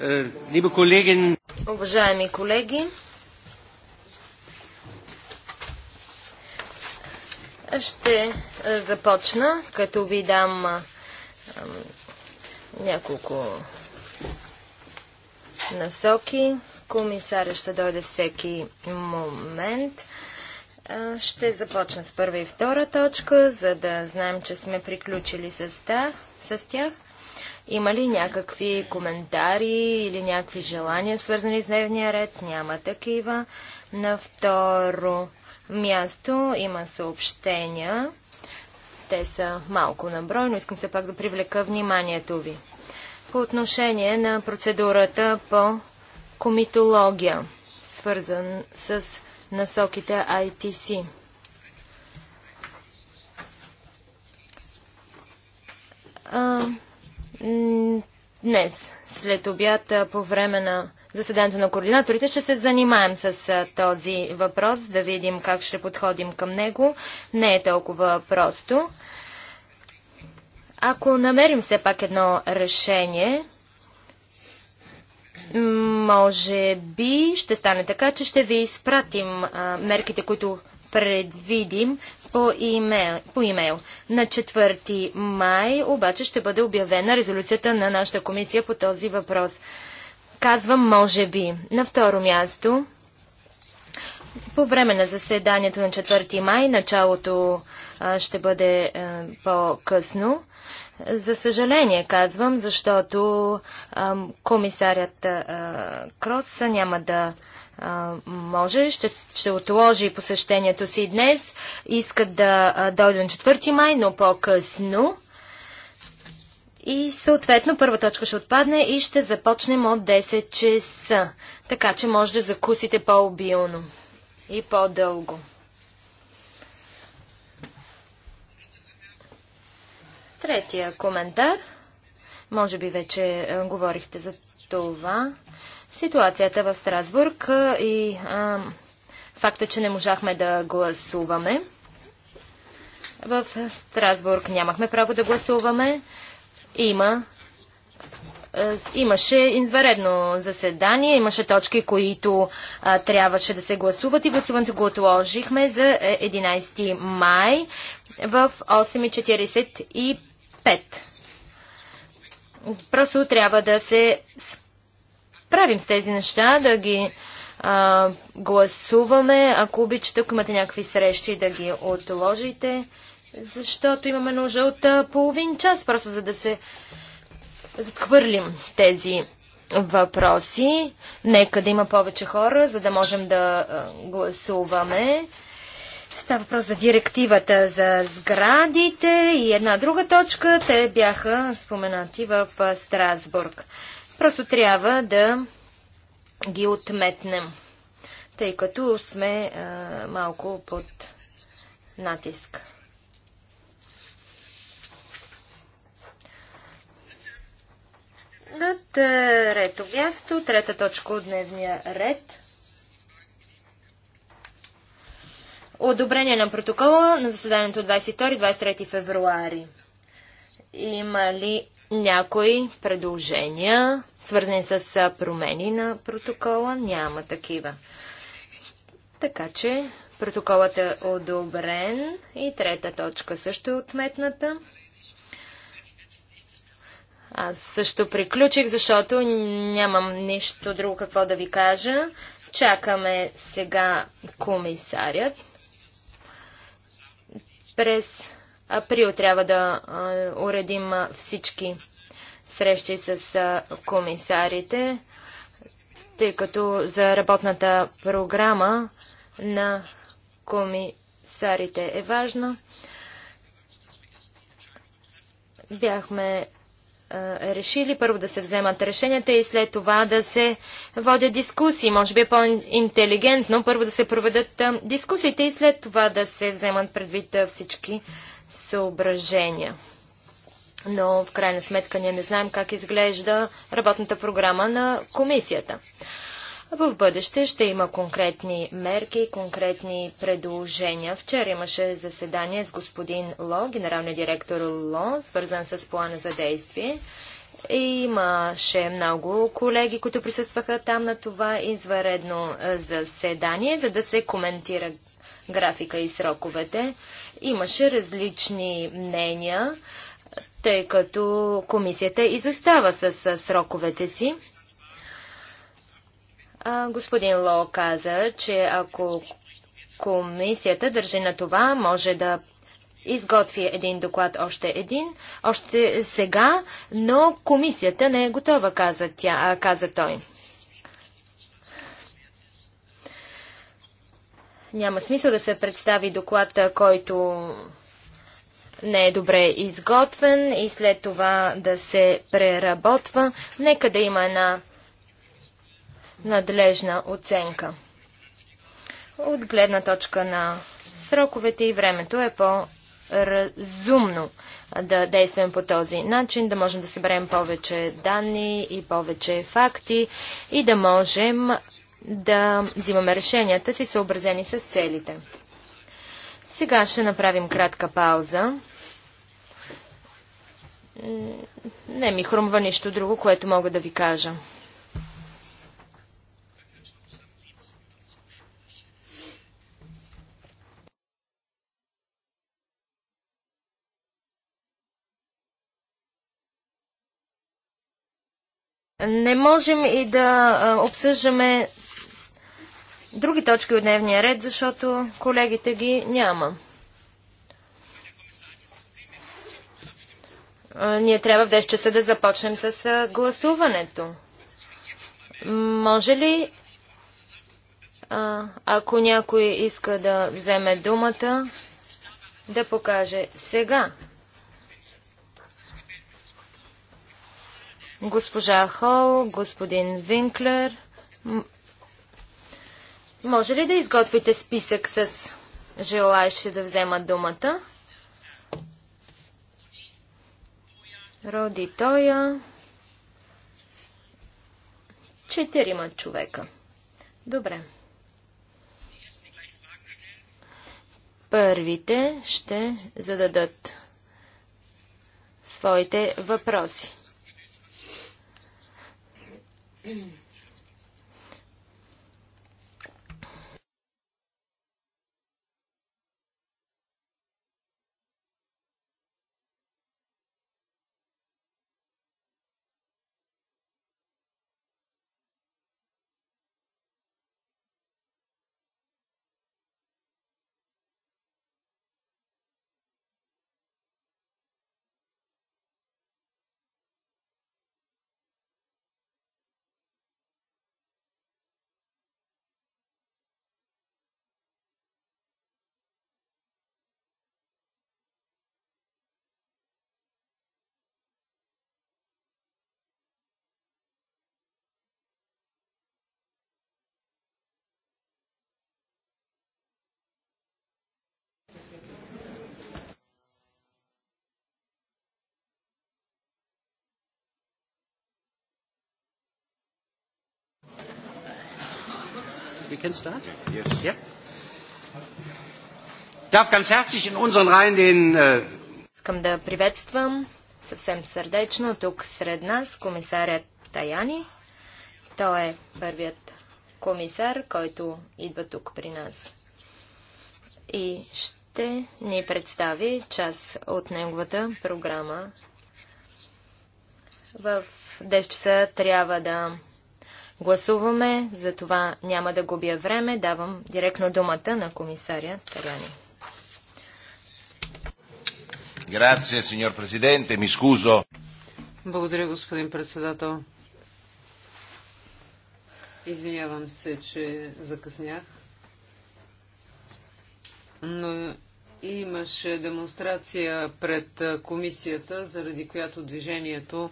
Äh, Уважаеми колеги, ще е, започна, като ви дам е, няколко насоки. Комисаря ще дойде всеки момент. Е, ще започна с първа и втора точка, за да знаем, че сме приключили С тях. Има ли някакви коментари или някакви желания, свързани с дневния ред? Няма такива. На второ място има съобщения. Те са малко наброй, но искам се пак да привлека вниманието ви. По отношение на процедурата по комитология, свързан с насоките ITC. А, Днес, след обяд, по време на заседанието на координаторите, ще се занимаем с този въпрос, да видим как ще подходим към него. Не е толкова просто. Ако намерим все пак едно решение, може би ще стане така, че ще ви изпратим а, мерките, които предвидим по имейл. По имейл. На 4 май обаче ще бъде обявена резолюцията на нашата комисия по този въпрос. Казвам може би. На второ място, по време на заседанието на 4 май, началото а, ще бъде по-късно. За съжаление казвам, защото а, комисарят а, Крос няма да може, ще, ще отложи посещението си днес. Искат да дойде на 4 май, но по-късно. И съответно първа точка ще отпадне и ще започнем от 10 часа. Така че може да закусите по-обилно и по-дълго. Третия коментар. Може би вече е, говорихте за това. Ситуацията в Страсбург и а, факта, че не можахме да гласуваме. В Страсбург нямахме право да гласуваме. Има имаше изваредно заседание, имаше точки, които а, трябваше да се гласуват и гласуването го отложихме за 11 е, май в 8.45. Просто трябва да се правим с тези неща, да ги а, гласуваме. Ако обичате, ако имате някакви срещи, да ги отложите, защото имаме нужда от половин час, просто за да се отхвърлим тези въпроси. Нека да има повече хора, за да можем да гласуваме. Става въпрос за директивата за сградите и една друга точка. Те бяха споменати в Страсбург. Просто трябва да ги отметнем, тъй като сме а, малко под натиск. На трето място, трета точка от дневния ред. Одобрение на протокола на заседанието 22-23 февруари. Има ли някои предложения, свързани с промени на протокола, няма такива. Така че протоколът е одобрен и трета точка също е отметната. Аз също приключих, защото нямам нищо друго какво да ви кажа. Чакаме сега комисарят. През април трябва да уредим всички срещи с комисарите, тъй като за работната програма на комисарите е важна. Бяхме решили първо да се вземат решенията и след това да се водят дискусии. Може би е по-интелигентно първо да се проведат дискусиите и след това да се вземат предвид всички съображения. Но в крайна сметка ние не знаем как изглежда работната програма на комисията. В бъдеще ще има конкретни мерки, конкретни предложения. Вчера имаше заседание с господин Ло, генералния директор Ло, свързан с плана за действие. И имаше много колеги, които присъстваха там на това извънредно заседание, за да се коментира графика и сроковете. Имаше различни мнения, тъй като комисията изостава с сроковете си. господин Ло каза, че ако комисията държи на това, може да изготви един доклад, още един, още сега, но комисията не е готова, каза, тя, каза той. Няма смисъл да се представи доклад, който не е добре изготвен и след това да се преработва. Нека да има една надлежна оценка. От гледна точка на сроковете и времето е по-разумно да действаме по този начин, да можем да съберем повече данни и повече факти и да можем да взимаме решенията си, съобразени с целите. Сега ще направим кратка пауза. Не ми хрумва нищо друго, което мога да ви кажа. Не можем и да обсъждаме други точки от дневния ред, защото колегите ги няма. Ние трябва в 10 часа да започнем с гласуването. Може ли, ако някой иска да вземе думата, да покаже сега? Госпожа Хол, господин Винклер, може ли да изготвите списък с желаящи да вземат думата? Роди Тоя. Четирима човека. Добре. Първите ще зададат своите въпроси. we can start? Yes. Yeah. Darf ganz herzlich in unseren Reihen den... Äh, Искам да приветствам съвсем сърдечно тук сред нас комисарят Таяни. Той е първият комисар, който идва тук при нас. И ще ни представи част от неговата програма. В 10 часа трябва да гласуваме, за това няма да губя време. Давам директно думата на комисаря Таряни. Грация, сеньор президенте, ми скузо. Благодаря, господин председател. Извинявам се, че закъснях. Но имаше демонстрация пред комисията, заради която движението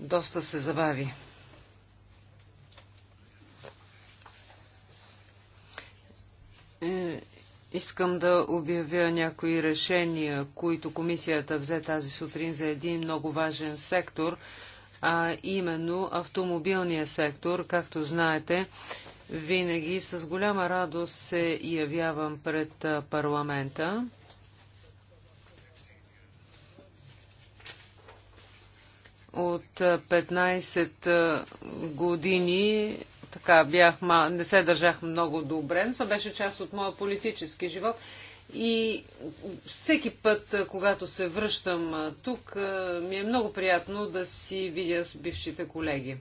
доста се забави. Е, искам да обявя някои решения, които комисията взе тази сутрин за един много важен сектор, а именно автомобилния сектор. Както знаете, винаги с голяма радост се явявам пред парламента. От 15 години така бях, не се държах много добре, но беше част от моя политически живот. И всеки път, когато се връщам тук, ми е много приятно да си видя с бившите колеги.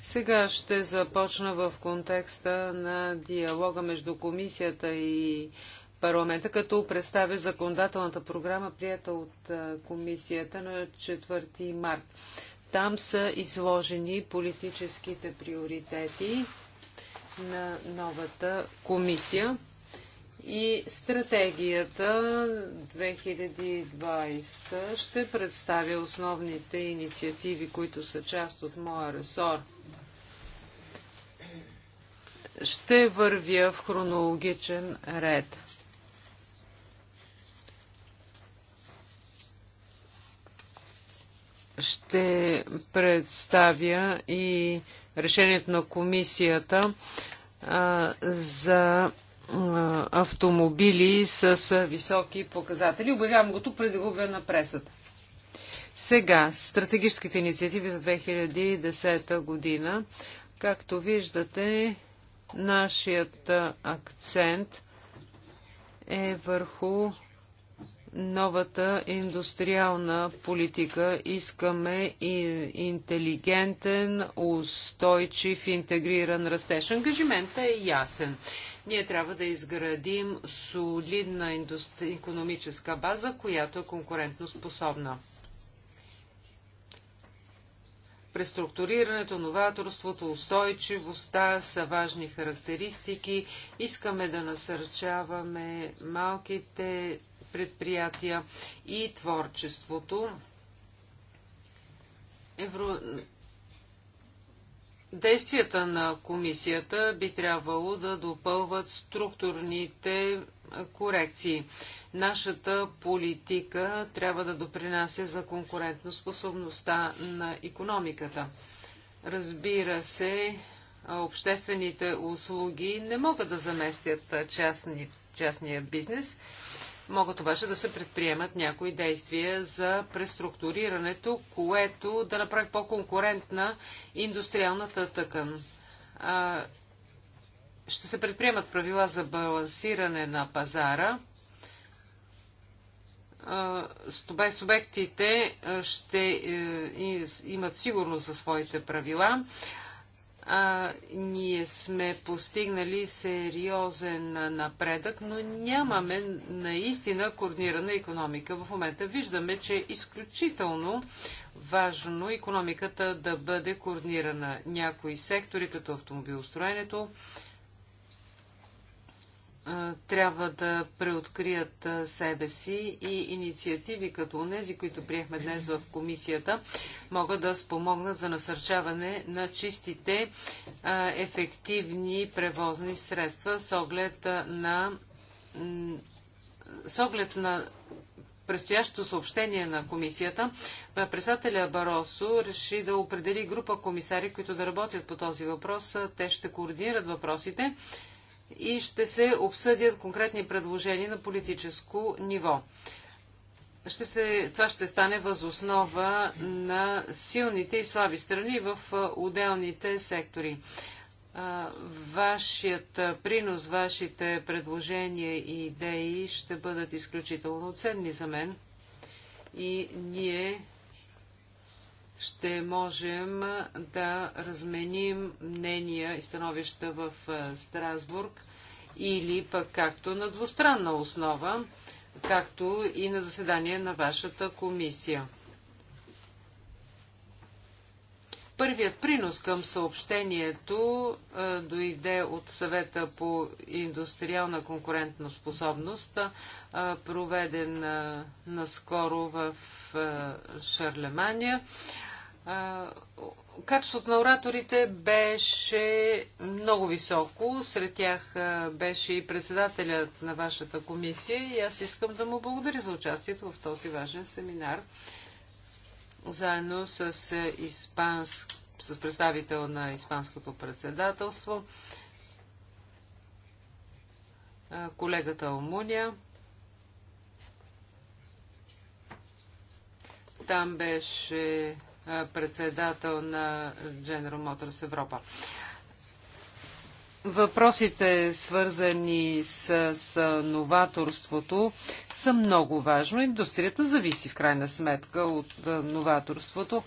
Сега ще започна в контекста на диалога между комисията и парламента, като представя законодателната програма, прията от комисията на 4 март. Там са изложени политическите приоритети на новата комисия и стратегията 2020 ще представя основните инициативи, които са част от моя ресор. Ще вървя в хронологичен ред. ще представя и решението на комисията за автомобили с високи показатели. Обявявам го тук преди губя на пресата. Сега, стратегическите инициативи за 2010 година. Както виждате, нашият акцент е върху новата индустриална политика. Искаме и интелигентен, устойчив, интегриран растеж. Ангажиментът е ясен. Ние трябва да изградим солидна индустри... економическа база, която е конкурентно способна. Преструктурирането, новаторството, устойчивостта са важни характеристики. Искаме да насърчаваме малките предприятия и творчеството. Евро... Действията на комисията би трябвало да допълват структурните корекции. Нашата политика трябва да допринася за конкурентоспособността на економиката. Разбира се, обществените услуги не могат да заместят частни, частния бизнес могат обаче да се предприемат някои действия за преструктурирането, което да направи по-конкурентна индустриалната тъкан. А, ще се предприемат правила за балансиране на пазара. Стобе субектите ще е, имат сигурност за своите правила а, ние сме постигнали сериозен напредък, но нямаме наистина координирана економика. В момента виждаме, че е изключително важно економиката да бъде координирана. Някои сектори, като автомобилостроенето, трябва да преоткрият себе си и инициативи като тези, които приехме днес в комисията, могат да спомогнат за насърчаване на чистите, ефективни превозни средства с оглед на с оглед на предстоящото съобщение на комисията, председателя Баросо реши да определи група комисари, които да работят по този въпрос. Те ще координират въпросите и ще се обсъдят конкретни предложения на политическо ниво. Ще се, това ще стане възоснова на силните и слаби страни в отделните сектори. Вашият принос, вашите предложения и идеи ще бъдат изключително ценни за мен и ние ще можем да разменим мнения и становища в Страсбург или пък както на двустранна основа, както и на заседание на вашата комисия. Първият принос към съобщението а, дойде от съвета по индустриална конкурентна способност, а, проведен а, наскоро в Шарлемания. Качеството на ораторите беше много високо. Сред тях беше и председателят на вашата комисия и аз искам да му благодаря за участието в този важен семинар. Заедно с, испанск... с представител на Испанското председателство, колегата Омуня. Там беше председател на General Motors Европа. Въпросите, свързани с, с новаторството, са много важно. Индустрията зависи в крайна сметка от новаторството.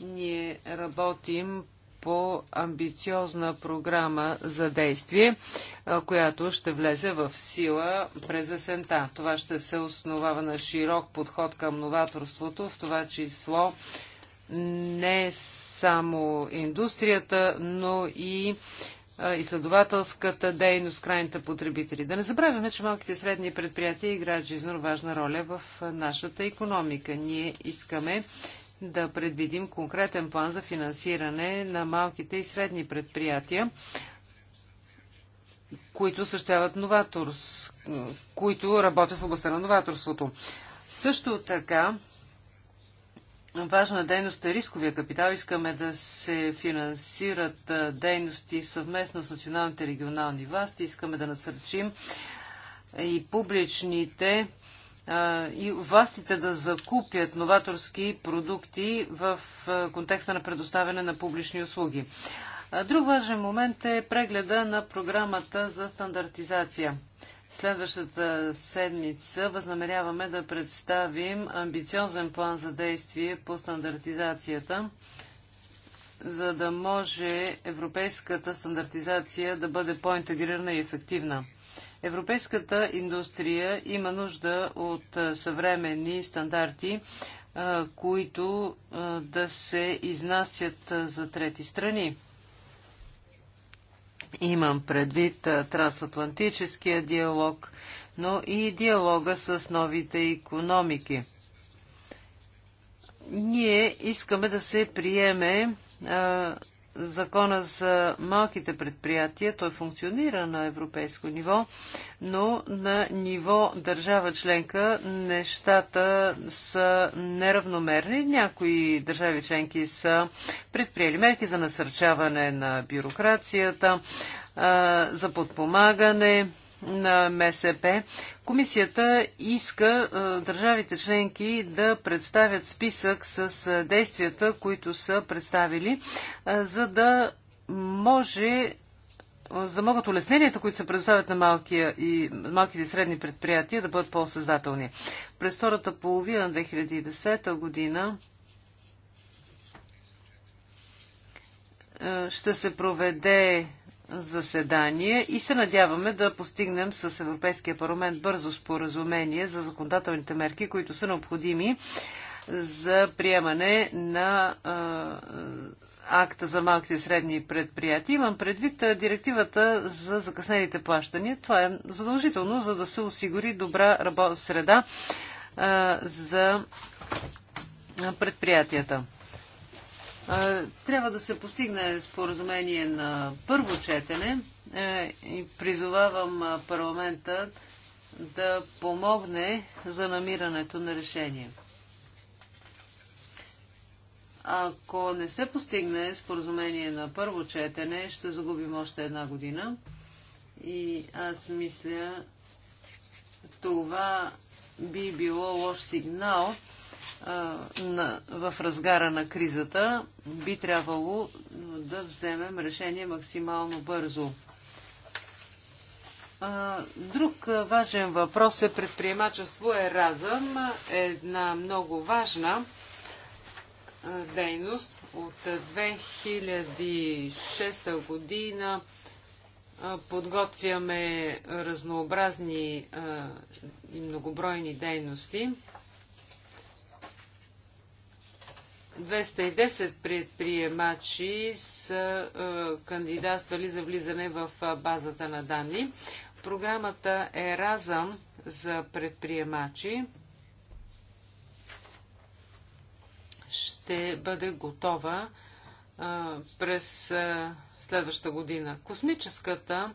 Ние работим по амбициозна програма за действие, която ще влезе в сила през есента. Това ще се основава на широк подход към новаторството, в това число не само индустрията, но и изследователската дейност, крайните потребители. Да не забравяме, че малките и средни предприятия играят жизненно важна роля в нашата економика. Ние искаме да предвидим конкретен план за финансиране на малките и средни предприятия, които съществяват новаторс, които работят в областта на новаторството. Също така, важна дейност е рисковия капитал. Искаме да се финансират дейности съвместно с националните регионални власти. Искаме да насърчим и публичните и властите да закупят новаторски продукти в контекста на предоставяне на публични услуги. Друг важен момент е прегледа на програмата за стандартизация. Следващата седмица възнамеряваме да представим амбициозен план за действие по стандартизацията, за да може европейската стандартизация да бъде по-интегрирана и ефективна. Европейската индустрия има нужда от съвременни стандарти, които да се изнасят за трети страни. Имам предвид трансатлантическия диалог, но и диалога с новите економики. Ние искаме да се приеме а, закона за малките предприятия. Той функционира на европейско ниво, но на ниво държава членка нещата са неравномерни. Някои държави членки са предприели мерки за насърчаване на бюрокрацията, за подпомагане на МСП. Комисията иска е, държавите членки да представят списък с е, действията, които са представили, е, за да може за да могат улесненията, които се предоставят на малкия и, малките и средни предприятия, да бъдат по осъзнателни През втората половина на 2010 година ще се проведе заседание и се надяваме да постигнем с Европейския парламент бързо споразумение за законодателните мерки, които са необходими за приемане на акта за малките и средни предприятия. Имам предвид директивата за закъснените плащания. Това е задължително, за да се осигури добра работна среда за предприятията. Трябва да се постигне споразумение на първо четене е, и призовавам парламента да помогне за намирането на решение. Ако не се постигне споразумение на първо четене, ще загубим още една година. И аз мисля, това би било лош сигнал на, в разгара на кризата, би трябвало да вземем решение максимално бързо. Друг важен въпрос е предприемачество е разъм. Една много важна дейност от 2006 година подготвяме разнообразни и многобройни дейности. 210 предприемачи са е, кандидатствали за влизане в е, базата на данни. Програмата е разъм за предприемачи. Ще бъде готова е, през е, следващата година. Космическата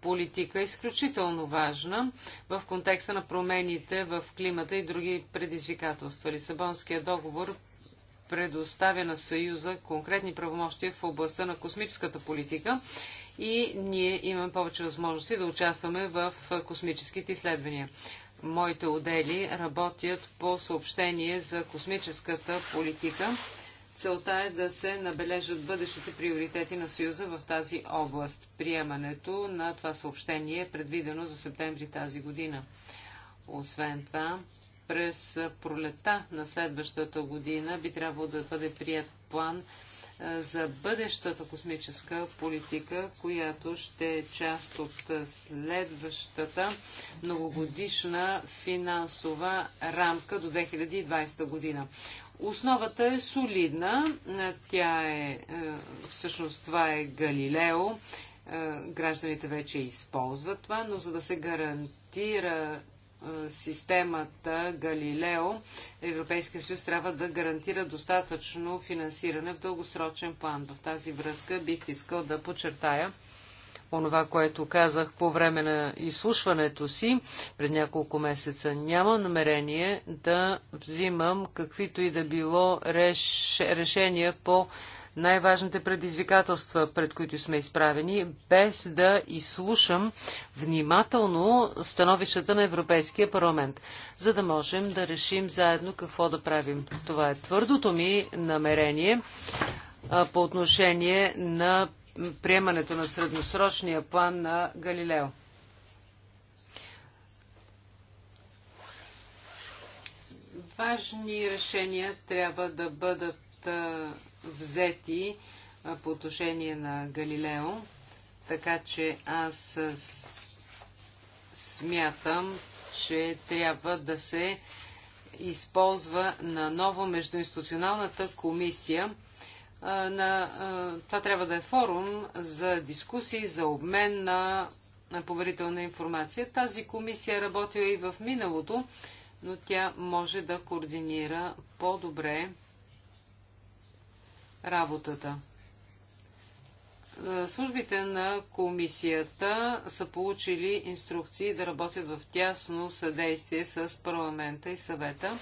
политика е изключително важна в контекста на промените в климата и други предизвикателства. Лисабонския договор предоставя на Съюза конкретни правомощия в областта на космическата политика и ние имаме повече възможности да участваме в космическите изследвания. Моите отдели работят по съобщение за космическата политика. Целта е да се набележат бъдещите приоритети на Съюза в тази област. Приемането на това съобщение е предвидено за септември тази година. Освен това, през пролета на следващата година би трябвало да бъде прият план за бъдещата космическа политика, която ще е част от следващата многогодишна финансова рамка до 2020 година. Основата е солидна. Тя е, всъщност това е Галилео. Гражданите вече използват това, но за да се гарантира системата Галилео, Европейския съюз трябва да гарантира достатъчно финансиране в дългосрочен план. В тази връзка бих искал да подчертая онова, което казах по време на изслушването си пред няколко месеца. Няма намерение да взимам каквито и да било реш... решения по най-важните предизвикателства, пред които сме изправени, без да изслушам внимателно становищата на Европейския парламент, за да можем да решим заедно какво да правим. Това е твърдото ми намерение а, по отношение на приемането на средносрочния план на Галилео. важни решения трябва да бъдат а, взети по отношение на Галилео. Така че аз смятам, че трябва да се използва на ново междуинституционалната комисия. На, това трябва да е форум за дискусии, за обмен на, на поверителна информация. Тази комисия е работила и в миналото, но тя може да координира по-добре работата. Е, службите на комисията са получили инструкции да работят в тясно съдействие с парламента и съвета,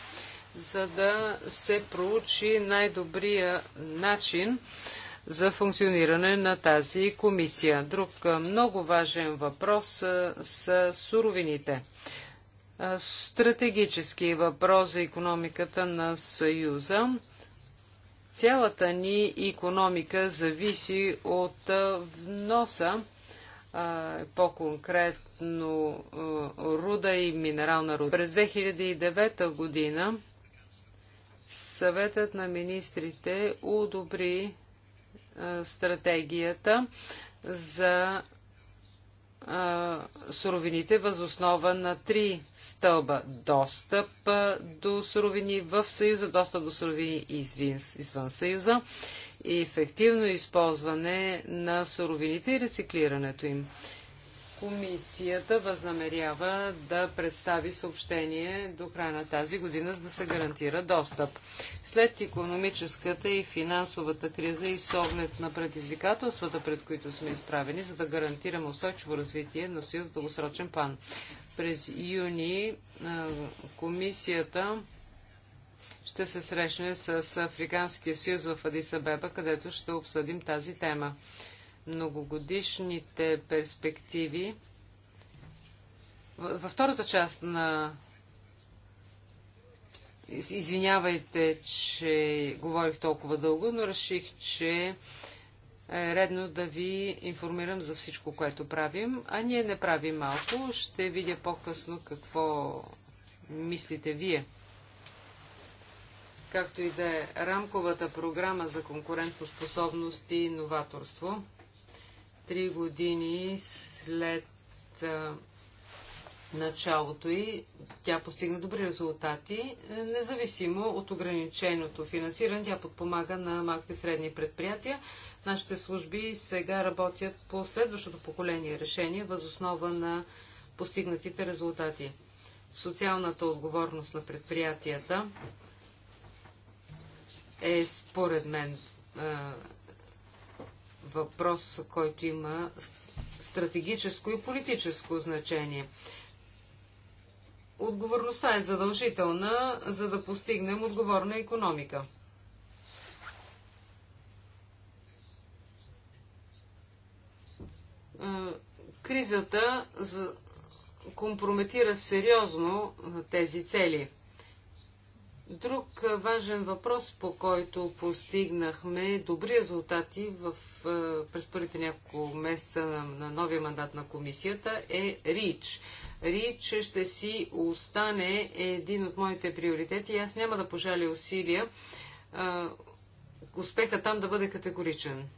за да се проучи най-добрия начин за функциониране на тази комисия. Друг е, много важен въпрос е, са суровините. Стратегически въпрос за економиката на Съюза Цялата ни економика зависи от вноса, по-конкретно руда и минерална руда. През 2009 година съветът на министрите одобри стратегията за Суровините суровините възоснова на три стълба. Достъп до суровини в Съюза, достъп до суровини извин, извън Съюза, и ефективно използване на суровините и рециклирането им комисията възнамерява да представи съобщение до края на тази година, за да се гарантира достъп. След економическата и финансовата криза и с оглед на предизвикателствата, пред които сме изправени, за да гарантираме устойчиво развитие на Съюз в дългосрочен план. През юни комисията ще се срещне с Африканския съюз в Адисабеба, където ще обсъдим тази тема многогодишните перспективи, във втората част на Извинявайте, че говорих толкова дълго, но реших, че е редно да ви информирам за всичко, което правим. А ние не правим малко. Ще видя по-късно какво мислите вие. Както и да е рамковата програма за конкурентоспособност и новаторство три години след началото и тя постигна добри резултати. Е, независимо от ограниченото финансиране, тя подпомага на малките и средни предприятия. Нашите служби сега работят по следващото поколение решение, възоснова на постигнатите резултати. Социалната отговорност на предприятията е според мен е, въпрос, който има стратегическо и политическо значение. Отговорността е задължителна, за да постигнем отговорна економика. Е, кризата компрометира сериозно тези цели – Друг важен въпрос, по който постигнахме добри резултати в, през първите няколко месеца на, на новия мандат на комисията е РИЧ. РИЧ ще си остане един от моите приоритети и аз няма да пожаля усилия а, успеха там да бъде категоричен.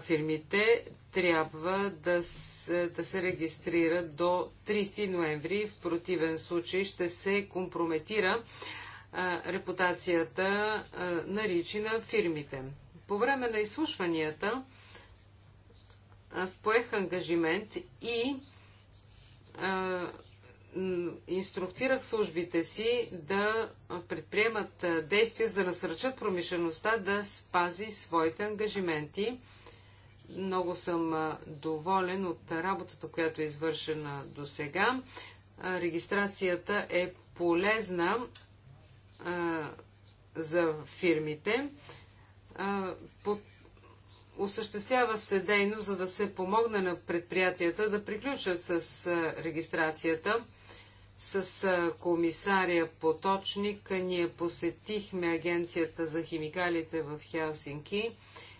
фирмите трябва да се, да се регистрират до 30 ноември. В противен случай ще се компрометира а, репутацията а, на ричи на фирмите. По време на изслушванията аз поех ангажимент и а, инструктирах службите си да предприемат действия, за да насръчат промишлеността да спази своите ангажименти много съм доволен от работата, която е извършена до сега. Регистрацията е полезна за фирмите. Осъществява се дейност, за да се помогне на предприятията да приключат с регистрацията. С комисария Поточник ние посетихме агенцията за химикалите в Хелсинки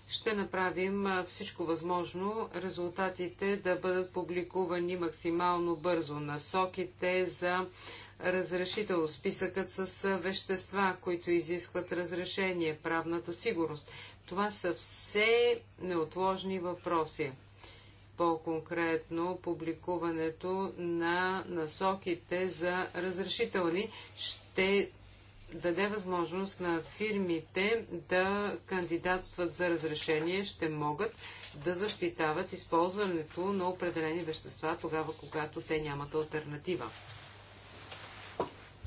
ще направим всичко възможно резултатите да бъдат публикувани максимално бързо. Насоките за разрешително, списъкът с вещества, които изискват разрешение, правната сигурност. Това са все неотложни въпроси. По-конкретно, публикуването на насоките за разрешителни ще даде възможност на фирмите да кандидатстват за разрешение, ще могат да защитават използването на определени вещества тогава, когато те нямат альтернатива.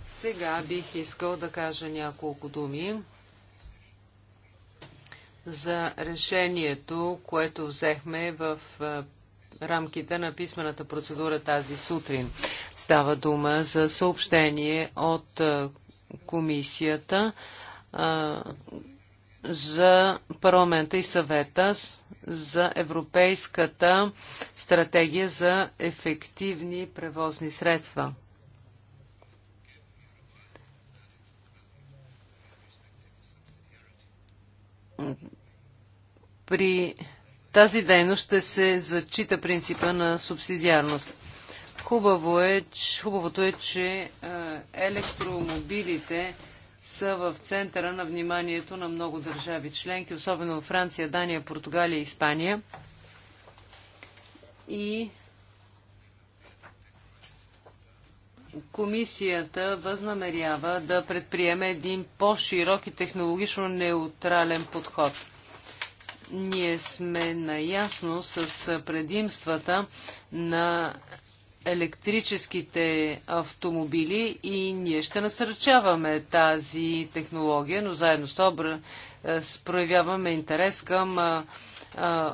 Сега бих искал да кажа няколко думи за решението, което взехме в рамките на писмената процедура тази сутрин. Става дума за съобщение от комисията а, за парламента и съвета за Европейската стратегия за ефективни превозни средства. При тази дейност ще се зачита принципа на субсидиарност. Хубаво е, хубавото е, че е, електромобилите са в центъра на вниманието на много държави членки, особено Франция, Дания, Португалия и Испания. И комисията възнамерява да предприеме един по-широк и технологично неутрален подход. Ние сме наясно с предимствата на електрическите автомобили и ние ще насърчаваме тази технология, но заедно с това е, проявяваме интерес към е, е,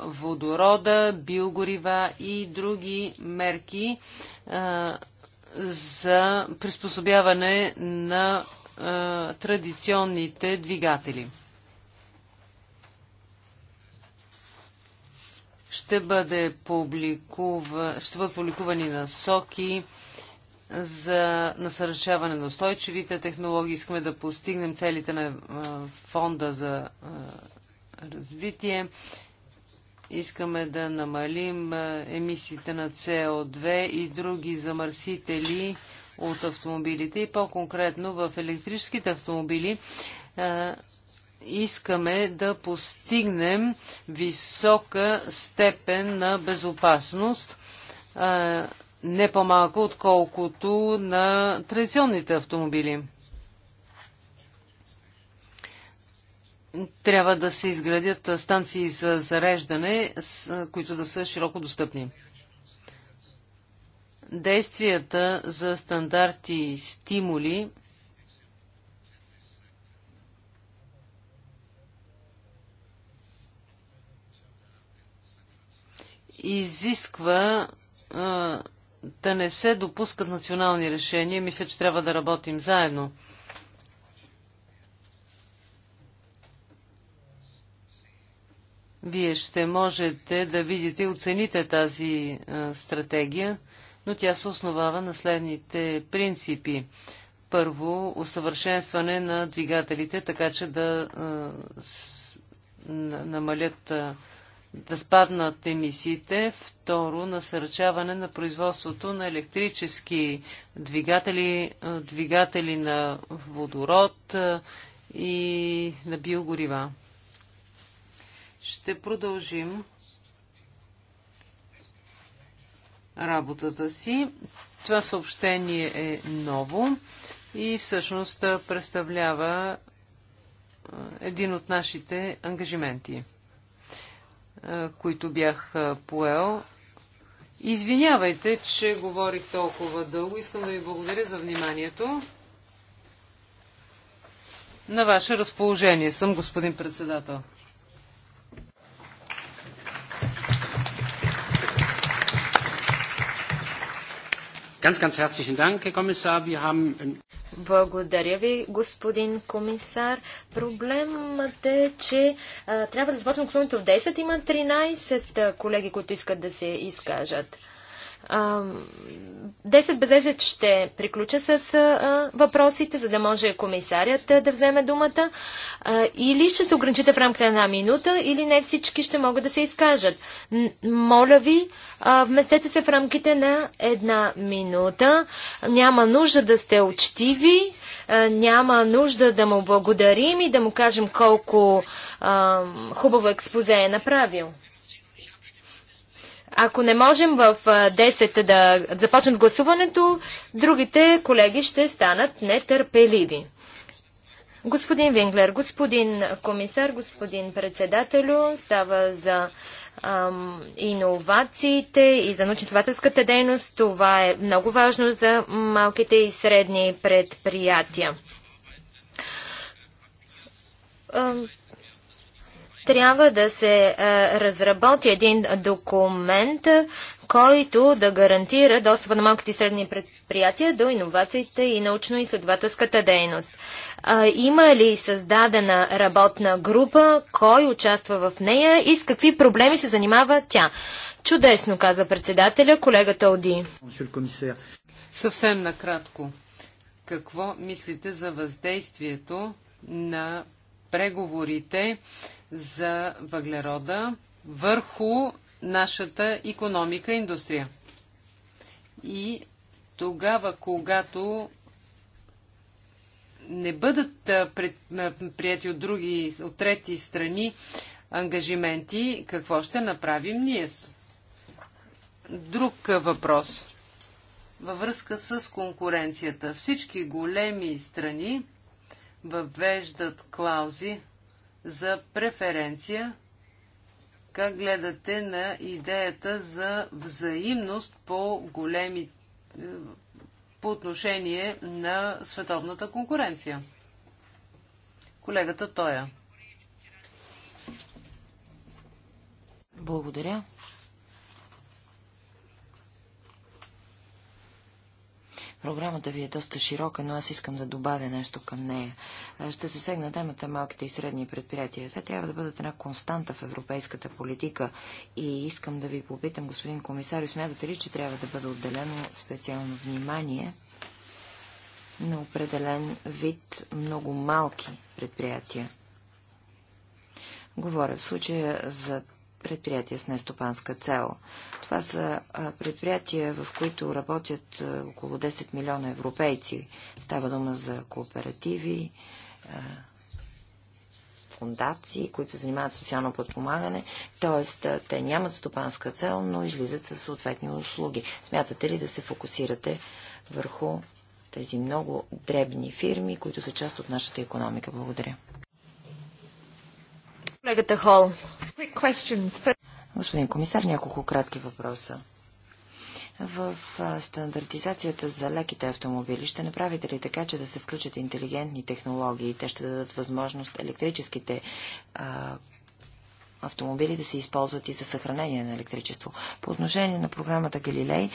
водорода, биогорива и други мерки за приспособяване на традиционните двигатели. Ще, бъде публикува, ще бъдат публикувани насоки за насърчаване на устойчивите технологии. Искаме да постигнем целите на фонда за развитие. Искаме да намалим емисиите на CO2 и други замърсители от автомобилите и по-конкретно в електрическите автомобили искаме да постигнем висока степен на безопасност, не по малко отколкото на традиционните автомобили. Трябва да се изградят станции за зареждане, които да са широко достъпни. Действията за стандарти и стимули – изисква а, да не се допускат национални решения. Мисля, че трябва да работим заедно. Вие ще можете да видите и оцените тази а, стратегия, но тя се основава на следните принципи. Първо, усъвършенстване на двигателите, така че да а, с, намалят а, да спаднат емисиите. Второ, насърчаване на производството на електрически двигатели, двигатели на водород и на биогорива. Ще продължим работата си. Това съобщение е ново и всъщност представлява един от нашите ангажименти които бях поел. Извинявайте, че говорих толкова дълго. Искам да ви благодаря за вниманието. На ваше разположение съм, господин председател. Ganz, ganz herzlichen Dank, Herr Kommissar. Wir haben... Благодаря ви, господин комисар. Проблемът е, че а, трябва да започнем гласуването в 10. Има 13 колеги, които искат да се изкажат. 10 без 10 ще приключа с а, въпросите, за да може комисарят да вземе думата. А, или ще се ограничите в рамките на една минута, или не всички ще могат да се изкажат. моля ви, а, вместете се в рамките на една минута. Няма нужда да сте учтиви, а, няма нужда да му благодарим и да му кажем колко а, хубаво експозе е направил. Ако не можем в 10 да започнем с гласуването, другите колеги ще станат нетърпеливи. Господин Винглер, господин комисар, господин председателю, става за ам, иновациите и за научно-изследователската дейност. Това е много важно за малките и средни предприятия. Ам, трябва да се е, разработи един документ, който да гарантира достъпа на малките и средни предприятия до иновациите и научно-изследователската дейност. има ли създадена работна група, кой участва в нея и с какви проблеми се занимава тя? Чудесно, каза председателя, колегата Оди. Съвсем накратко. Какво мислите за въздействието на преговорите за въглерода върху нашата економика и индустрия. И тогава, когато не бъдат прияти от други, от трети страни ангажименти, какво ще направим ние? Друг въпрос. Във връзка с конкуренцията. Всички големи страни въвеждат клаузи за преференция. Как гледате на идеята за взаимност по големи е, по отношение на световната конкуренция? Колегата Тоя. Благодаря. Програмата ви е доста широка, но аз искам да добавя нещо към нея. Ще се сегна темата малките и средни предприятия. Те трябва да бъдат една константа в европейската политика. И искам да ви попитам, господин комисар, смятате ли, че трябва да бъде отделено специално внимание на определен вид много малки предприятия? Говоря в случая за предприятия с нестопанска цел. Това са предприятия, в които работят около 10 милиона европейци. Става дума за кооперативи, фундации, които се занимават социално подпомагане, т.е. те нямат стопанска цел, но излизат със съответни услуги. Смятате ли да се фокусирате върху тези много дребни фирми, които са част от нашата економика? Благодаря. Колегата Хол. Господин комисар, няколко кратки въпроса. В стандартизацията за леките автомобили ще направите ли така, че да се включат интелигентни технологии? Те ще дадат възможност електрическите а, автомобили да се използват и за съхранение на електричество. По отношение на програмата Галилей,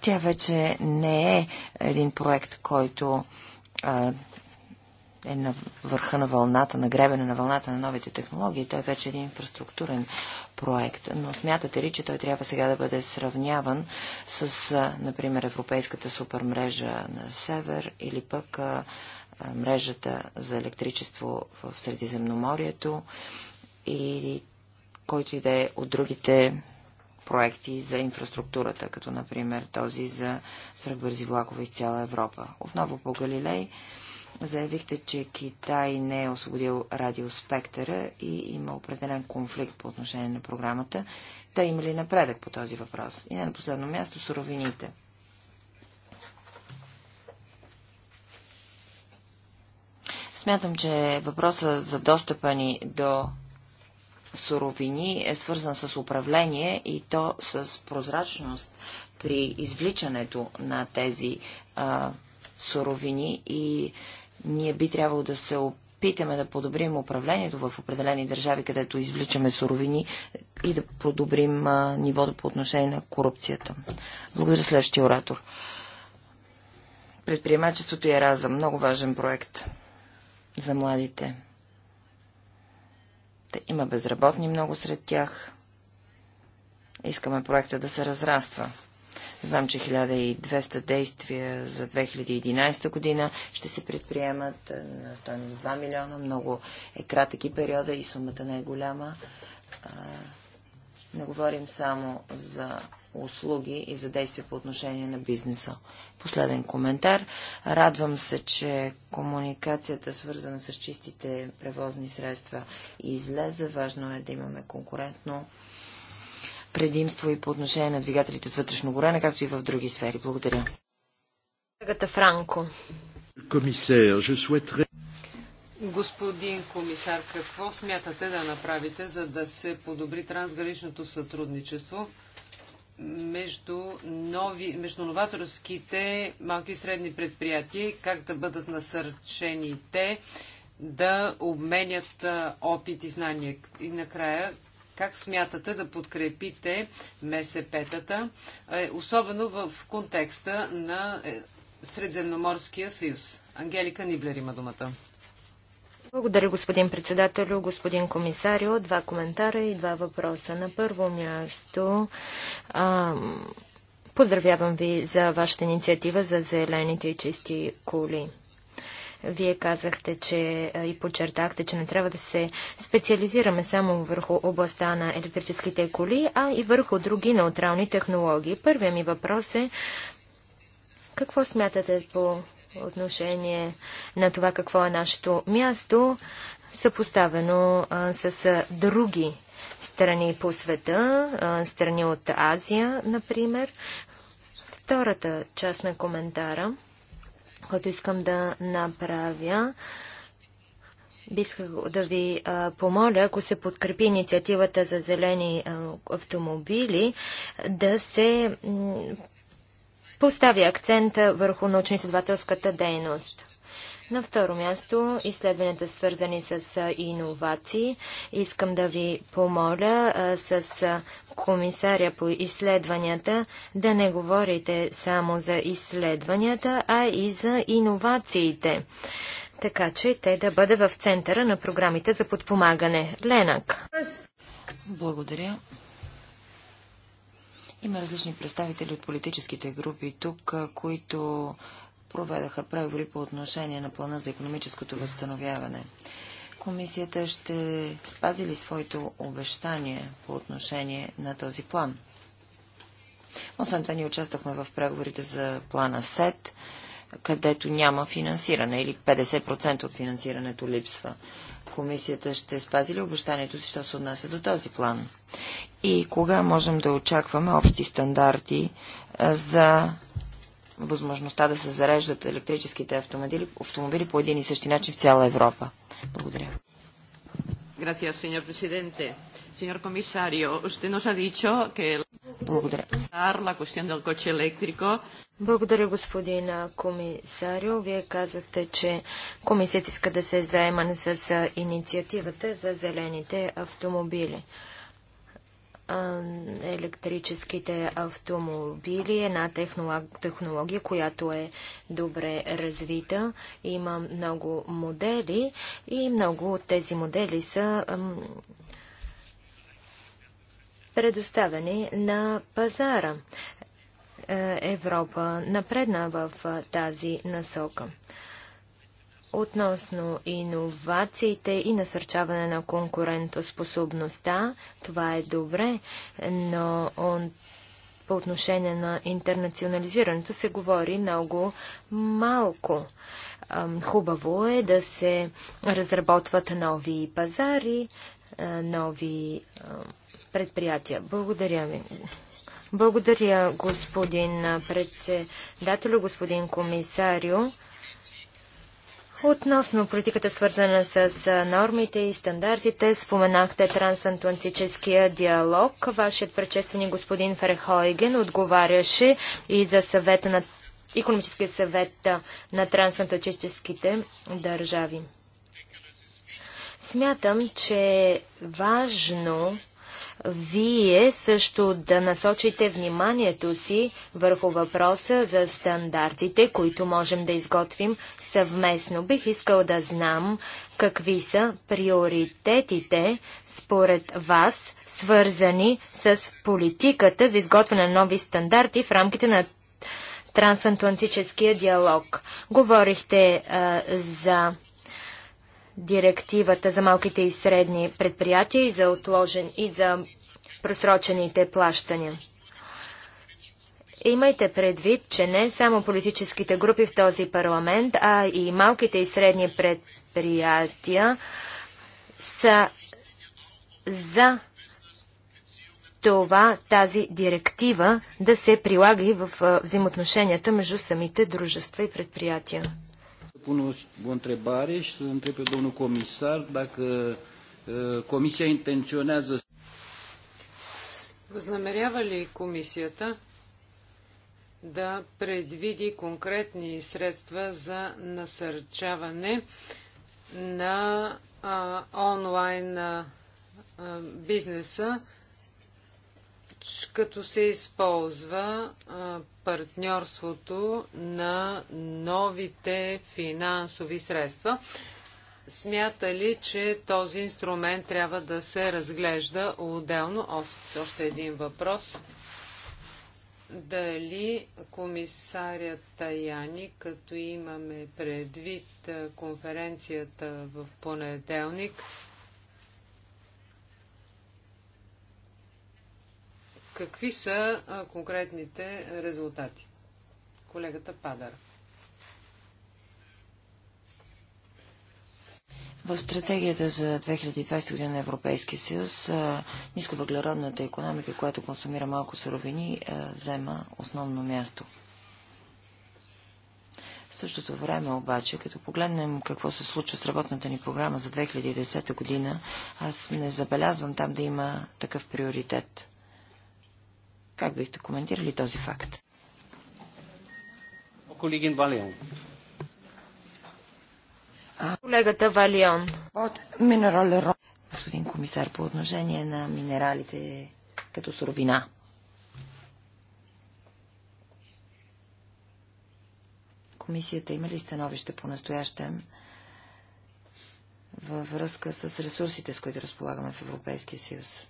тя вече не е един проект, който а, е на върха на вълната, на гребена на вълната на новите технологии. Той вече е един инфраструктурен проект, но смятате ли, че той трябва сега да бъде сравняван с, например, Европейската супермрежа на север или пък а, а, мрежата за електричество в Средиземноморието или който и да е от другите проекти за инфраструктурата, като например този за свръхбързи влакове из цяла Европа. Отново по Галилей Заявихте, че Китай не е освободил радиоспектъра и има определен конфликт по отношение на програмата. Та има ли напредък по този въпрос? И не на последно място суровините. Смятам, че въпроса за достъпа ни до суровини е свързан с управление и то с прозрачност при извличането на тези а, суровини и ние би трябвало да се опитаме да подобрим управлението в определени държави, където извличаме суровини и да подобрим нивото по отношение на корупцията. Благодаря следващия оратор. Предприемачеството и е Ераза. Много важен проект за младите. Та има безработни много сред тях. Искаме проекта да се разраства. Знам, че 1200 действия за 2011 година ще се предприемат е, на стоеност 2 милиона. Много е кратък и периода и сумата не е голяма. Не говорим само за услуги и за действия по отношение на бизнеса. Последен коментар. Радвам се, че комуникацията, свързана с чистите превозни средства, излезе. Важно е да имаме конкурентно предимство и по отношение на двигателите с вътрешно горене, както и в други сфери. Благодаря. Франко. Комисар, souhaiterais... Господин комисар, какво смятате да направите, за да се подобри трансграничното сътрудничество между, нови, между новаторските малки и средни предприятия, как да бъдат насърчени те да обменят опит и знания? И накрая, как смятате да подкрепите МСП-тата, е, особено в контекста на е, Средземноморския съюз? Ангелика Ниблер има думата. Благодаря, господин председател, господин комисарио. Два коментара и два въпроса. На първо място, а, поздравявам ви за вашата инициатива за зелените и чисти коли. Вие казахте, че и подчертахте, че не трябва да се специализираме само върху областта на електрическите коли, а и върху други неутрални технологии. Първият ми въпрос е какво смятате по отношение на това какво е нашето място, съпоставено а, с други страни по света, а, страни от Азия, например. Втората част на коментара – който искам да направя. Бисках да ви а, помоля, ако се подкрепи инициативата за зелени а, автомобили, да се постави акцент върху научно-изследователската дейност. На второ място, изследванията свързани с иновации. Искам да ви помоля а, с комисаря по изследванията да не говорите само за изследванията, а и за иновациите, така че те да бъдат в центъра на програмите за подпомагане. Ленак. Благодаря. Има различни представители от политическите групи тук, които проведаха преговори по отношение на плана за економическото възстановяване. Комисията ще спази ли своето обещание по отношение на този план? Освен това, ние участвахме в преговорите за плана СЕТ, където няма финансиране или 50% от финансирането липсва. Комисията ще спази ли обещанието си, що се отнася до този план? И кога можем да очакваме общи стандарти за възможността да се зареждат електрическите автомобили, автомобили по един и същи начин в цяла Европа? Благодаря. Gracias, señor presidente. Señor comisario, usted nos ha dicho que la cuestión del coche eléctrico благодаря, господин комисарио. Вие казахте, че комисията иска да се заема с инициативата за зелените автомобили електрическите автомобили. Една технология, която е добре развита. Има много модели и много от тези модели са предоставени на пазара. Е, Европа напредна в тази насока. Относно иновациите и насърчаване на конкурентоспособността, това е добре, но он, по отношение на интернационализирането се говори много малко. Хубаво е да се разработват нови пазари, нови предприятия. Благодаря ви. Благодаря, господин председател, господин комисарио. Относно политиката свързана с нормите и стандартите, споменахте трансатлантическия диалог. Вашият предшественик господин Ферехойген отговаряше и за съвета на економическия съвет на трансатлантическите държави. Смятам, че е важно вие също да насочите вниманието си върху въпроса за стандартите, които можем да изготвим съвместно. Бих искал да знам какви са приоритетите според вас, свързани с политиката за изготвяне на нови стандарти в рамките на трансатлантическия диалог. Говорихте а, за директивата за малките и средни предприятия и за, отложен, и за просрочените плащания. Имайте предвид, че не само политическите групи в този парламент, а и малките и средни предприятия са за това тази директива да се прилага и в взаимоотношенията между самите дружества и предприятия pun o, o întrebare și să întreb pe domnul comisar dacă uh, comisia интенционеза. Възнамерява ли комисията да предвиди конкретни средства за насърчаване на а, онлайн а, бизнеса като се използва а, партньорството на новите финансови средства. Смята ли, че този инструмент трябва да се разглежда отделно? Още, още един въпрос. Дали комисарят Таяни, като имаме предвид конференцията в понеделник, Какви са конкретните резултати? Колегата Падар. В стратегията за 2020 година на Европейския съюз нисковъглеродната економика, която консумира малко суровини, взема основно място. В същото време обаче, като погледнем какво се случва с работната ни програма за 2010 година, аз не забелязвам там да има такъв приоритет. Как бихте коментирали този факт? Колегин Валион. Колегата Валион. От минерал господин комисар, по отношение на минералите като суровина. Комисията има ли становище по настоящем във връзка с ресурсите, с които разполагаме в Европейския съюз?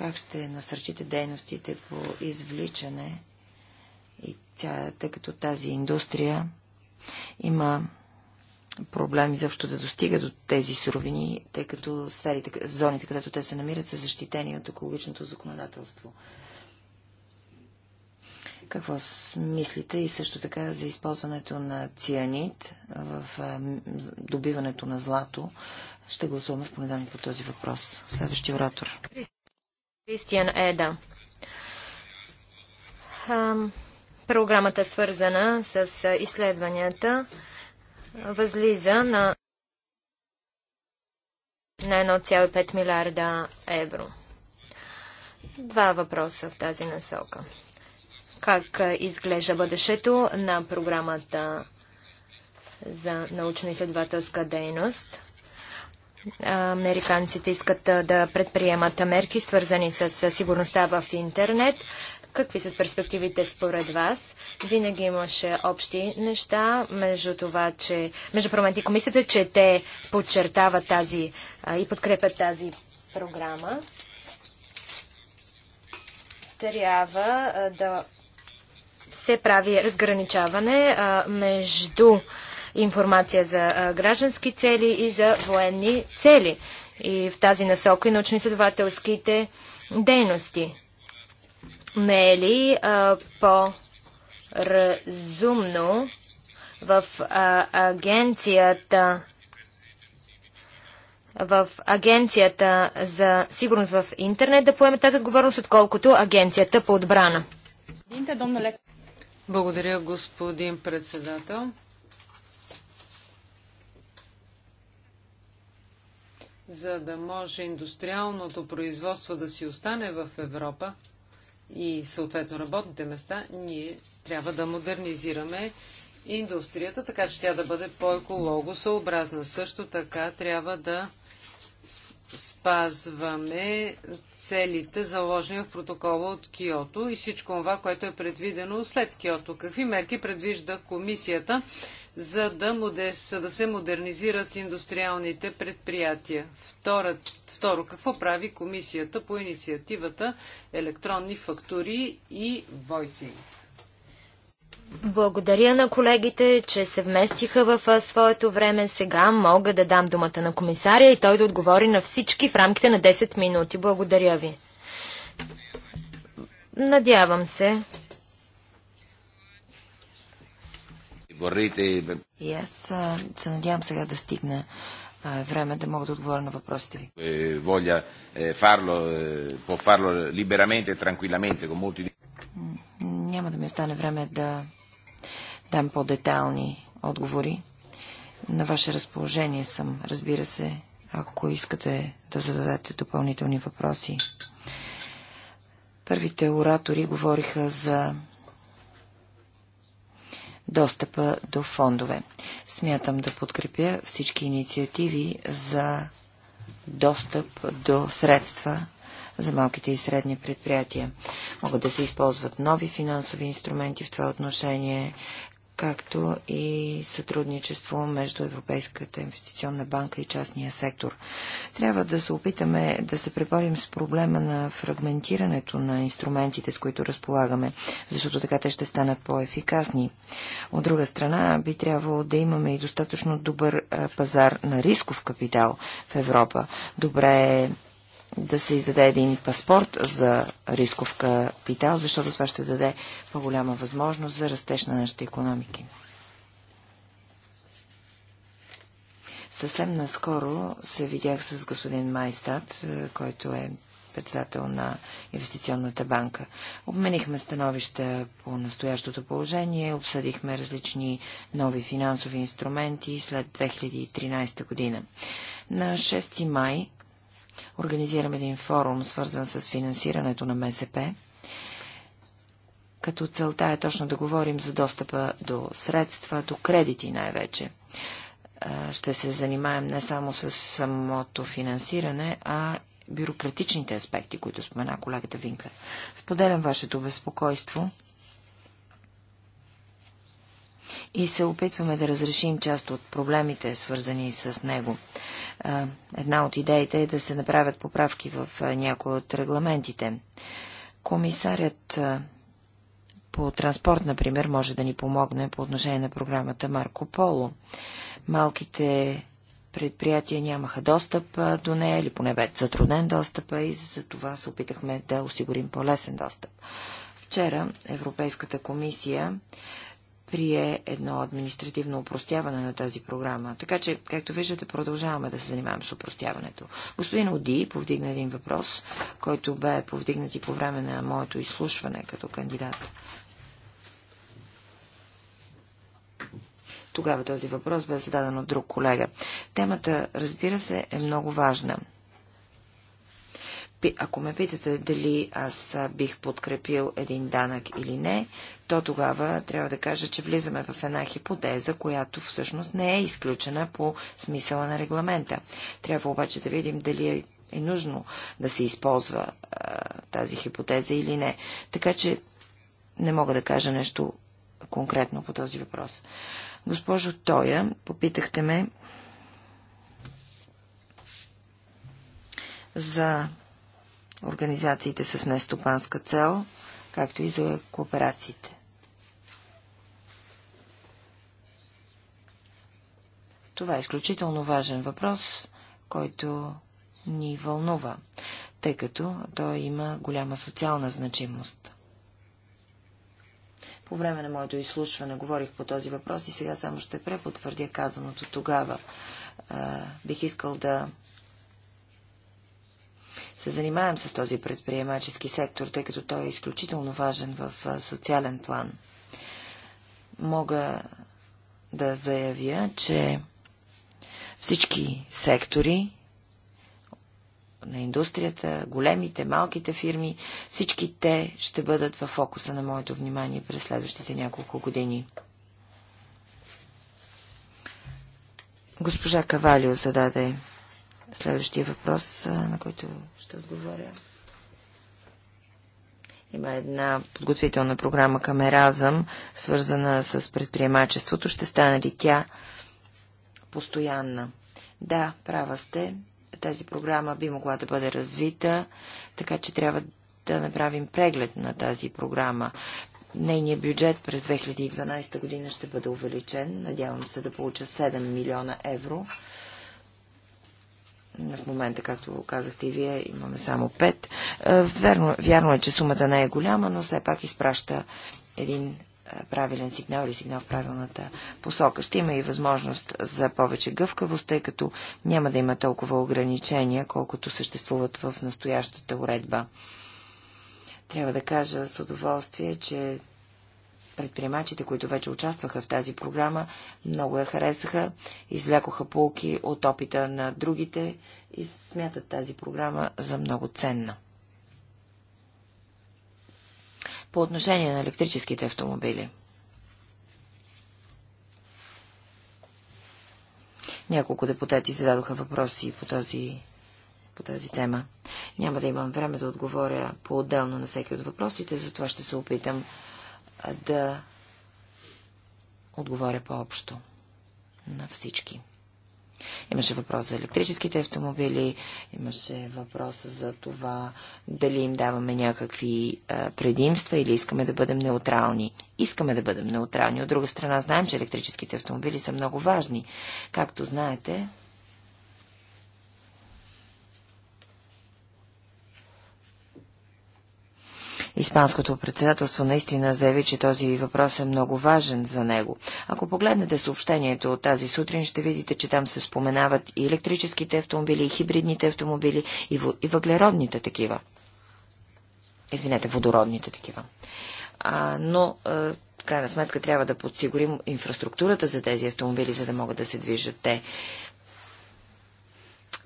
Как ще насърчите дейностите по извличане и тя, тъй като тази индустрия има проблеми защо да достига до тези суровини, тъй като сферите, зоните, където те се намират, са защитени от екологичното законодателство. Какво мислите и също така за използването на цианид в добиването на злато? Ще гласуваме в понеделник по този въпрос. Следващия оратор. Кристиан Еда. Програмата, свързана с изследванията, възлиза на на 1,5 милиарда евро. Два въпроса в тази насока. Как изглежда бъдещето на програмата за научно-изследователска дейност? Американците искат да предприемат мерки, свързани с сигурността в интернет. Какви са перспективите според вас? Винаги имаше общи неща между това, че между промените и комисията, че те подчертават тази и подкрепят тази програма. Трябва да се прави разграничаване между информация за граждански цели и за военни цели. И в тази насока и научно-изследователските дейности. Не е ли по-разумно в а, агенцията в Агенцията за сигурност в интернет да поеме тази отговорност, отколкото Агенцията по отбрана. Благодаря, господин председател. за да може индустриалното производство да си остане в Европа и съответно работните места, ние трябва да модернизираме индустрията, така че тя да бъде по-екологосъобразна. Също така трябва да спазваме целите, заложени в протокола от Киото и всичко това, което е предвидено след Киото. Какви мерки предвижда комисията за да, модер... да се модернизират индустриалните предприятия. Втора... Второ, какво прави комисията по инициативата електронни фактури и войси? Благодаря на колегите, че се вместиха в своето време. Сега мога да дам думата на комисаря и той да отговори на всички в рамките на 10 минути. Благодаря ви. Надявам се, Vorrete... И аз се надявам сега да стигна време да мога да отговоря на въпросите ви. Е, воля е, фарло, е, по фарло либераменте, транквиламенте, con molti... Няма да ми остане време да дам по-детални отговори. На ваше разположение съм, разбира се, ако искате да зададете допълнителни въпроси. Първите оратори говориха за достъпа до фондове. Смятам да подкрепя всички инициативи за достъп до средства за малките и средни предприятия. Могат да се използват нови финансови инструменти в това отношение, както и сътрудничество между Европейската инвестиционна банка и частния сектор. Трябва да се опитаме да се преборим с проблема на фрагментирането на инструментите, с които разполагаме, защото така те ще станат по-ефикасни. От друга страна, би трябвало да имаме и достатъчно добър пазар на рисков капитал в Европа. Добре е да се издаде един паспорт за рисков капитал, защото това ще даде по-голяма възможност за растеж на нашите економики. Съвсем наскоро се видях с господин Майстат, е, който е председател на Инвестиционната банка. Обменихме становища по настоящото положение, обсъдихме различни нови финансови инструменти след 2013 година. На 6 май организирам един форум, свързан с финансирането на МСП, като целта е точно да говорим за достъпа до средства, до кредити най-вече. Ще се занимаем не само с самото финансиране, а бюрократичните аспекти, които спомена колегата Винка. Споделям вашето безпокойство и се опитваме да разрешим част от проблемите, свързани с него. Една от идеите е да се направят поправки в някои от регламентите. Комисарят по транспорт, например, може да ни помогне по отношение на програмата Марко Поло. Малките предприятия нямаха достъп до нея, или поне бе затруднен достъпа и за това се опитахме да осигурим по-лесен достъп. Вчера Европейската комисия прие едно административно упростяване на тази програма. Така че, както виждате, продължаваме да се занимаваме с упростяването. Господин Оди повдигна един въпрос, който бе повдигнат и по време на моето изслушване като кандидат. Тогава този въпрос бе зададен от друг колега. Темата, разбира се, е много важна. Ако ме питате дали аз бих подкрепил един данък или не, то тогава трябва да кажа, че влизаме в една хипотеза, която всъщност не е изключена по смисъла на регламента. Трябва обаче да видим дали е, е нужно да се използва а, тази хипотеза или не. Така че не мога да кажа нещо конкретно по този въпрос. Госпожо Тоя, попитахте ме за организациите с нестопанска цел, както и за кооперациите. Това е изключително важен въпрос, който ни вълнува, тъй като той има голяма социална значимост. По време на моето изслушване говорих по този въпрос и сега само ще препотвърдя казаното тогава. А, бих искал да се занимавам с този предприемачески сектор, тъй като той е изключително важен в социален план. Мога да заявя, че всички сектори на индустрията, големите, малките фирми, всички те ще бъдат в фокуса на моето внимание през следващите няколко години. Госпожа Кавалио зададе следващия въпрос, на който ще отговоря. Има една подготвителна програма към Еразъм, свързана с предприемачеството. Ще стане ли тя постоянна. Да, права сте. Тази програма би могла да бъде развита, така че трябва да направим преглед на тази програма. Нейният бюджет през 2012 година ще бъде увеличен. Надявам се да получа 7 милиона евро. В момента, както казахте и вие, имаме само 5. Е, верно, вярно е, че сумата не е голяма, но все пак изпраща един е, правилен сигнал или сигнал в правилната посока. Ще има и възможност за повече гъвкавост, тъй като няма да има толкова ограничения, колкото съществуват в настоящата уредба. Трябва да кажа с удоволствие, че предприемачите, които вече участваха в тази програма, много я харесаха, извлякоха полки от опита на другите и смятат тази програма за много ценна по отношение на електрическите автомобили. Няколко депутати зададоха въпроси по, този, по тази тема. Няма да имам време да отговоря по-отделно на всеки от въпросите, затова ще се опитам да отговоря по-общо на всички. Имаше въпрос за електрическите автомобили, имаше въпрос за това дали им даваме някакви а, предимства или искаме да бъдем неутрални. Искаме да бъдем неутрални. От друга страна, знаем, че електрическите автомобили са много важни. Както знаете, Испанското председателство наистина заяви, че този въпрос е много важен за него. Ако погледнете съобщението от тази сутрин, ще видите, че там се споменават и електрическите автомобили, и хибридните автомобили, и, и въглеродните такива. Извинете, водородните такива. А, но в крайна сметка трябва да подсигурим инфраструктурата за тези автомобили, за да могат да се движат те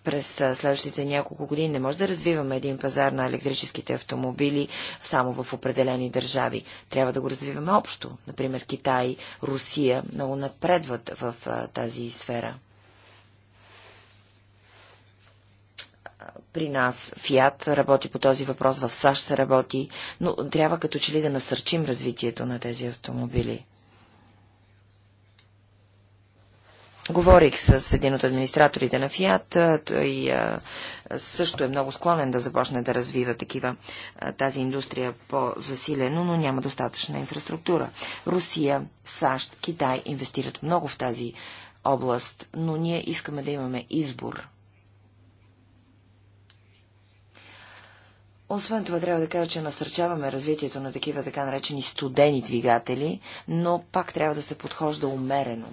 през следващите няколко години. Не може да развиваме един пазар на електрическите автомобили само в определени държави. Трябва да го развиваме общо. Например, Китай, Русия много напредват в тази сфера. при нас Фиат работи по този въпрос, в САЩ се работи, но трябва като че ли да насърчим развитието на тези автомобили. Говорих с един от администраторите на Фиат. Той също е много склонен да започне да развива такива тази индустрия по-засилено, но няма достатъчна инфраструктура. Русия, САЩ, Китай инвестират много в тази област, но ние искаме да имаме избор. Освен това, трябва да кажа, че насърчаваме развитието на такива така наречени студени двигатели, но пак трябва да се подхожда умерено.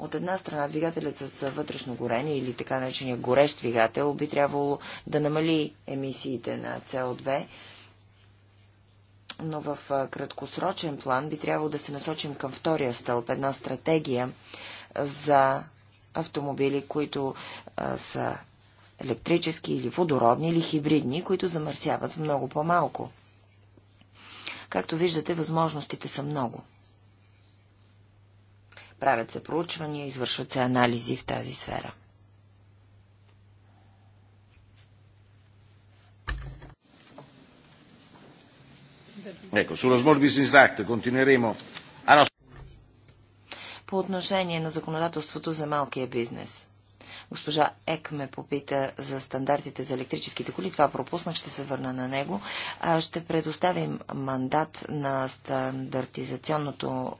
От една страна, двигателят с вътрешно горение или така наречения горещ двигател би трябвало да намали емисиите на СО2, но в краткосрочен план би трябвало да се насочим към втория стълб, една стратегия за автомобили, които са електрически или водородни или хибридни, които замърсяват много по-малко. Както виждате, възможностите са много. Правят се проучвания, извършват се анализи в тази сфера. continueremo По отношение на законодателството за малкия бизнес. Госпожа Ек ме попита за стандартите за електрическите коли. Това пропуснах, ще се върна на него. Ще предоставим мандат на стандартизационното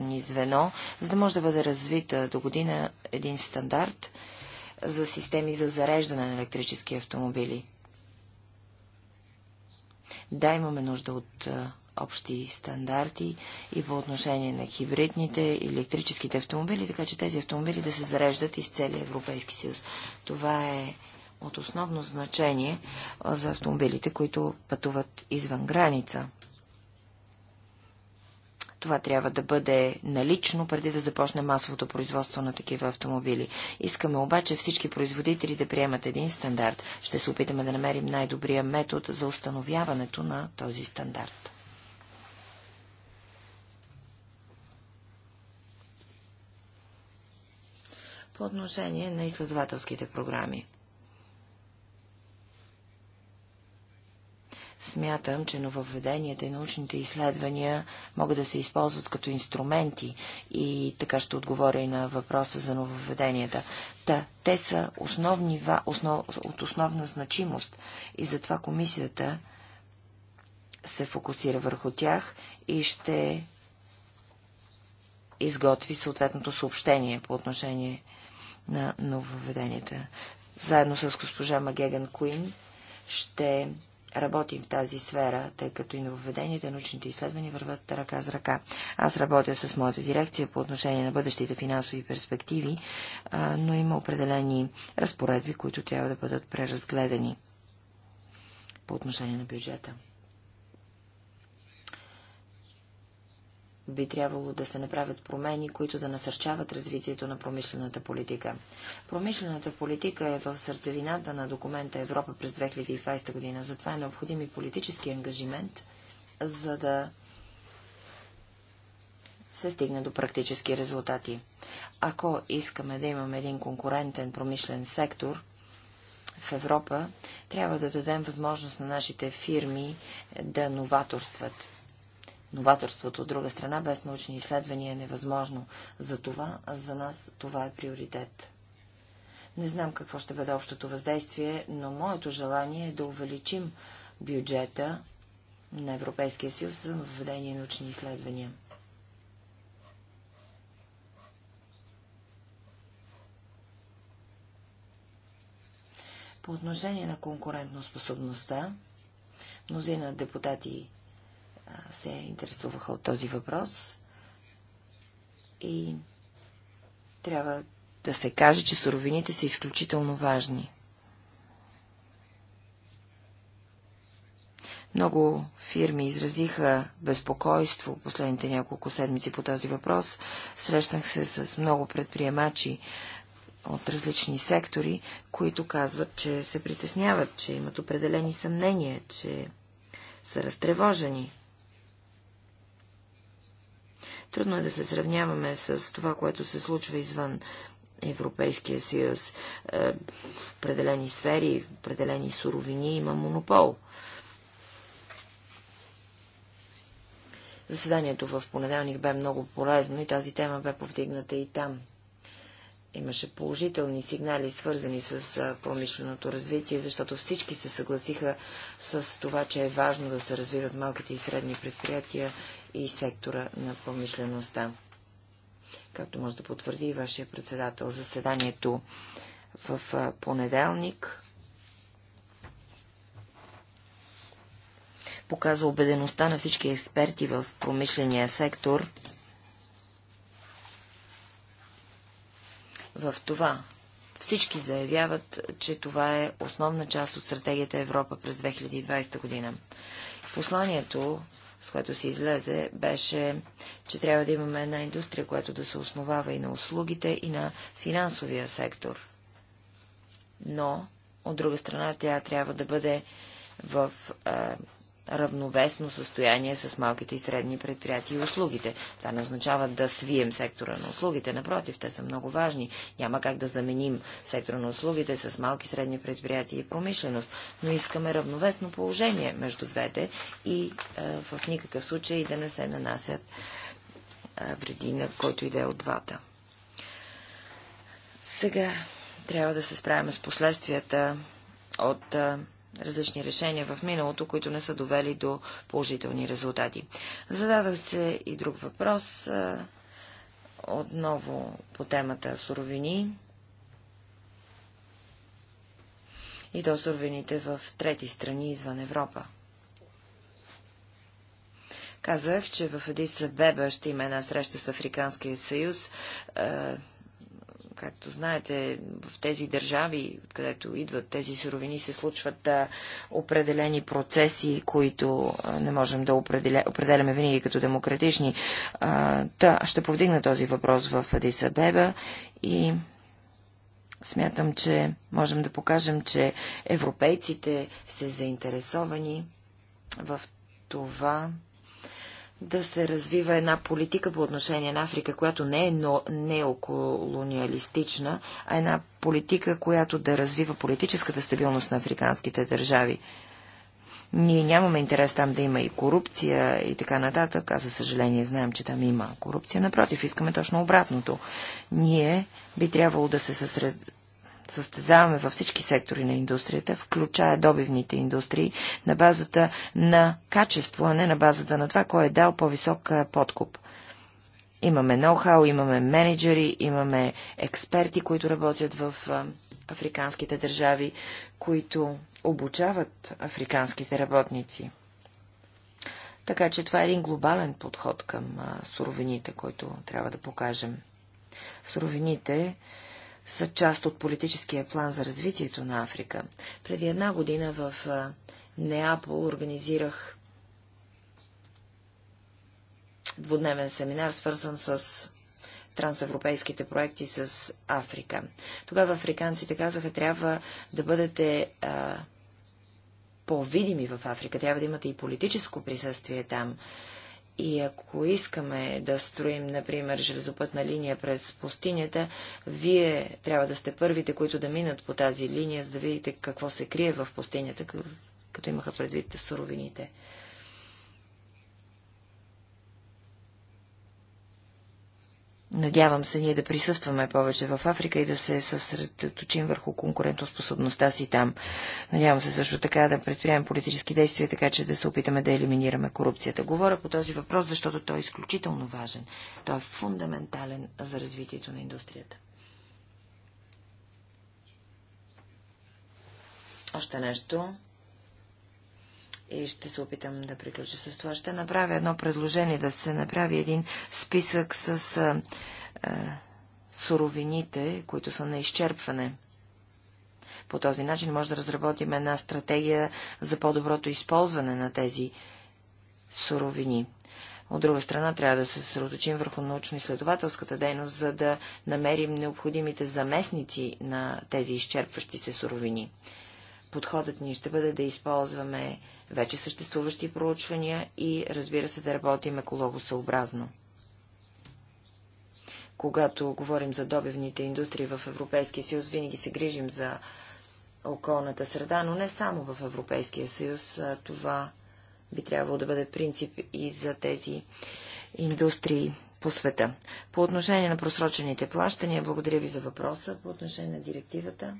ни звено, за да може да бъде развита до година един стандарт за системи за зареждане на електрически автомобили. Да, имаме нужда от общи стандарти и по отношение на хибридните електрическите автомобили, така че тези автомобили да се зареждат из целия Европейски съюз. Това е от основно значение за автомобилите, които пътуват извън граница. Това трябва да бъде налично, преди да започне масовото производство на такива автомобили. Искаме обаче всички производители да приемат един стандарт. Ще се опитаме да намерим най-добрия метод за установяването на този стандарт. По отношение на изследователските програми. Смятам, че нововведенията и научните изследвания могат да се използват като инструменти и така ще отговоря и на въпроса за нововведенията. Та, те са основни, основ, от основна значимост и затова комисията се фокусира върху тях и ще изготви съответното съобщение по отношение на нововведенията. Заедно с госпожа Магеган Куин ще работим в тази сфера, тъй като и нововведенията, научните изследвания върват ръка с ръка. Аз работя с моята дирекция по отношение на бъдещите финансови перспективи, а, но има определени разпоредби, които трябва да бъдат преразгледани по отношение на бюджета. би трябвало да се направят промени, които да насърчават развитието на промишлената политика. Промишлената политика е в сърцевината на документа Европа през 2020 година. Затова е необходим и политически ангажимент, за да се стигне до практически резултати. Ако искаме да имаме един конкурентен промишлен сектор в Европа, трябва да дадем възможност на нашите фирми да новаторстват – Новаторството, от друга страна, без научни изследвания е невъзможно. За това, за нас, това е приоритет. Не знам какво ще бъде общото въздействие, но моето желание е да увеличим бюджета на Европейския съюз за нововведение и научни изследвания. По отношение на конкурентноспособността, мнозина депутати се интересуваха от този въпрос. И трябва да се каже, че суровините са изключително важни. Много фирми изразиха безпокойство последните няколко седмици по този въпрос. Срещнах се с много предприемачи от различни сектори, които казват, че се притесняват, че имат определени съмнения, че са разтревожени. Трудно е да се сравняваме с това, което се случва извън Европейския съюз. Е, в определени сфери, в определени суровини има монопол. Заседанието в понеделник бе много полезно и тази тема бе повдигната и там. Имаше положителни сигнали, свързани с промишленото развитие, защото всички се съгласиха с това, че е важно да се развиват малките и средни предприятия и сектора на промишлеността. Както може да потвърди и вашия председател, заседанието в понеделник показва убедеността на всички експерти в промишления сектор в това. Всички заявяват, че това е основна част от стратегията Европа през 2020 година. Посланието с което се излезе, беше, че трябва да имаме една индустрия, която да се основава и на услугите, и на финансовия сектор. Но, от друга страна, тя трябва да бъде в а, равновесно състояние с малките и средни предприятия и услугите. Това не означава да свием сектора на услугите. Напротив, те са много важни. Няма как да заменим сектора на услугите с малки и средни предприятия и промишленост. Но искаме равновесно положение между двете и е, в никакъв случай да не се нанасят е, вреди на който иде от двата. Сега трябва да се справим с последствията от е, различни решения в миналото, които не са довели до положителни резултати. Зададах се и друг въпрос отново по темата суровини и то суровините в трети страни извън Европа. Казах, че в Адиса Беба ще има една среща с Африканския съюз е, Както знаете, в тези държави, където идват тези суровини, се случват а, определени процеси, които а, не можем да определя, определяме винаги като демократични. А, та, ще повдигна този въпрос в Адиса Беба и смятам, че можем да покажем, че европейците са заинтересовани в това да се развива една политика по отношение на Африка, която не е неоколониалистична, а една политика, която да развива политическата стабилност на африканските държави. Ние нямаме интерес там да има и корупция и така нататък, а за съжаление знаем, че там има корупция. Напротив, искаме точно обратното. Ние би трябвало да се съсред състезаваме във всички сектори на индустрията, включая добивните индустрии, на базата на качество, а не на базата на това, кой е дал по-висок подкуп. Имаме ноу-хау, имаме менеджери, имаме експерти, които работят в африканските държави, които обучават африканските работници. Така че това е един глобален подход към суровините, който трябва да покажем. Суровините са част от политическия план за развитието на Африка. Преди една година в Неапол организирах двудневен семинар, свързан с трансевропейските проекти с Африка. Тогава африканците казаха, трябва да бъдете по-видими в Африка, трябва да имате и политическо присъствие там. И ако искаме да строим, например, железопътна линия през пустинята, вие трябва да сте първите, които да минат по тази линия, за да видите какво се крие в пустинята, като имаха предвид суровините. Надявам се ние да присъстваме повече в Африка и да се съсредоточим върху конкурентоспособността си там. Надявам се също така да предприемем политически действия, така че да се опитаме да елиминираме корупцията. Говоря по този въпрос, защото той е изключително важен. Той е фундаментален за развитието на индустрията. Още нещо и ще се опитам да приключа с това. Ще направя едно предложение да се направи един списък с а, а, суровините, които са на изчерпване. По този начин може да разработим една стратегия за по-доброто използване на тези суровини. От друга страна, трябва да се съсредоточим върху научно-изследователската дейност, за да намерим необходимите заместници на тези изчерпващи се суровини подходът ни ще бъде да използваме вече съществуващи проучвания и, разбира се, да работим екологосъобразно. Когато говорим за добивните индустрии в Европейския съюз, винаги се грижим за околната среда, но не само в Европейския съюз. Това би трябвало да бъде принцип и за тези индустрии по света. По отношение на просрочените плащания, благодаря ви за въпроса. По отношение на директивата,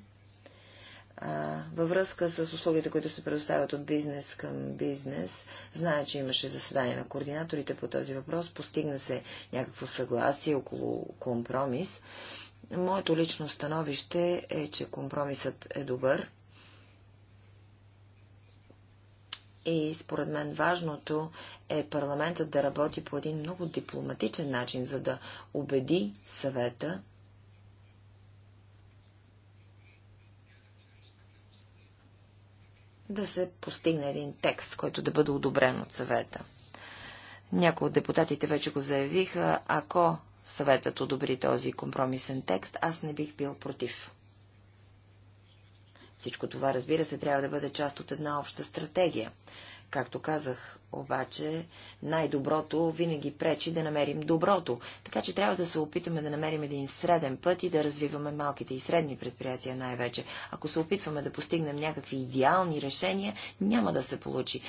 във връзка с услугите, които се предоставят от бизнес към бизнес, зная, че имаше заседание на координаторите по този въпрос, постигна се някакво съгласие около компромис. Моето лично становище е, че компромисът е добър. И според мен важното е парламентът да работи по един много дипломатичен начин, за да убеди съвета, да се постигне един текст, който да бъде одобрен от съвета. Някои от депутатите вече го заявиха, ако съветът одобри този компромисен текст, аз не бих бил против. Всичко това, разбира се, трябва да бъде част от една обща стратегия. Както казах обаче най-доброто винаги пречи да намерим доброто. Така че трябва да се опитаме да намерим един среден път и да развиваме малките и средни предприятия най-вече. Ако се опитваме да постигнем някакви идеални решения, няма да се получи.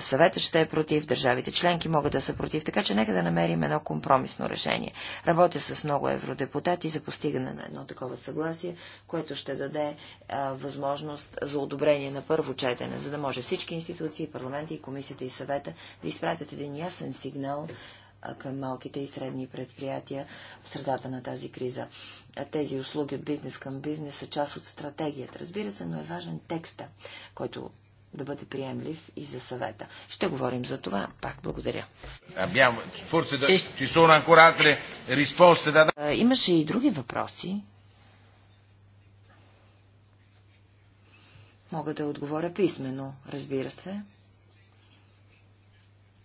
Съветът ще е против, държавите членки могат да са против, така че нека да намерим едно компромисно решение. Работя с много евродепутати за постигане на едно такова съгласие, което ще даде а, възможност за одобрение на първо четене, за да може всички институции, парламента и комисията и съвета да изпратят един ясен сигнал към малките и средни предприятия в средата на тази криза. Тези услуги от бизнес към бизнес са част от стратегията. Разбира се, но е важен текста, който да бъде приемлив и за съвета. Ще говорим за това. Пак благодаря. Имаше и други въпроси. Мога да отговоря писменно, разбира се.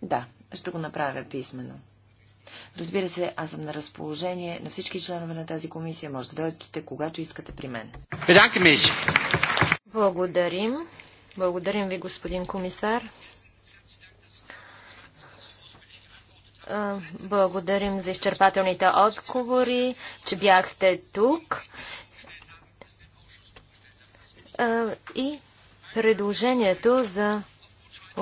Да, ще го направя писменно. Разбира се, аз съм на разположение на всички членове на тази комисия. Може да дойдете, когато искате при мен. Благодарим. Благодарим ви, господин комисар. Благодарим за изчерпателните отговори, че бяхте тук. И предложението за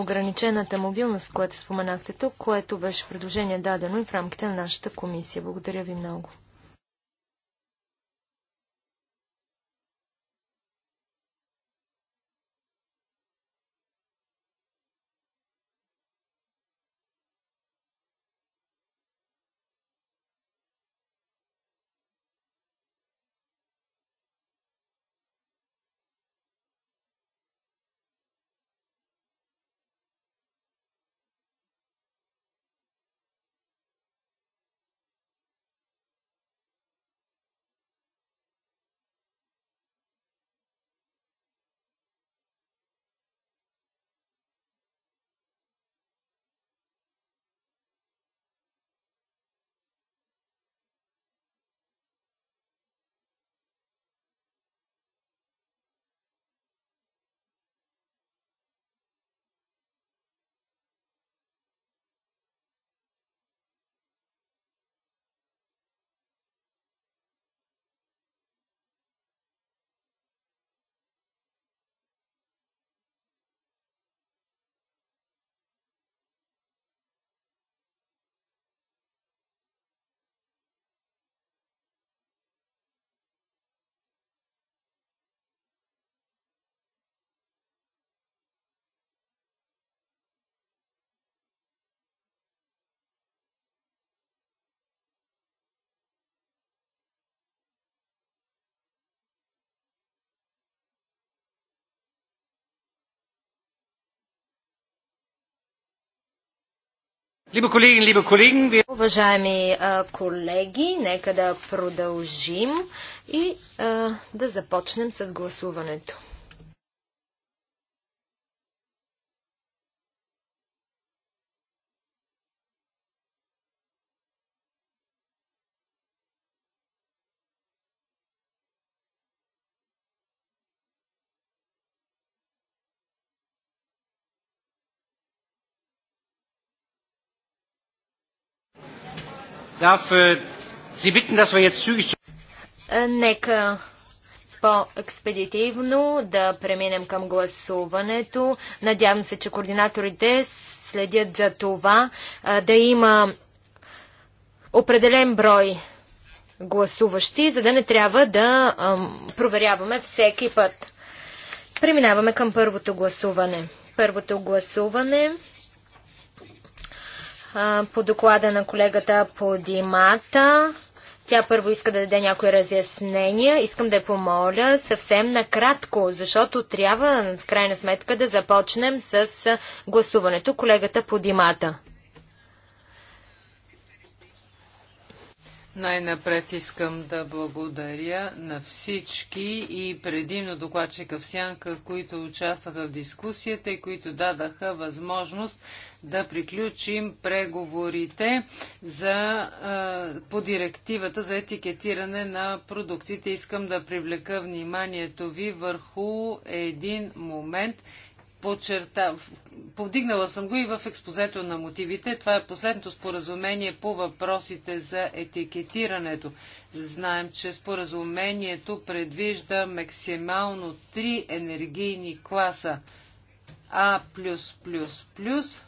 ограничената мобилност, която споменахте тук, което беше предложение дадено и в рамките на нашата комисия. Благодаря ви много. Уважаеми а, колеги, нека да продължим и а, да започнем с гласуването. darf Sie bitten, dass wir jetzt zügig... Е, нека по-експедитивно да преминем към гласуването. Надявам се, че координаторите следят за това е, да има определен брой гласуващи, за да не трябва да проверяваме всеки път. Преминаваме към първото гласуване. Първото гласуване по доклада на колегата по Димата. Тя първо иска да даде някои разяснения. Искам да я помоля съвсем накратко, защото трябва с крайна сметка да започнем с гласуването. Колегата по Димата. Най-напред искам да благодаря на всички и предимно докладчика в Сянка, които участваха в дискусията и които дадаха възможност да приключим преговорите за, по директивата за етикетиране на продуктите. Искам да привлека вниманието ви върху един момент – подчерта, повдигнала съм го и в експозето на мотивите. Това е последното споразумение по въпросите за етикетирането. Знаем, че споразумението предвижда максимално три енергийни класа А+++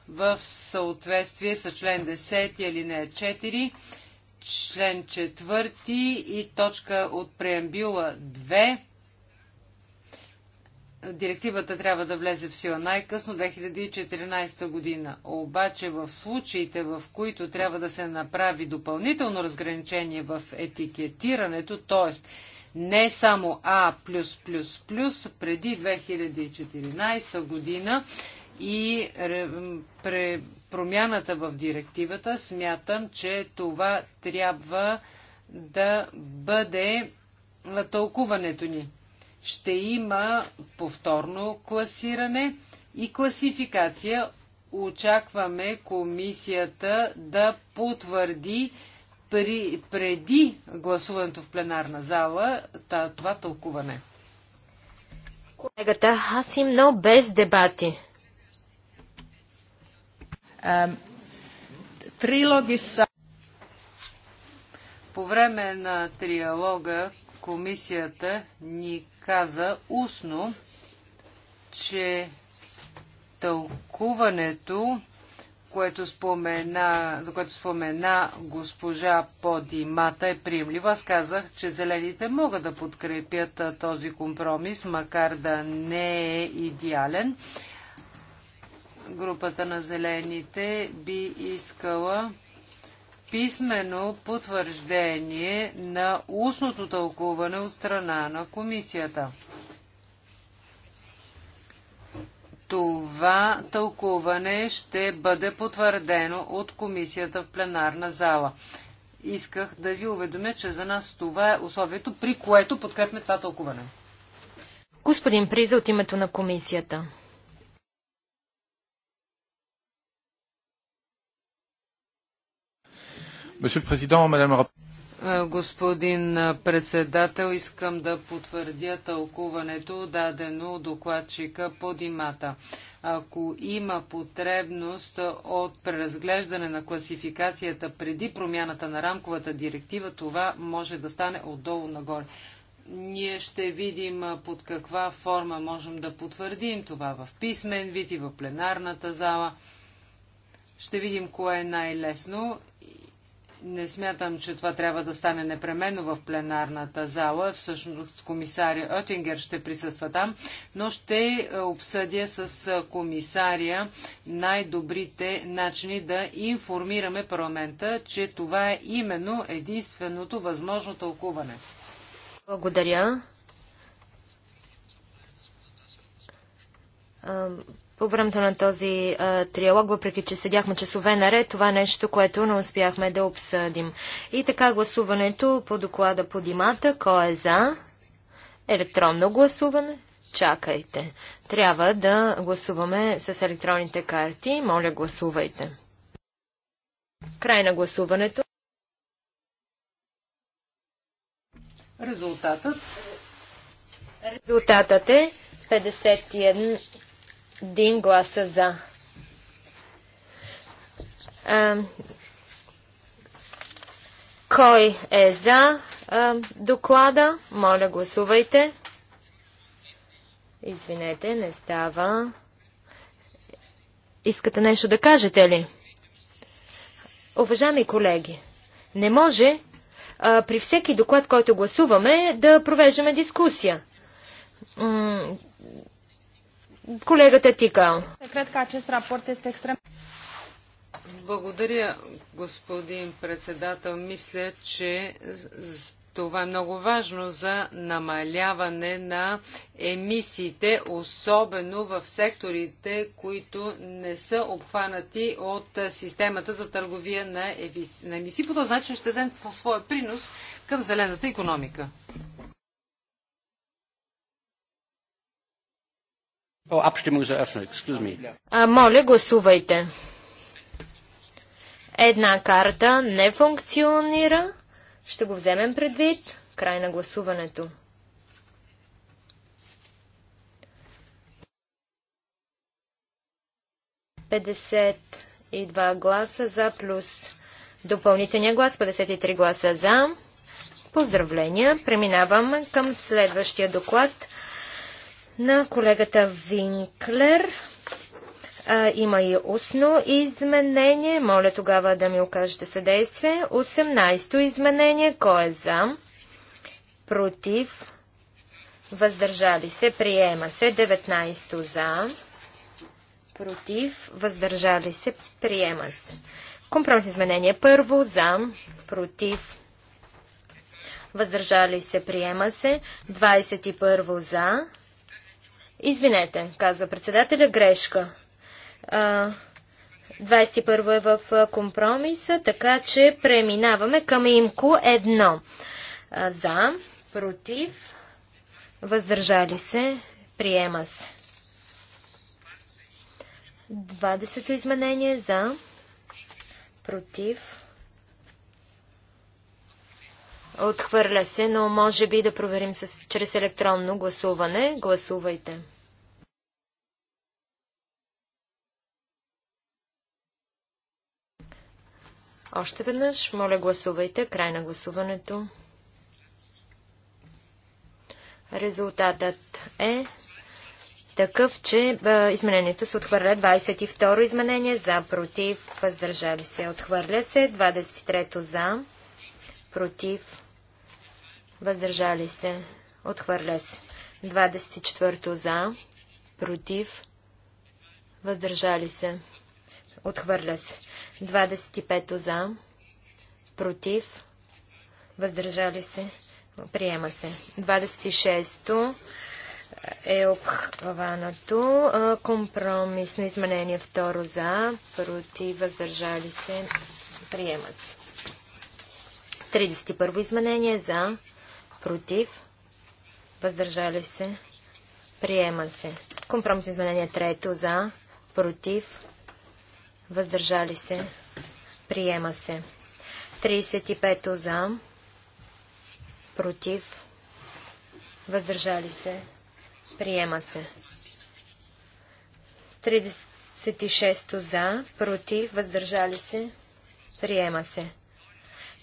в съответствие с член 10 или 4, член 4 и точка от преамбюла 2 директивата трябва да влезе в сила най-късно 2014 година. Обаче в случаите, в които трябва да се направи допълнително разграничение в етикетирането, т.е. не само А+++, преди 2014 година и промяната в директивата, смятам, че това трябва да бъде на тълкуването ни ще има повторно класиране и класификация. Очакваме комисията да потвърди при, преди гласуването в пленарна зала това тълкуване. Колегата Хасим, но без дебати. са. По време на триалога комисията ни каза устно, че тълкуването, което спомена, за което спомена госпожа Подимата е приемливо. Аз казах, че зелените могат да подкрепят този компромис, макар да не е идеален. Групата на зелените би искала писмено потвърждение на устното тълкуване от страна на комисията. Това тълкуване ще бъде потвърдено от комисията в пленарна зала. Исках да ви уведомя, че за нас това е условието, при което подкрепме това тълкуване. Господин Приза от името на комисията. Е, господин председател, искам да потвърдя тълкуването, дадено докладчика по димата. Ако има потребност от преразглеждане на класификацията преди промяната на рамковата директива, това може да стане отдолу нагоре. Ние ще видим под каква форма можем да потвърдим това в писмен вид и в пленарната зала. Ще видим кое е най-лесно не смятам, че това трябва да стане непременно в пленарната зала. Всъщност комисаря Отингер ще присъства там, но ще е, обсъдя с е, комисаря най-добрите начини да информираме парламента, че това е именно единственото възможно тълкуване. Благодаря по времето на този а, триалог, въпреки че седяхме часове наред, това е нещо, което не успяхме да обсъдим. И така гласуването по доклада по димата. Кой е за? Електронно гласуване? Чакайте. Трябва да гласуваме с електронните карти. Моля, гласувайте. Край на гласуването. Резултатът? Резултатът е 51 Дим гласа за. А, кой е за а, доклада? Моля, гласувайте. Извинете, не става. Искате нещо да кажете ли? Уважаеми колеги, не може а, при всеки доклад, който гласуваме, да провеждаме дискусия. М Колегата Тикал. Благодаря, господин председател. Мисля, че това е много важно за намаляване на емисиите, особено в секторите, които не са обхванати от системата за търговия на емисии. По този начин ще дадем своя принос към зелената економика. Oh, моля, гласувайте. Една карта не функционира. Ще го вземем предвид. Край на гласуването. Петдесет и два гласа за плюс допълнителния глас, 53 гласа за. Поздравления! Преминавам към следващия доклад – на колегата Винклер. А, има и устно изменение. Моля тогава да ми окажете съдействие. 18-то изменение. Кой е за? Против? Въздържали се. Приема се. 19-то за. Против? Въздържали се. Приема се. Компромис изменение. Първо за. Против? Въздържали се. Приема се. 21 за Извинете, казва председателя, грешка. А, 21 е в компромиса, така че преминаваме към имко 1. А, за, против, въздържали се, приема се. 20 изменение за, против, Отхвърля се, но може би да проверим с, чрез електронно гласуване. Гласувайте. Още веднъж, моля гласувайте. Край на гласуването. Резултатът е такъв, че изменението се отхвърля. 22 изменение за, против, въздържали се. Отхвърля се. 23 за, против, въздържали се, отхвърля се. 24 за, против, въздържали се, отхвърля се. 25 за, против, въздържали се, приема се. 26 е обхванато. Компромисно изменение второ за, против, въздържали се, приема се. 31 изменение за, против, въздържали се, приема се. Компромисно изменение трето за, против, въздържали се, приема се. 35 за, против, въздържали се, приема се. 36 за, против, въздържали се, приема се.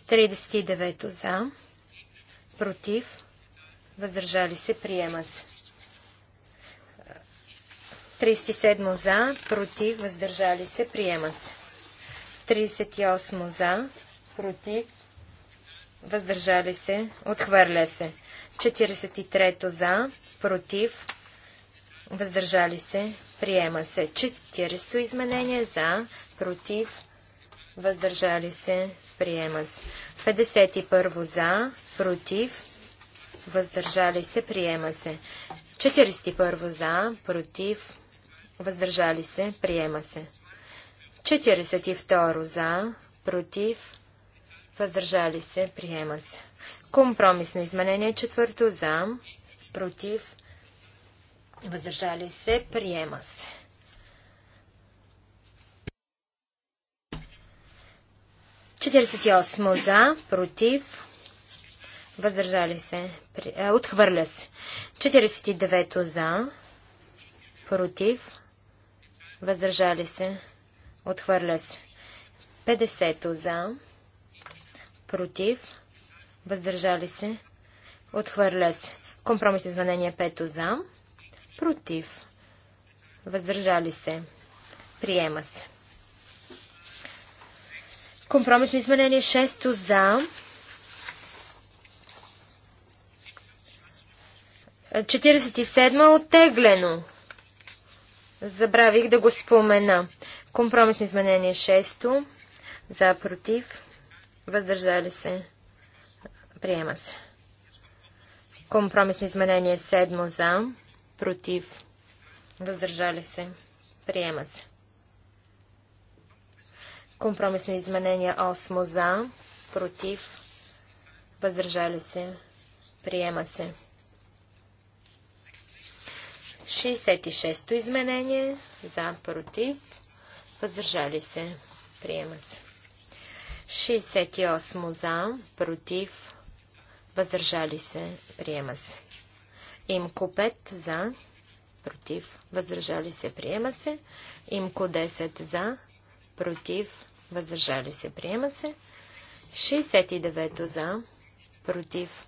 39 за, против, въздържали се, приема се. 37 за, против, въздържали се, приема се. 38 за, против, въздържали се, отхвърля се. 43 за, против, въздържали се, приема се. 40 изменение за, против, въздържали се, приема се. 51 за, против, въздържали се, приема се. 41 за, против, въздържали се, приема се. 42 за, против, въздържали се, приема се. Компромисно изменение четвърто за, против, въздържали се, приема се. Четиридесет за, против, Въздържали се. Отхвърля се. 49 за. Против. Въздържали се. Отхвърля се. 50 за. Против. Въздържали се. Отхвърля се. Компромис изменение 5 за. Против. Въздържали се. Приема се. Компромисно изменение 6 за 47 е оттеглено. Забравих да го спомена. Компромисно изменение 6. За, против. Въздържали се. Приема се. Компромисно изменение 7. За, против. Въздържали се. Приема се. Компромисни изменение 8. За, против. Въздържали се. Приема се. 66-то изменение. За, против. Въздържали се. Приема се. 68 за, против. Въздържали се. Приема се. Имко 5 за, против. Въздържали се. Приема се. Имко 10 за, против. Въздържали се. Приема се. 69 за, против.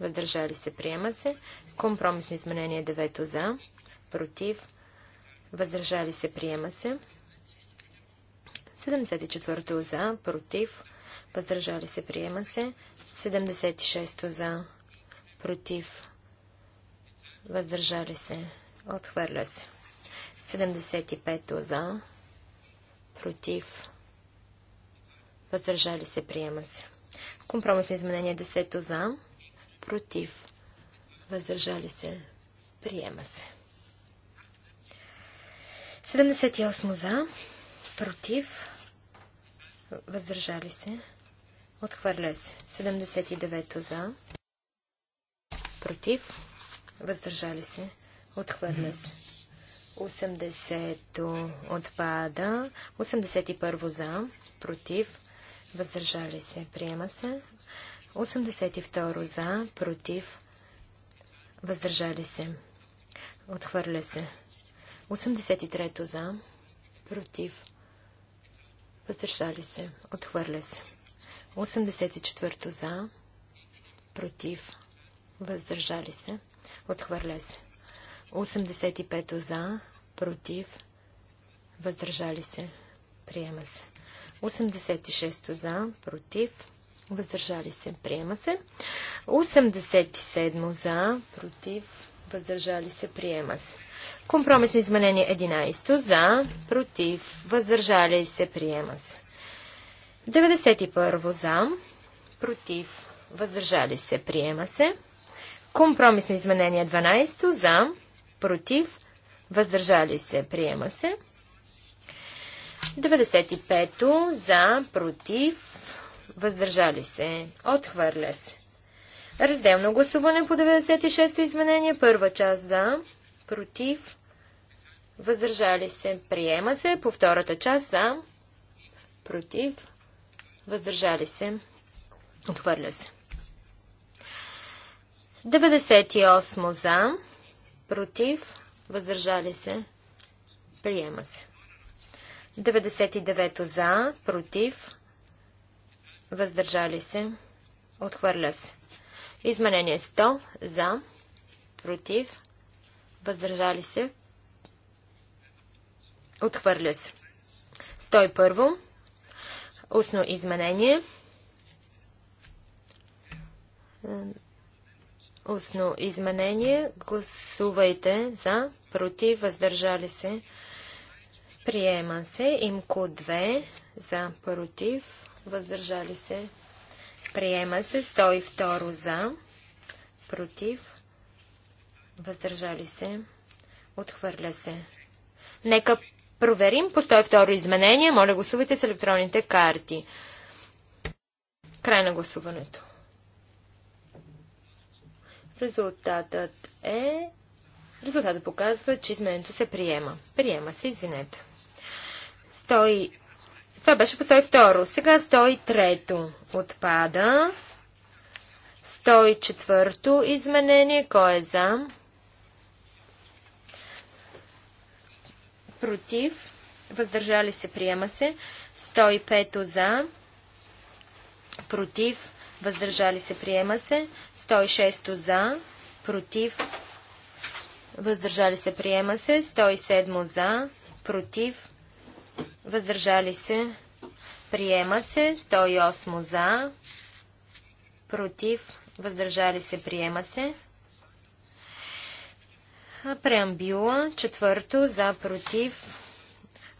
Въздържали се. Приема се. Компромисни изменение 9 за, против, въздържали се, приема се. 74-то за, против, въздържали се, приема се. 76-то за, против, въздържали се, отхвърля се. 75-то за, против, въздържали се, приема се. Компромисно изменение 10 за, против, въздържали се, приема се. 78 за, против, въздържали се, отхвърля се. 79 за, против, въздържали се, отхвърля се. 80 отпада, 81 за, против, въздържали се, приема се. 82 за, против, въздържали се, отхвърля се. 83-то за, против, въздържали се, отхвърля се. 84-то за, против, въздържали се, отхвърля се. 85-то за, против, въздържали се, приема се. 86-то за, против, въздържали се, приема се. 87-то за, против, въздържали се, приема се. Компромисно изменение 11 за, против, въздържали се, приема се. 91 за, против, въздържали се, приема се. Компромисно изменение 12 за, против, въздържали се, приема се. 95 за, против, въздържали се, отхвърля се. Разделно гласуване по 96-то изменение. Първа част за, против, въздържали се, приема се. По втората част за, против, въздържали се, отхвърля се. 98 за, против, въздържали се, приема се. 99 за, против, въздържали се, отхвърля се. Изменение 100 за, против, въздържали се, отхвърля се. 101. Устно изменение. Устно изменение. Гласувайте за, против, въздържали се. Приема се. Имко 2 за, против, въздържали се. Приема се 102 за, против, въздържали се, отхвърля се. Нека проверим по 102 изменение. Моля, гласувайте с електронните карти. Край на гласуването. Резултатът е... Резултатът показва, че изменението се приема. Приема се, извинете. Това беше по 102. Сега 103 отпада. 104 изменение. Кой е за? Против. Въздържали се. Приема се. 105 за. Против. Въздържали се. Приема се. 106 за. Против. Въздържали се. Приема се. 107 за. Против въздържали се, приема се. 108 за, против, въздържали се, приема се. Преамбюла, четвърто, за, против,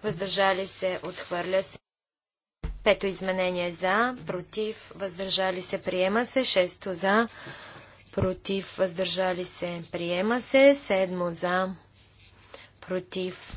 въздържали се, отхвърля се. Пето изменение за, против, въздържали се, приема се. Шесто за, против, въздържали се, приема се. Седмо за, против,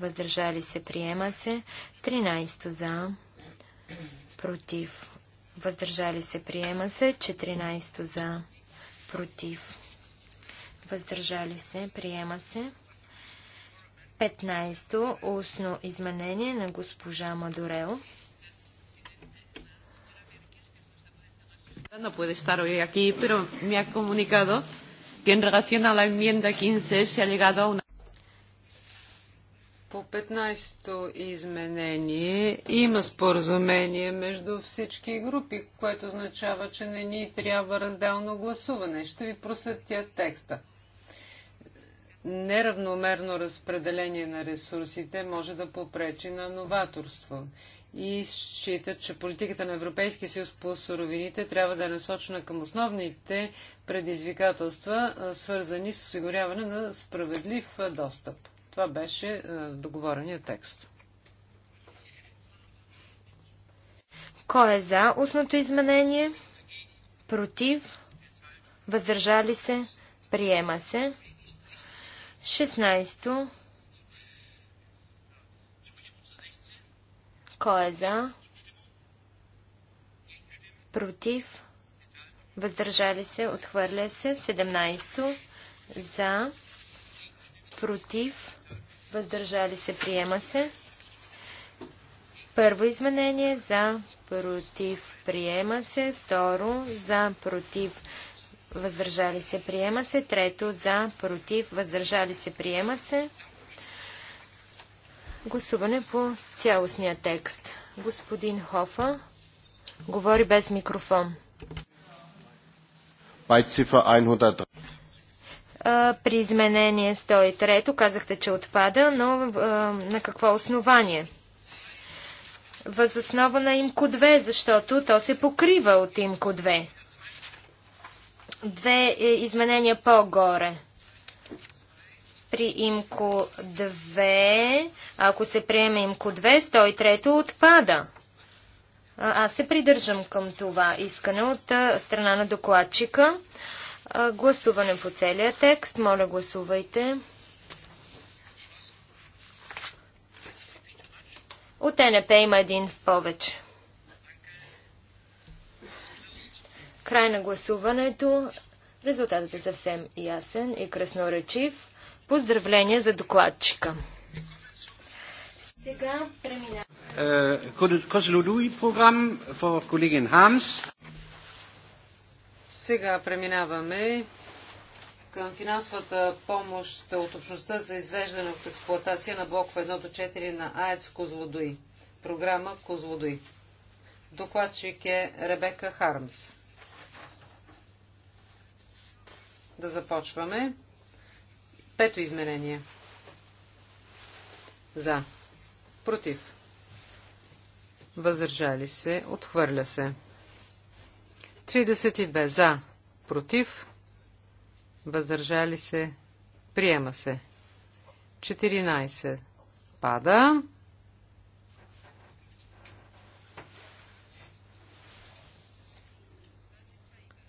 въздържали се, приема се. 13 за, против, въздържали се, приема се. 14 за, против, въздържали се, приема се. 15. Устно изменение на госпожа Мадорел. No puede estar hoy aquí, pero me ha comunicado que en relación a la enmienda 15 se ha llegado a una. По 15-то изменение има споразумение между всички групи, което означава, че не ни трябва разделно гласуване. Ще ви просветя текста. Неравномерно разпределение на ресурсите може да попречи на новаторство и считат, че политиката на Европейския съюз по суровините трябва да е насочена към основните предизвикателства, свързани с осигуряване на справедлив достъп. Това беше е, договорения текст. Кой е за устното изменение? Против? Въздържали се? Приема се. 16. Кой е за? Против? Въздържали се? Отхвърля се. 17. За? Против? въздържали се, приема се. Първо изменение за против, приема се. Второ за против, въздържали се, приема се. Трето за против, въздържали се, приема се. Гласуване по цялостния текст. Господин Хофа говори без микрофон. 103 при изменение 103 казахте, че отпада, но а, на какво основание? Възоснова на имко 2, защото то се покрива от имко 2. Две е, изменения по-горе. При имко 2, ако се приеме имко 2, 103 отпада. Аз се придържам към това искане от страна на докладчика. Гласуване по целия текст. Моля, гласувайте. От НП има един в повече. Край на гласуването. Резултатът е съвсем ясен и красноречив. Поздравление за докладчика. Сега преминаваме. Е, Козлодуи програм за колегин Хамс. Сега преминаваме към финансовата помощ от общността за извеждане от експлоатация на блок 1 до 4 на АЕЦ Козлодуи. Програма Козлодуи. Докладчик е Ребека Хармс. Да започваме. Пето изменение. За. Против. Въздържали се. Отхвърля се. 32 за, против, въздържали се, приема се. 14 пада.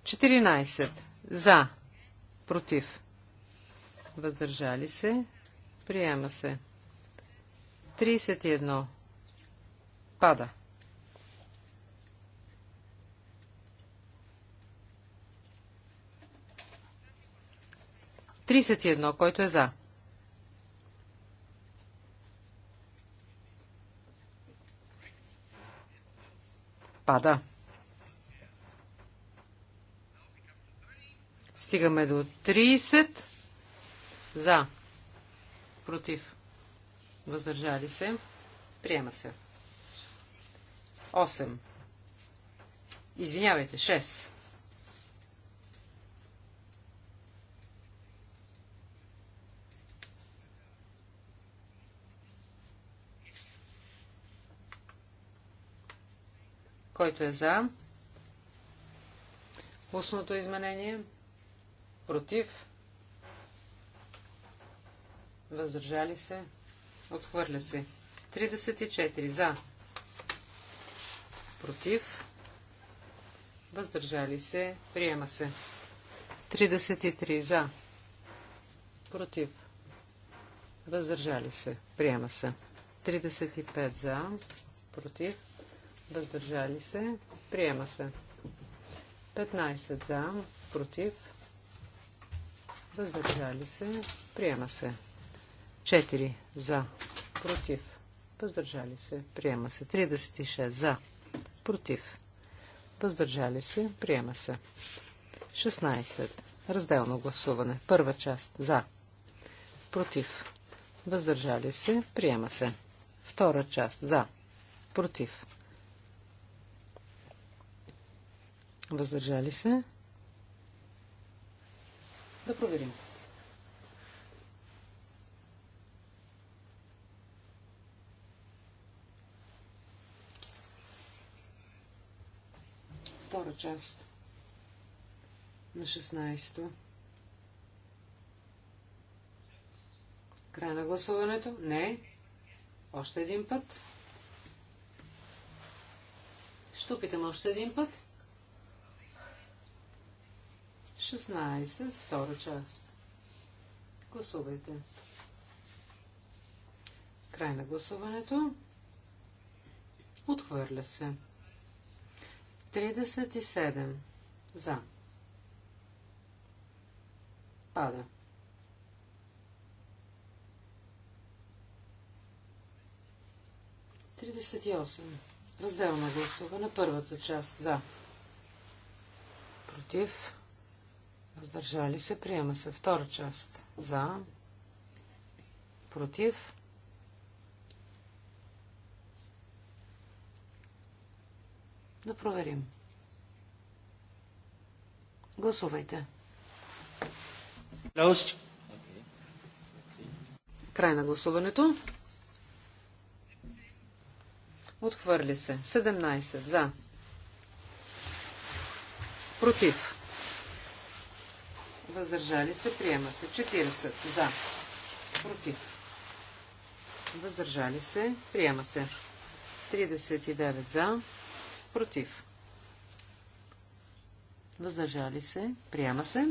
Четиринайсет. За. Против. Въздържали се. Приема се. 31. Пада. 31, който е за. Пада. Стигаме до 30. За. Против. Въздържали се. Приема се. 8. Извинявайте, 6. Който е за? Устното изменение? Против? Въздържали се? Отхвърля се. 34. За. Против? Въздържали се? Приема се. 33. За. Против? Въздържали се? Приема се. 35. За. Против? въздържали се, приема се. 15 за, против, въздържали се, приема се. 4 за, против, въздържали се, приема се. 36 за, против, въздържали се, приема се. 16. Разделно гласуване. Първа част за, против, въздържали се, приема се. Втора част за, против, Въздържали се. Да проверим. Втора част на 16-то. Край на гласуването? Не. Още един път. Ще опитам още един път. 16, втора част. Гласувайте. Край на гласуването. Отхвърля се. 37. За. Пада. Тридесет и осем. на гласуване. Първата част. За. Против. Въздържали се. Приема се. Втора част. За. Против. Да проверим. Гласувайте. Край на гласуването. Отхвърли се. 17 за. Против въздържали се, приема се. 40 за, против, въздържали се, приема се. 39 за, против, въздържали се, приема се.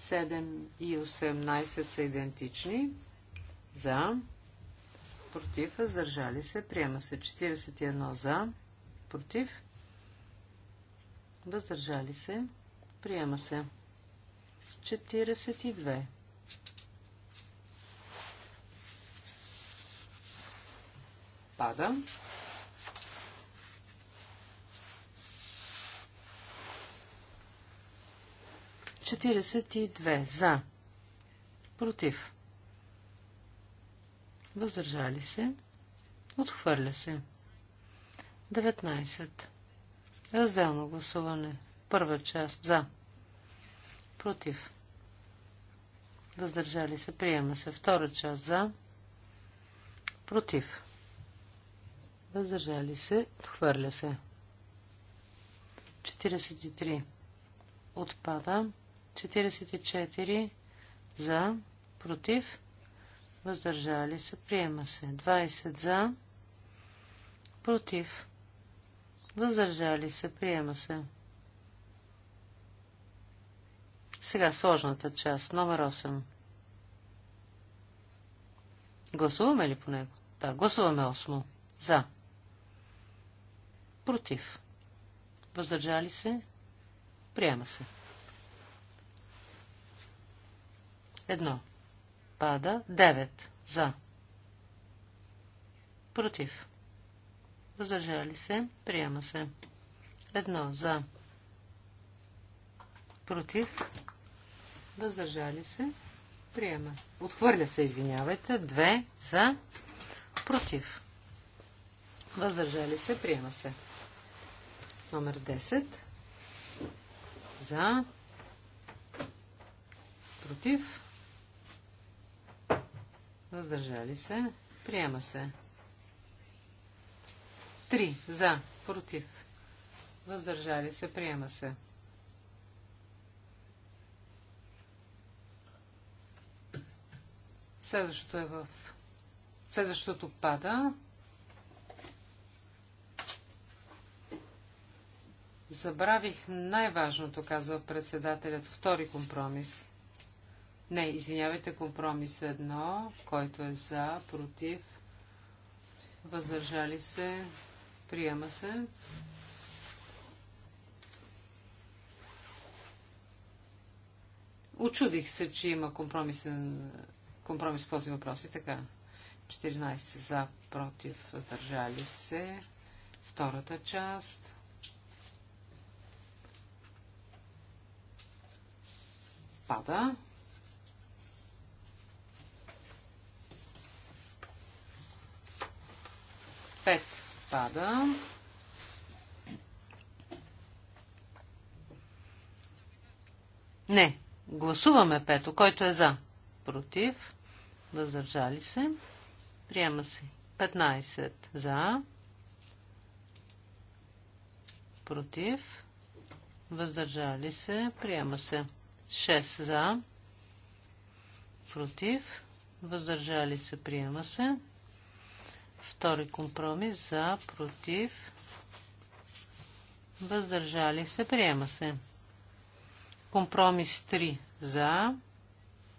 7 и 18 са идентични. За, против, въздържали се, приема се. 41 за, против, въздържали се, приема се. 42. Падам. Четиридесет и две. За. Против. Въздържали се. Отхвърля се. 19. Разделно гласуване. Първа част. За. Против. Въздържали се. Приема се. Втора част за. Против. Въздържали се. Отхвърля се. 43. Отпада. 44. За. Против. Въздържали се. Приема се. 20 за. Против. Въздържали се. Приема се. Сега сложната част, номер 8. Гласуваме ли по него? Да, гласуваме 8. За. Против. Въздържали се. Приема се. Едно. Пада. 9. За. Против. Въздържали се. Приема се. Едно. За. Против въздържали се, приема. Отхвърля се, извинявайте, две за, против, въздържали се, приема се. Номер 10 за, против, въздържали се, приема се. 3 за, против, въздържали се, приема се. Следващото е в... Следващото пада. Забравих най-важното, казва председателят. Втори компромис. Не, извинявайте, компромис едно, който е за, против, въздържали се, приема се. Очудих се, че има компромисен компромис по този въпрос и така. 14 за, против, въздържали се. Втората част. Пада. Пет пада. Не. Гласуваме пето. Който е за? против, въздържали се, приема се 15 за, против, въздържали се, приема се 6 за, против, въздържали се, приема се. Втори компромис за, против, въздържали се, приема се. Компромис 3 за,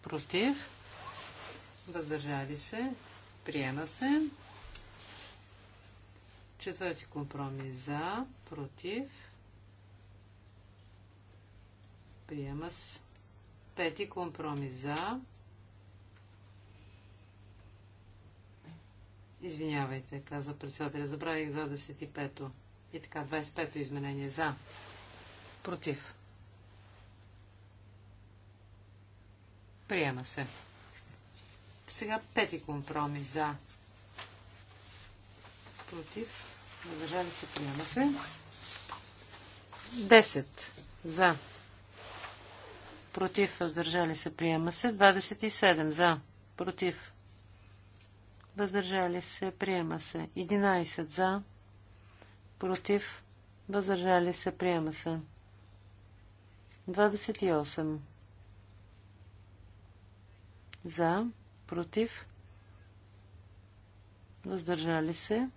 против, въздържали се, приема се. Четвърти компромис за, против, приема се. Пети компромис за, Извинявайте, каза председателя. Забравих 25-то. И така, 25-то изменение. За. Против. Приема се. Сега пети компромис за. Против. Въздържали се. Приема се. 10 за. Против. Въздържали се. Приема се. 27 за. Против. Въздържали се. Приема се. 11 за. Против. Въздържали се. Приема се. 28 за, против, въздържали се,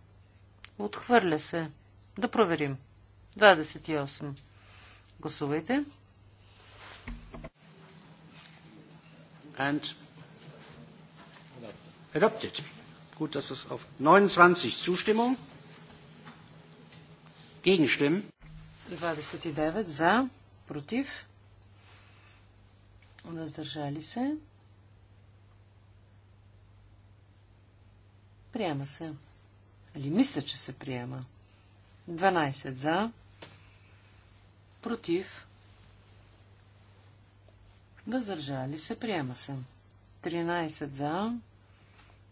отхвърля се. Да проверим. 28. Гласувайте. And adopted. Gut, dass es 29 Zustimmung. Gegenstimmen. 29 за, против, въздържали се. Приема се. Или мисля, че се приема. 12 за. Против. Въздържали се. Приема се. 13 за.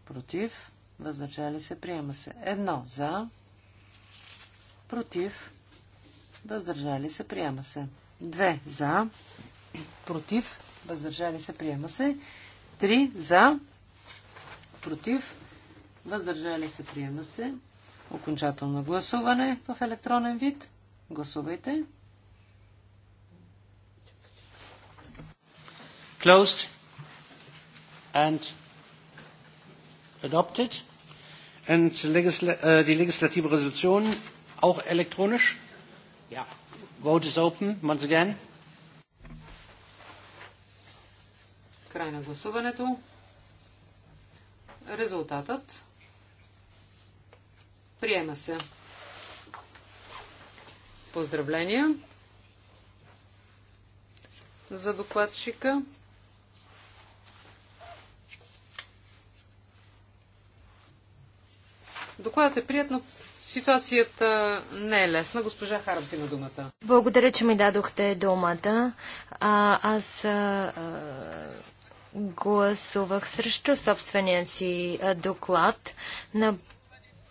Против. Въздържали се. Приема се. 1 за. Против. Въздържали се. Приема се. 2 за. Против. Въздържали се. Приема се. 3 за. Против въздържали се, приема се. Окончателно гласуване в електронен вид. Гласувайте. Closed and adopted. And legisla uh, the legislative resolution auch elektronisch. Ja. Vote is open once again. Край на гласуването. Резултатът Приема се. Поздравления за докладчика. Докладът е прият, но ситуацията не е лесна. Госпожа Харбс има думата. Благодаря, че ми дадохте думата. А, аз а, гласувах срещу собствения си доклад. На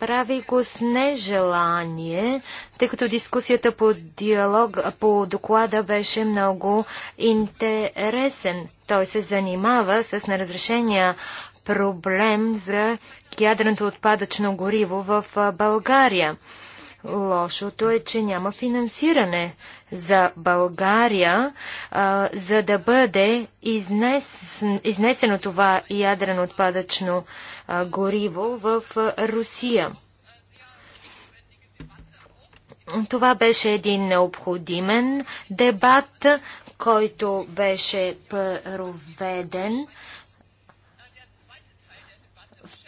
прави го с нежелание, тъй като дискусията по, диалог, по доклада беше много интересен. Той се занимава с неразрешения проблем за ядреното отпадъчно гориво в България. Лошото е, че няма финансиране за България, а, за да бъде изнес, изнесено това ядрено отпадъчно а, гориво в а, Русия. Това беше един необходимен дебат, който беше проведен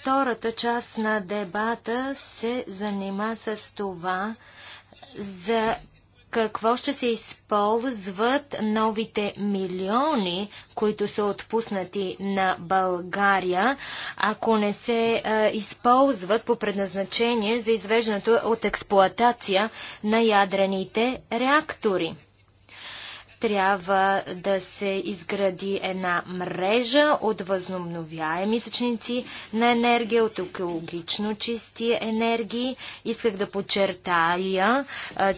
Втората част на дебата се занима с това за какво ще се използват новите милиони, които са отпуснати на България, ако не се е, използват по предназначение за извеждането от експлоатация на ядрените реактори. Трябва да се изгради една мрежа от възобновяеми източници на енергия, от екологично чисти енергии. Исках да подчертая,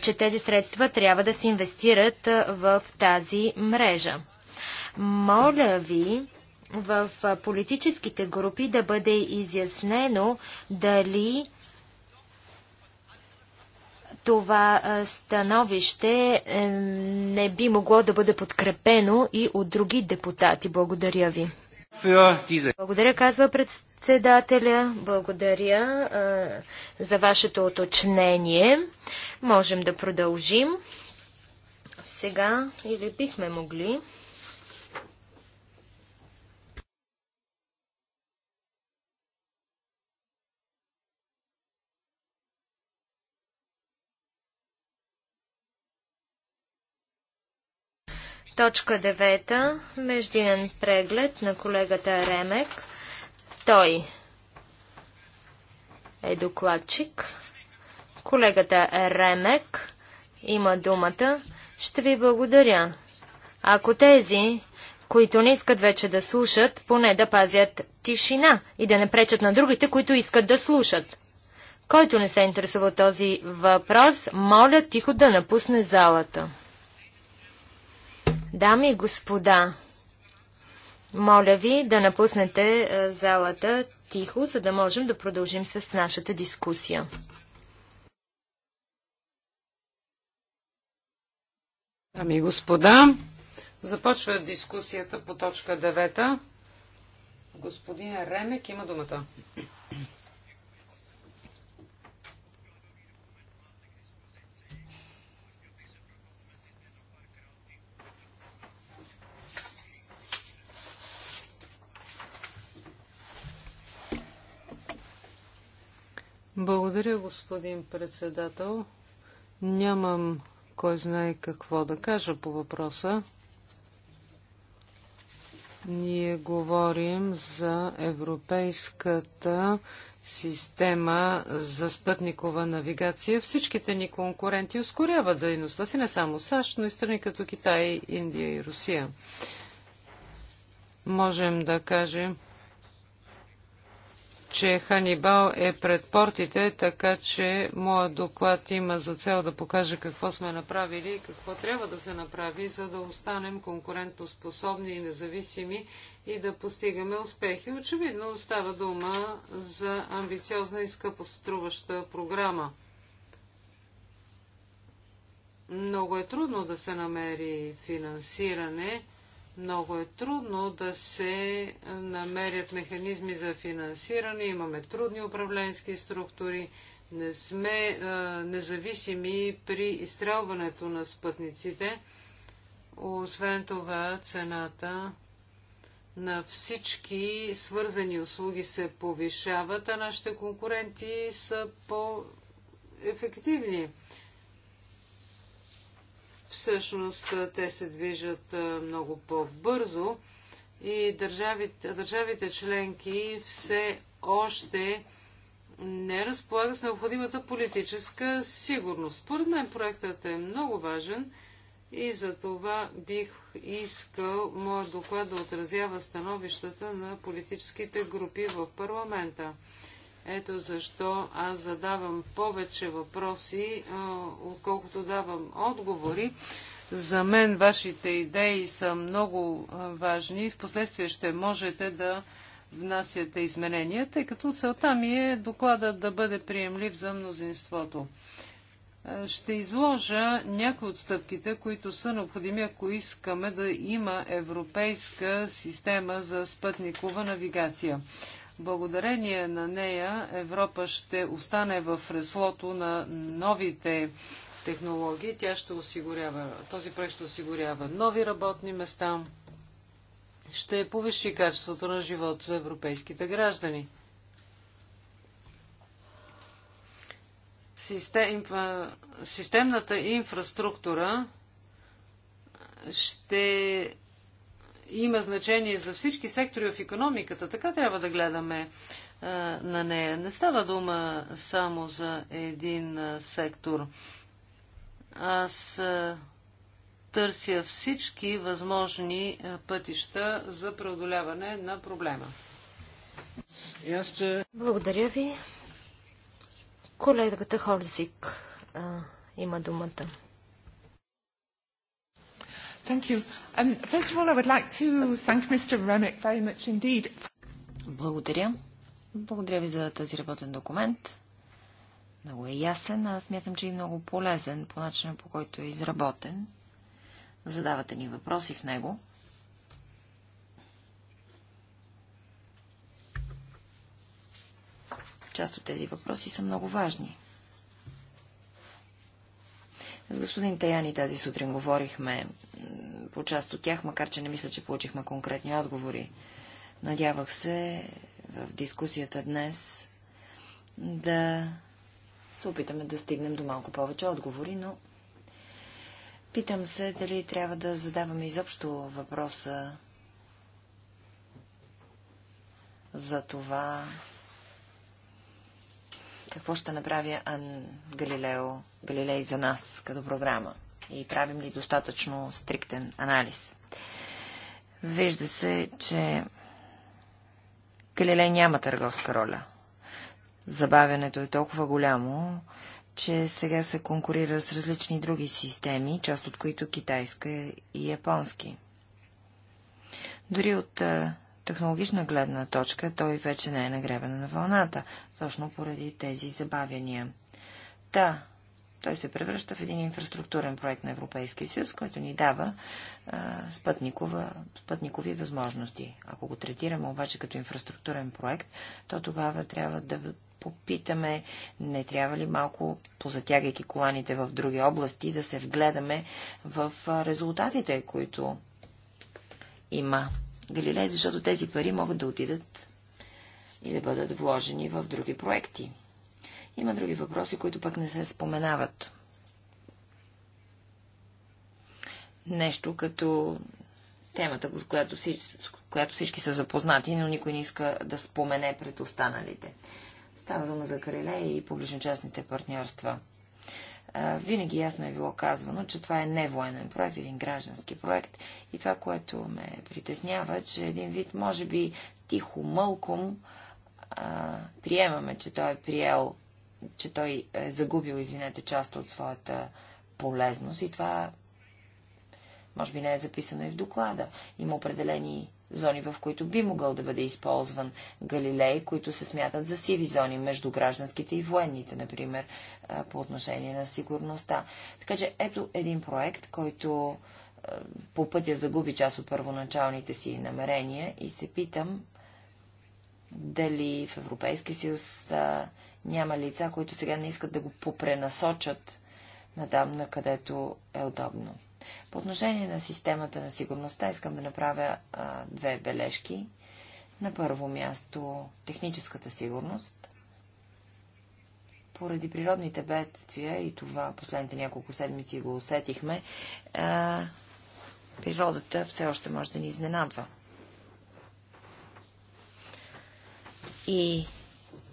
че тези средства трябва да се инвестират в тази мрежа. Моля ви, в политическите групи да бъде изяснено дали това становище не би могло да бъде подкрепено и от други депутати. Благодаря ви. Благодаря, казва председателя. Благодаря за вашето оточнение. Можем да продължим. Сега или бихме могли. Точка 9. Междинен преглед на колегата Ремек. Той е докладчик. Колегата Ремек има думата. Ще ви благодаря. Ако тези, които не искат вече да слушат, поне да пазят тишина и да не пречат на другите, които искат да слушат. Който не се интересува този въпрос, моля тихо да напусне залата. Дами и господа, моля ви да напуснете е, залата тихо, за да можем да продължим с нашата дискусия. Ами и господа, започва дискусията по точка 9. Господин Ремек има думата. Благодаря, господин председател. Нямам кой знае какво да кажа по въпроса. Ние говорим за европейската система за спътникова навигация. Всичките ни конкуренти ускоряват дейността си, не само САЩ, но и страни като Китай, Индия и Русия. Можем да кажем, че Ханибал е пред портите, така че моят доклад има за цел да покаже какво сме направили и какво трябва да се направи, за да останем конкурентоспособни и независими и да постигаме успехи. Очевидно става дума за амбициозна и скъпоструваща програма. Много е трудно да се намери финансиране. Много е трудно да се намерят механизми за финансиране. Имаме трудни управленски структури. Не сме а, независими при изстрелването на спътниците. Освен това, цената на всички свързани услуги се повишават, а нашите конкуренти са по-ефективни. Всъщност те се движат много по-бързо и държавите, държавите членки все още не разполага с необходимата политическа сигурност. Според мен проектът е много важен и за това бих искал моят доклад да отразява становищата на политическите групи в парламента. Ето защо аз задавам повече въпроси, отколкото давам отговори. За мен вашите идеи са много важни. Впоследствие ще можете да внасяте изменения, тъй като целта ми е докладът да бъде приемлив за мнозинството. Ще изложа някои от стъпките, които са необходими, ако искаме да има европейска система за спътникова навигация. Благодарение на нея Европа ще остане в реслото на новите технологии. Тя ще осигурява, този проект ще осигурява нови работни места, ще повиши качеството на живот за европейските граждани. Систем, системната инфраструктура ще има значение за всички сектори в економиката. Така трябва да гледаме а, е, на нея. Не става дума само за един а, е, сектор. Аз а, е, търся всички възможни а, пътища за преодоляване на проблема. Благодаря ви. Колегата Хорзик а, има думата. Thank you. Um, first of all, I would like to thank Mr. Remick very much indeed. Благодаря. Благодаря ви за този работен документ. Много е ясен, аз смятам, че е много полезен по начина по който е изработен. Задавате ни въпроси в него. Част от тези въпроси са много важни. С господин Таяни тази сутрин говорихме по част от тях, макар че не мисля, че получихме конкретни отговори. Надявах се в дискусията днес да се опитаме да стигнем до малко повече отговори, но питам се дали трябва да задаваме изобщо въпроса за това, какво ще направи Ан Галилео, Галилей за нас като програма и правим ли достатъчно стриктен анализ. Вижда се, че Галилей няма търговска роля. Забавянето е толкова голямо, че сега се конкурира с различни други системи, част от които китайска и японски. Дори от технологична гледна точка той вече не е нагребен на вълната, точно поради тези забавяния. Та, той се превръща в един инфраструктурен проект на Европейския съюз, който ни дава а, спътникова, спътникови възможности. Ако го третираме обаче като инфраструктурен проект, то тогава трябва да попитаме, не трябва ли малко, позатягайки коланите в други области, да се вгледаме в резултатите, които има Галилей, защото тези пари могат да отидат и да бъдат вложени в други проекти. Има други въпроси, които пък не се споменават. Нещо като темата, с която, си, с която всички са запознати, но никой не иска да спомене пред останалите. Става дума за Криле и публично-частните партньорства – винаги ясно е било казвано, че това е не военен проект, един граждански проект. И това, което ме притеснява, че един вид, може би, тихо, мълком, приемаме, че той е приел, че той е загубил, извинете, част от своята полезност и това може би не е записано и в доклада. Има определени зони, в които би могъл да бъде използван Галилей, които се смятат за сиви зони между гражданските и военните, например, по отношение на сигурността. Така че ето един проект, който по пътя загуби част от първоначалните си намерения и се питам дали в Европейския съюз няма лица, които сега не искат да го попренасочат надам, на където е удобно. По отношение на системата на сигурността искам да направя а, две бележки. На първо място техническата сигурност. Поради природните бедствия, и това последните няколко седмици го усетихме, а, природата все още може да ни изненадва. И,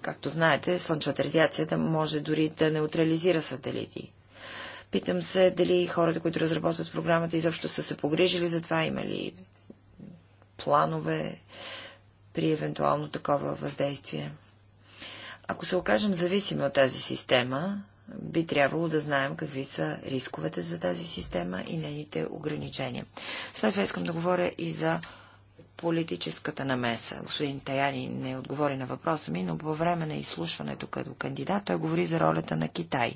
както знаете, слънчевата радиация може дори да неутрализира сателити. Питам се дали хората, които разработват програмата, изобщо са се погрижили за това, има ли планове при евентуално такова въздействие. Ако се окажем зависими от тази система, би трябвало да знаем какви са рисковете за тази система и нейните ограничения. След това искам да говоря и за политическата намеса. Господин Таяни не отговори на въпроса ми, но по време на изслушването като кандидат той говори за ролята на Китай.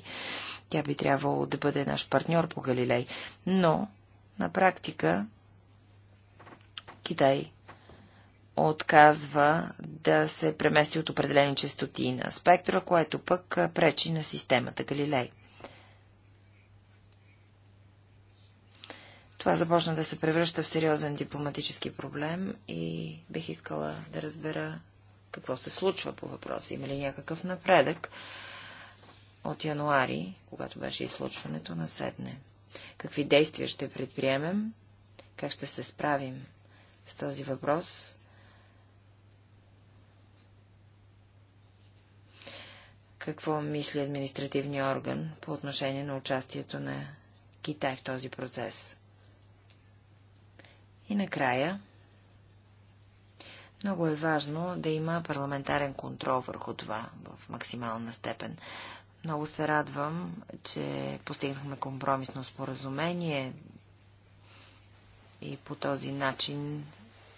Тя би трябвало да бъде наш партньор по Галилей. Но, на практика, Китай отказва да се премести от определени частоти на спектра, което пък пречи на системата Галилей. Това започна да се превръща в сериозен дипломатически проблем и бих искала да разбера какво се случва по въпроса. Има ли някакъв напредък от януари, когато беше изслучването на седне. Какви действия ще предприемем? Как ще се справим с този въпрос? Какво мисли административния орган по отношение на участието на Китай в този процес? И накрая, много е важно да има парламентарен контрол върху това в максимална степен. Много се радвам, че постигнахме компромисно споразумение и по този начин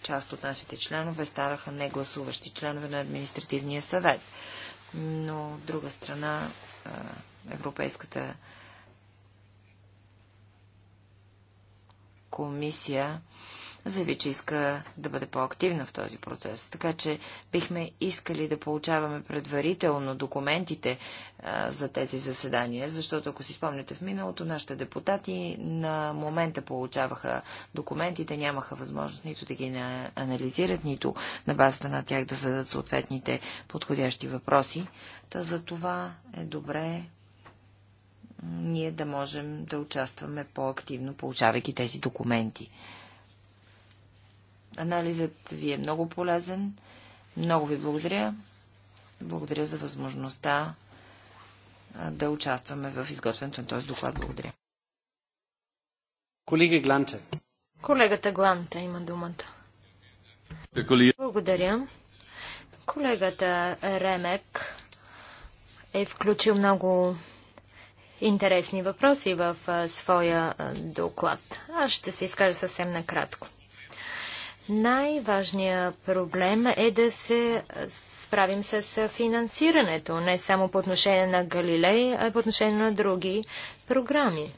част от нашите членове станаха негласуващи членове на административния съвет. Но от друга страна Европейската комисия заяви, че иска да бъде по-активна в този процес. Така че бихме искали да получаваме предварително документите а, за тези заседания, защото ако си спомняте в миналото, нашите депутати на момента получаваха документите, нямаха възможност нито да ги анализират, нито на базата на тях да зададат съответните подходящи въпроси. Та за това е добре ние да можем да участваме по-активно, получавайки тези документи. Анализът ви е много полезен. Много ви благодаря. Благодаря за възможността да участваме в изготвянето на този доклад. Благодаря. Колега Гланте. Колегата Гланте има думата. Е, благодаря. Колегата Ремек е включил много интересни въпроси в своя доклад. Аз ще се изкажа съвсем накратко. Най-важният проблем е да се справим с финансирането, не само по отношение на Галилей, а и по отношение на други програми.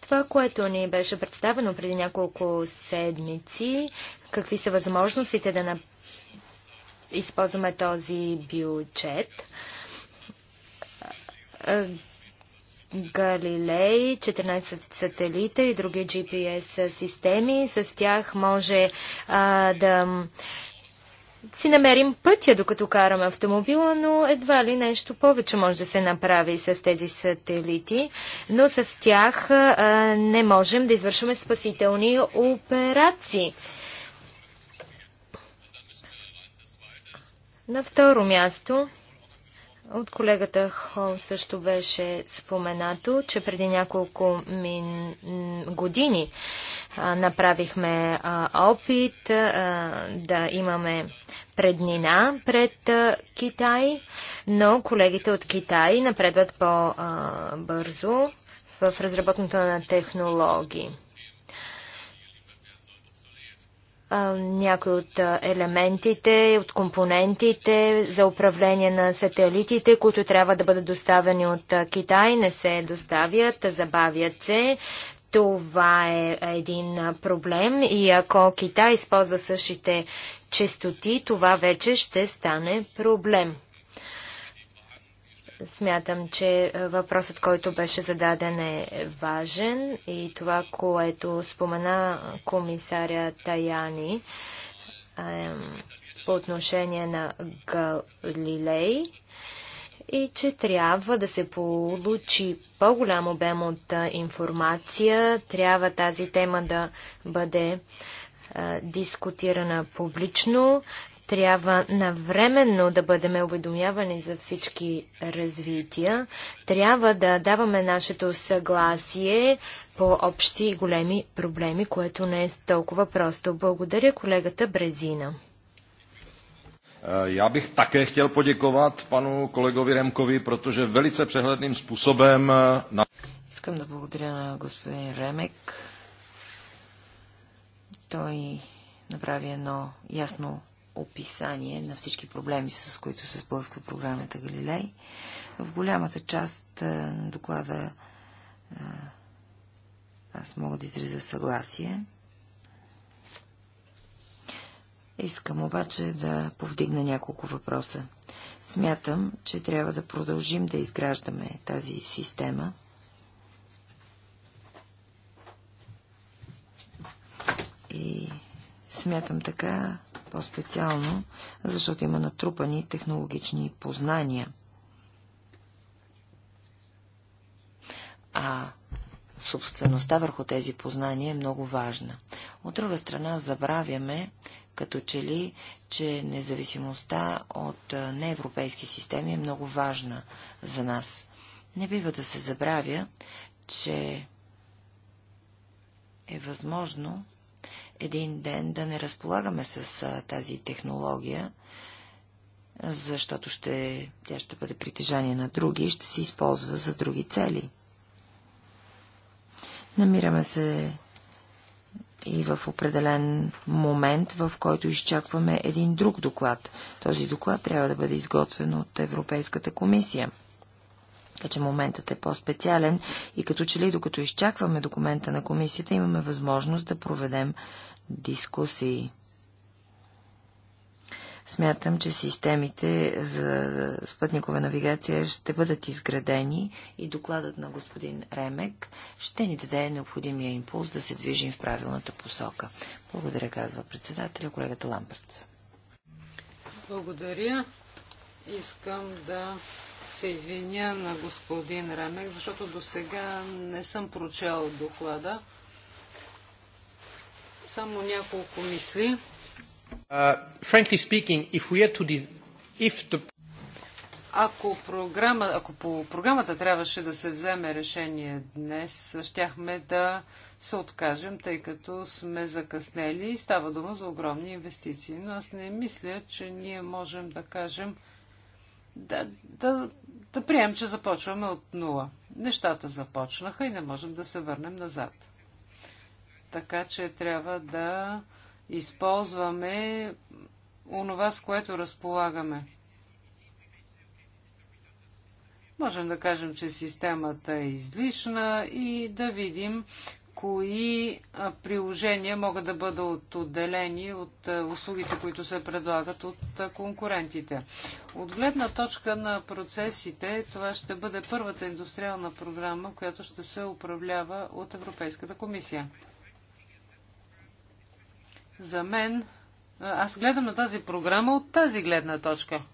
Това, което ни беше представено преди няколко седмици, какви са възможностите да използваме този бюджет. Галилей, 14 сателита и други GPS системи. С тях може а, да си намерим пътя, докато караме автомобила, но едва ли нещо повече може да се направи с тези сателити. Но с тях а, не можем да извършваме спасителни операции. На второ място от колегата Хол също беше споменато, че преди няколко мин... години а, направихме а, опит а, да имаме преднина пред а, Китай, но колегите от Китай напредват по-бързо в разработването на технологии някои от елементите, от компонентите за управление на сателитите, които трябва да бъдат доставени от Китай, не се доставят, забавят се. Това е, е един проблем и ако Китай използва същите честоти, това вече ще стане проблем. Смятам, че е, въпросът, който беше зададен е важен и това, което спомена комисаря Таяни по отношение на Галилей и че трябва да се получи по-голям обем от информация. Трябва тази тема да бъде дискутирана публично трябва навременно да бъдем уведомявани за всички развития. Трябва да даваме нашето съгласие по общи и големи проблеми, което не е толкова просто. Благодаря колегата Брезина. Já е, bych také chtěl poděkovat panu kolegovi Remkovi, protože velice přehledným způsobem... E, na... Искам да благодаря на господин Ремек. Той направи едно ясно описание на всички проблеми, с които се сблъсква програмата Галилей. В голямата част на доклада аз мога да изреза съгласие. Искам обаче да повдигна няколко въпроса. Смятам, че трябва да продължим да изграждаме тази система. И смятам така, по-специално, защото има натрупани технологични познания. А собствеността върху тези познания е много важна. От друга страна, забравяме, като че ли, че независимостта от неевропейски системи е много важна за нас. Не бива да се забравя, че е възможно един ден да не разполагаме с а, тази технология, защото ще, тя ще бъде притежание на други и ще се използва за други цели. Намираме се и в определен момент, в който изчакваме един друг доклад. Този доклад трябва да бъде изготвен от Европейската комисия – така че моментът е по-специален и като че ли докато изчакваме документа на комисията, имаме възможност да проведем дискусии. Смятам, че системите за спътникова навигация ще бъдат изградени и докладът на господин Ремек ще ни даде необходимия импулс да се движим в правилната посока. Благодаря, казва председателя, колегата Ламперц. Благодаря. Искам да се извиня на господин Рамек, защото до сега не съм прочел доклада. Само няколко мисли. Uh, frankly speaking, if we are to the, if the... Ако, програма, ако по програмата трябваше да се вземе решение днес, щяхме да се откажем, тъй като сме закъснели и става дума за огромни инвестиции. Но аз не мисля, че ние можем да кажем, да, да, да прием, че започваме от нула. Нещата започнаха и не можем да се върнем назад. Така че трябва да използваме онова, с което разполагаме. Можем да кажем, че системата е излишна и да видим кои приложения могат да бъдат отделени от услугите, които се предлагат от конкурентите. От гледна точка на процесите, това ще бъде първата индустриална програма, която ще се управлява от Европейската комисия. За мен, аз гледам на тази програма от тази гледна точка –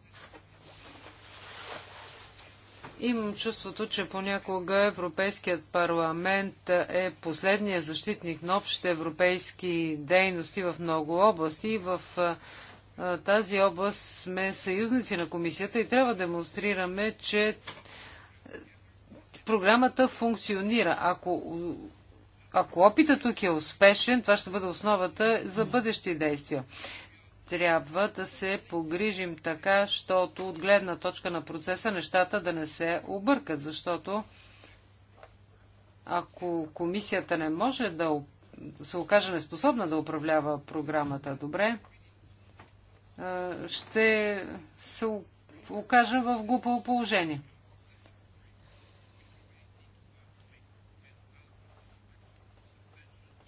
Имам чувството, че понякога Европейският парламент е последния защитник на общите европейски дейности в много области в тази област сме съюзници на комисията и трябва да демонстрираме, че програмата функционира. Ако, ако опитът тук е успешен, това ще бъде основата за бъдещи действия трябва да се погрижим така, защото от гледна точка на процеса нещата да не се объркат, защото ако комисията не може да се окаже неспособна да управлява програмата добре, ще се окажем в глупо положение.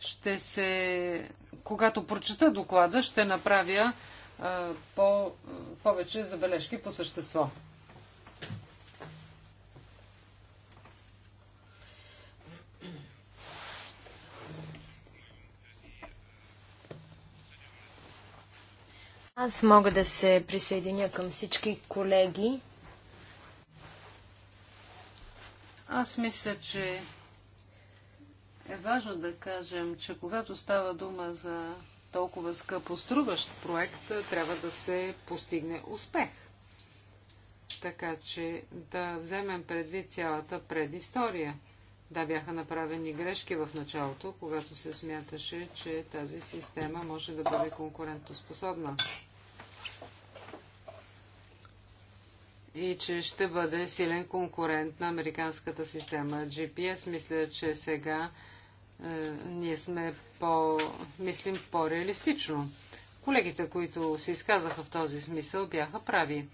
Ще се когато прочета доклада, ще направя а, по, повече забележки по същество. Аз мога да се присъединя към всички колеги. Аз мисля, че е важно да кажем, че когато става дума за толкова скъпо струващ проект, трябва да се постигне успех. Така че да вземем предвид цялата предистория. Да, бяха направени грешки в началото, когато се смяташе, че тази система може да бъде конкурентоспособна. и че ще бъде силен конкурент на американската система GPS. Мисля, че сега е, ние сме по, мислим по-реалистично. Колегите, които се изказаха в този смисъл, бяха прави.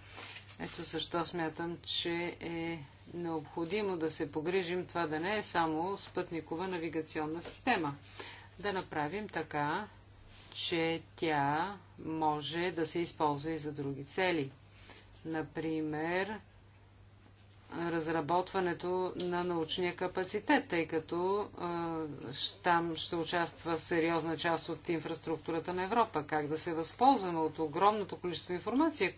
Ето защо смятам, че е необходимо да се погрижим това да не е само спътникова навигационна система. Да направим така, че тя може да се използва и за други цели. Например, разработването на научния капацитет, тъй като там ще участва сериозна част от инфраструктурата на Европа. Как да се възползваме от огромното количество информация,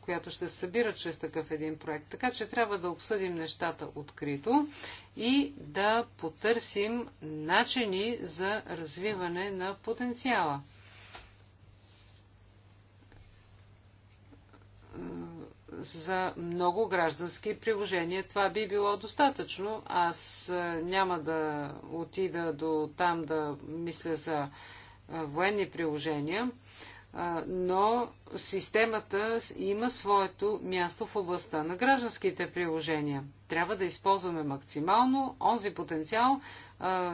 която ще се събира чрез такъв един проект. Така че трябва да обсъдим нещата открито и да потърсим начини за развиване на потенциала за много граждански приложения. Това би било достатъчно. Аз няма да отида до там да мисля за военни приложения, но системата има своето място в областта на гражданските приложения. Трябва да използваме максимално онзи потенциал,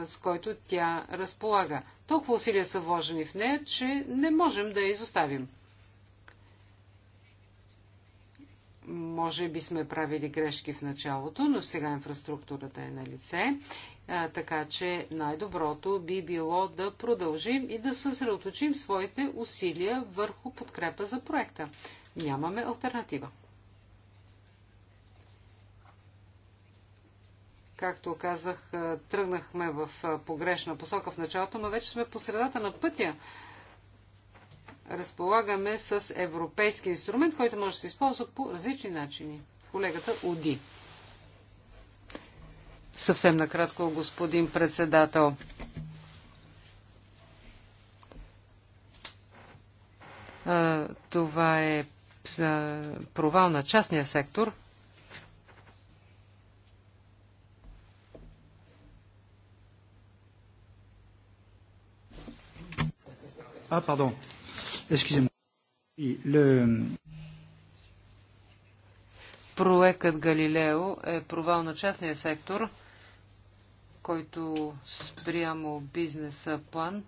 с който тя разполага. Толкова усилия са вложени в нея, че не можем да я изоставим. може би сме правили грешки в началото, но сега инфраструктурата е на лице, така че най-доброто би било да продължим и да съсредоточим своите усилия върху подкрепа за проекта. Нямаме альтернатива. Както казах, тръгнахме в погрешна посока в началото, но вече сме по средата на пътя разполагаме с европейски инструмент, който може да се използва по различни начини. Колегата Уди. Съвсем накратко, господин председател. Това е провал на частния сектор. А, пардон. Excusez-moi. Le... Проектът Галилео е провал на частния сектор, който спрямо бизнеса план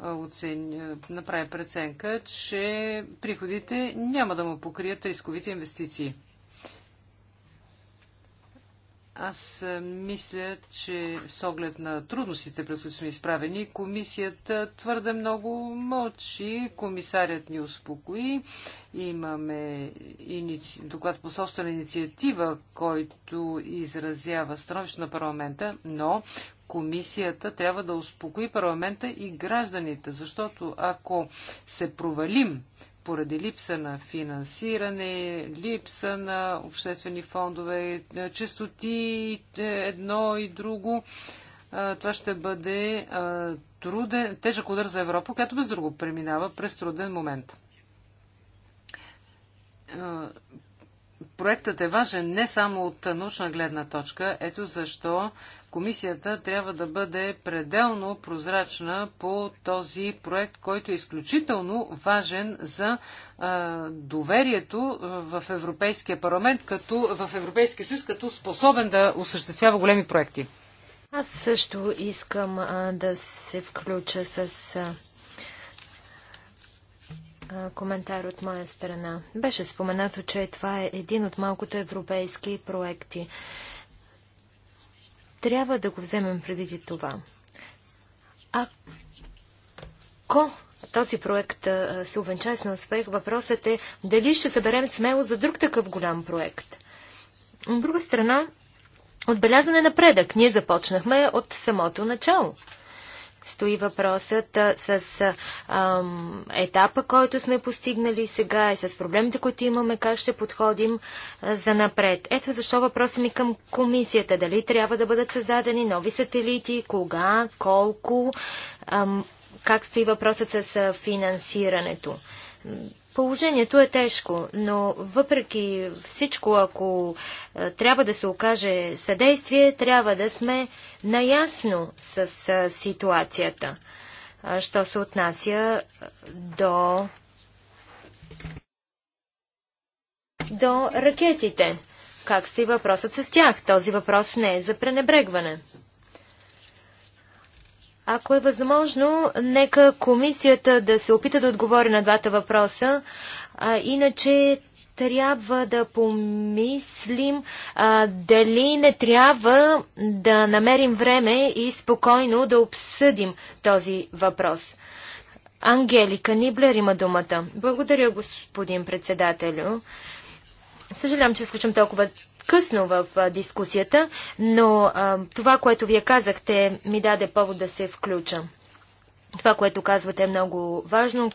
оцен... направи преценка, че приходите няма да му покрият рисковите инвестиции. Аз е, мисля, че с оглед на трудностите, пред които сме изправени, комисията твърде много мълчи, комисарят ни успокои, имаме иници... доклад по собствена инициатива, който изразява становище на парламента, но комисията трябва да успокои парламента и гражданите, защото ако се провалим поради липса на финансиране, липса на обществени фондове, е, честоти е, едно и друго. Е, това ще бъде труден, тежък удар за Европа, която без друго преминава през труден момент проектът е важен не само от научна гледна точка. Ето защо комисията трябва да бъде пределно прозрачна по този проект, който е изключително важен за а, доверието в Европейския парламент, като, в Европейския съюз, като способен да осъществява големи проекти. Аз също искам а, да се включа с коментар от моя страна. Беше споменато, че това е един от малкото европейски проекти. Трябва да го вземем преди и това. Ако този проект се увенчае с на успех, въпросът е дали ще съберем смело за друг такъв голям проект. От друга страна, отбелязане напредък. Ние започнахме от самото начало стои въпросът с ам, етапа, който сме постигнали сега и с проблемите, които имаме, как ще подходим а, за напред. Ето защо въпросът ми към комисията. Дали трябва да бъдат създадени нови сателити, кога, колко, ам, как стои въпросът с финансирането. Положението е тежко, но въпреки всичко, ако е, трябва да се окаже съдействие, трябва да сме наясно с е, ситуацията, що се отнася е, до, до ракетите. Как стои въпросът с тях? Този въпрос не е за пренебрегване. Ако е възможно, нека комисията да се опита да отговори на двата въпроса. А, иначе трябва да помислим а, дали не трябва да намерим време и спокойно да обсъдим този въпрос. Ангелика Ниблер има думата. Благодаря, господин председателю. Съжалявам, че включвам толкова късно в а, дискусията, но а, това, което вие казахте, ми даде повод да се включа. Това, което казвате е много важно,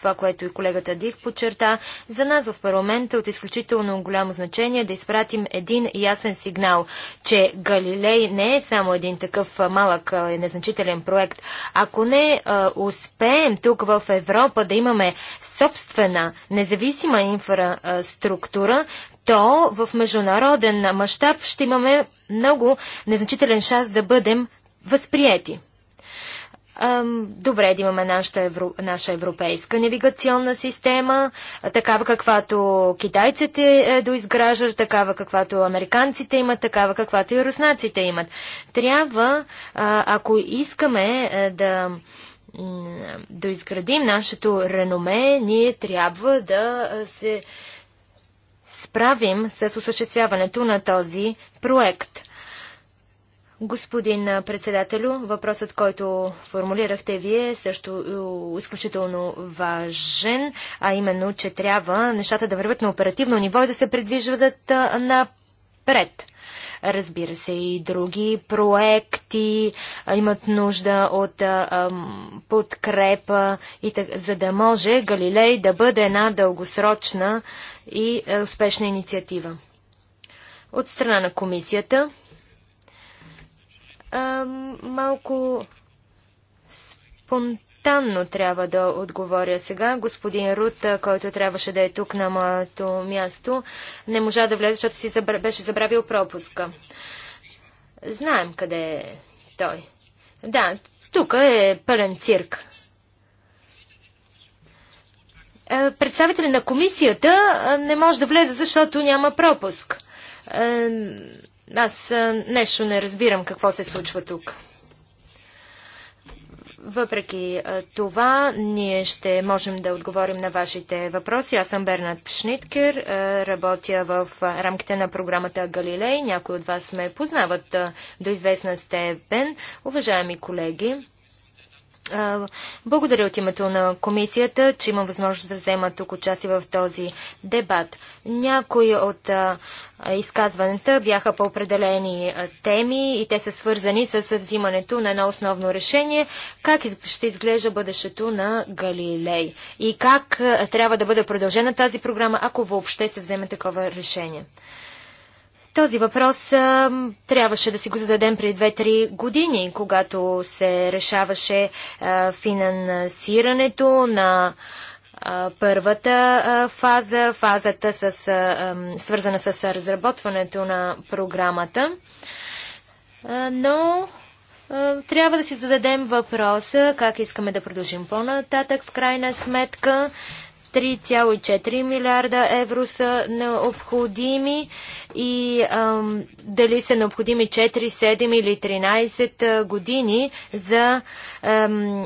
това, което и колегата Дих подчерта. За нас в парламента е от изключително голямо значение да изпратим един ясен сигнал, че Галилей не е само един такъв малък и незначителен проект. Ако не а, успеем тук в Европа да имаме собствена, независима инфраструктура, то в международен мащаб ще имаме много незначителен шанс да бъдем възприяти. Добре да имаме нашата, евро, наша европейска навигационна система, такава каквато китайците е, доизграждат, такава каквато американците имат, такава каквато и руснаците имат. Трябва, ако искаме е, да доизградим нашето реноме, ние трябва да се справим с осъществяването на този проект. Господин председателю, въпросът, който формулирахте вие, е също е, изключително важен, а именно, че трябва нещата да вървят на оперативно ниво и да се предвижват напред. Разбира се, и други проекти имат нужда от подкрепа, и так, за да може Галилей да бъде една дългосрочна и е, успешна инициатива. От страна на комисията а, малко спонтанно трябва да отговоря сега. Господин Рут, който трябваше да е тук на моето място, не можа да влезе, защото си забр... беше забравил пропуска. Знаем къде е той. Да, тук е пълен цирк. Представителя на комисията не може да влезе, защото няма пропуск. Аз нещо не разбирам какво се случва тук. Въпреки това, ние ще можем да отговорим на вашите въпроси. Аз съм Бернат Шниткер, работя в рамките на програмата Галилей. Някои от вас ме познават до известна степен. Уважаеми колеги, благодаря от името на комисията, че имам възможност да взема тук участие в този дебат. Някои от изказванията бяха по определени теми и те са свързани с взимането на едно основно решение, как ще изглежда бъдещето на Галилей и как трябва да бъде продължена тази програма, ако въобще се вземе такова решение. Този въпрос а, трябваше да си го зададем преди 2-3 години, когато се решаваше а, финансирането на а, първата а, фаза, фазата с, а, свързана с разработването на програмата. А, но а, трябва да си зададем въпроса как искаме да продължим по-нататък в крайна сметка. А, 3,4 милиарда евро са необходими и ам, дали са необходими 4, 7 или 13 години за ам,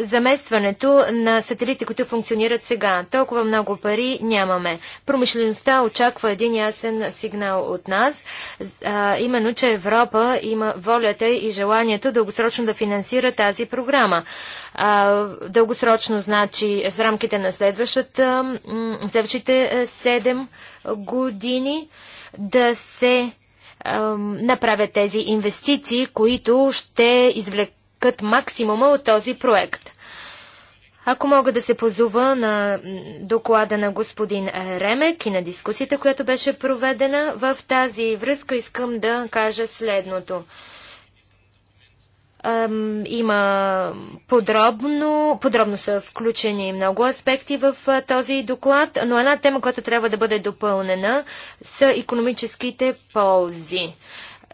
заместването на сателитите, които функционират сега. Толкова много пари нямаме. Промишлеността очаква един ясен сигнал от нас, а, именно, че Европа има волята и желанието дългосрочно да финансира тази програма. А, дългосрочно значи в рамките на следващата, следващите 7 е, години да се направят тези инвестиции, които ще извлекат извлекат максимума от този проект. Ако мога да се позова на доклада на господин Ремек и на дискусията, която беше проведена, в тази връзка искам да кажа следното. Има подробно, подробно са включени много аспекти в този доклад, но една тема, която трябва да бъде допълнена, са економическите ползи.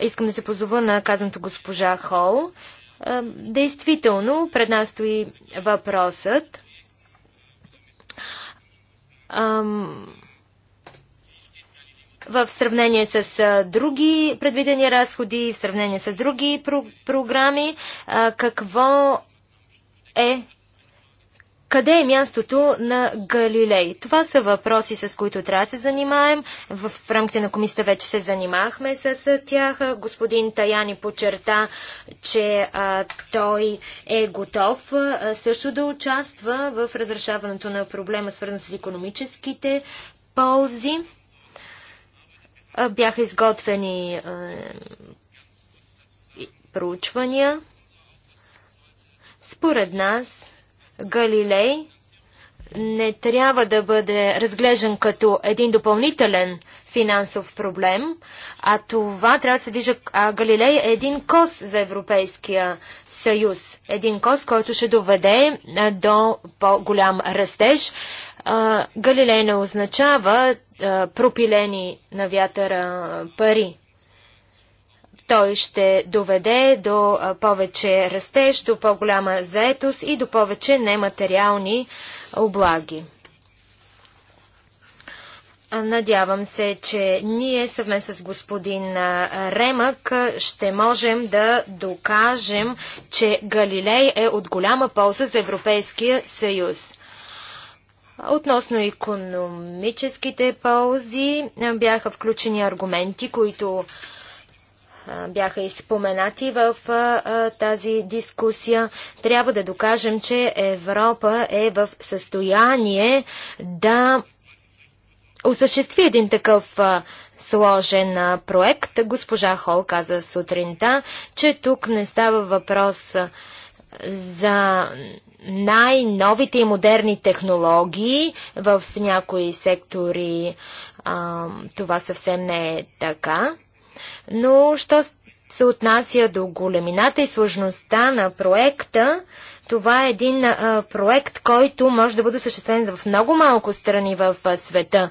Искам да се позова на казаното госпожа Хол. Действително, пред нас стои въпросът. В сравнение с други предвидени разходи, в сравнение с други програми, какво е къде е мястото на Галилей? Това са въпроси, с които трябва да се занимаем. В рамките на комисията вече се занимахме с тях. Господин Таяни подчерта, че а, той е готов а, също да участва в разрешаването на проблема, свързан с економическите ползи. А, бяха изготвени а, проучвания. Според нас, Галилей не трябва да бъде разглеждан като един допълнителен финансов проблем, а това трябва да се вижда, А Галилей е един кос за Европейския съюз. Един кос, който ще доведе до по-голям растеж. Галилей не означава пропилени на вятъра пари. Той ще доведе до повече растеж, до по-голяма заетост и до повече нематериални облаги. Надявам се, че ние съвместно с господин Ремък ще можем да докажем, че Галилей е от голяма полза за Европейския съюз. Относно економическите ползи бяха включени аргументи, които бяха изпоменати в тази дискусия. Трябва да докажем, че Европа е в състояние да осъществи един такъв сложен проект. Госпожа Хол каза сутринта, че тук не става въпрос за най-новите и модерни технологии в някои сектори. това съвсем не е така. Но, що се отнася до големината и сложността на проекта, това е един а, проект, който може да бъде осъществен в много малко страни в а, света.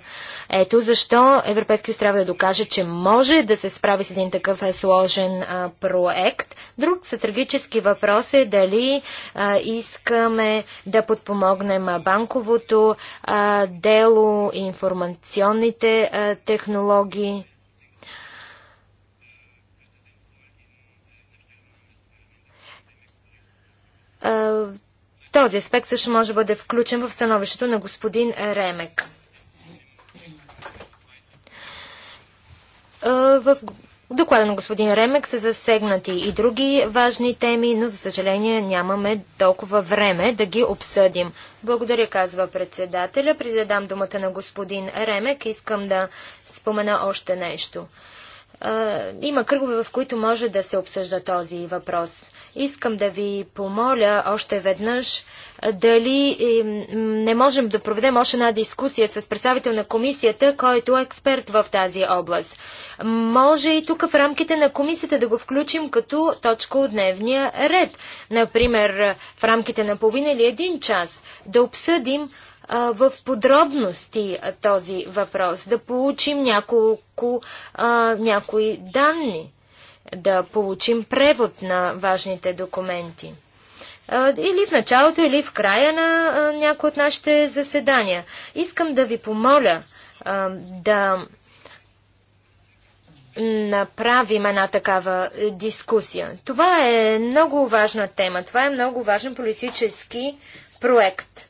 Ето защо Европейския съюз трябва да докаже, че може да се справи с един такъв а, сложен а, проект. Друг стратегически въпрос е дали а, искаме да подпомогнем а, банковото а, дело, информационните а, технологии. Този аспект също може да бъде включен в становището на господин Ремек. В доклада на господин Ремек са засегнати и други важни теми, но за съжаление нямаме толкова време да ги обсъдим. Благодаря, казва председателя. Придадам дам думата на господин Ремек, искам да спомена още нещо. Има кръгове, в които може да се обсъжда този въпрос. Искам да ви помоля още веднъж дали не можем да проведем още една дискусия с представител на комисията, който е експерт в тази област. Може и тук в рамките на комисията да го включим като точка от дневния ред. Например, в рамките на половина или един час да обсъдим в подробности този въпрос, да получим няколко, а, някои данни да получим превод на важните документи. Или в началото, или в края на някои от нашите заседания. Искам да ви помоля да направим една такава е, дискусия. Това е много важна тема. Това е много важен политически проект.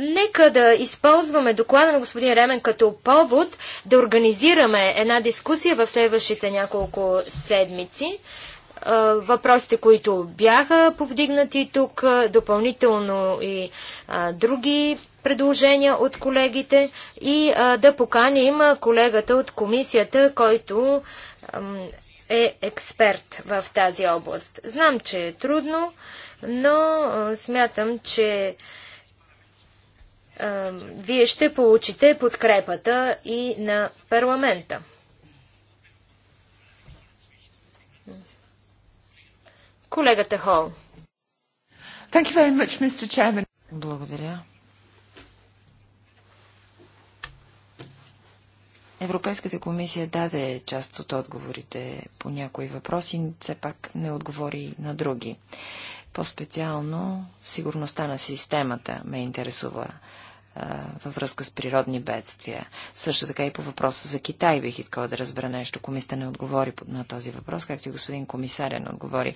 Нека да използваме доклада на господин Ремен като повод да организираме една дискусия в следващите няколко седмици. Е, въпросите, които бяха повдигнати тук, е, допълнително и е, други предложения от колегите и да поканим колегата от комисията, който е експерт в тази област. Знам, че е трудно, но смятам, че вие ще получите подкрепата и на парламента. Колегата Хол. Much, Благодаря. Европейската комисия даде част от отговорите по някои въпроси, все пак не отговори на други. По-специално сигурността на системата ме интересува във връзка с природни бедствия. Също така и по въпроса за Китай бих искала да разбера нещо. Комисията не отговори на този въпрос, както и господин комисаря не отговори.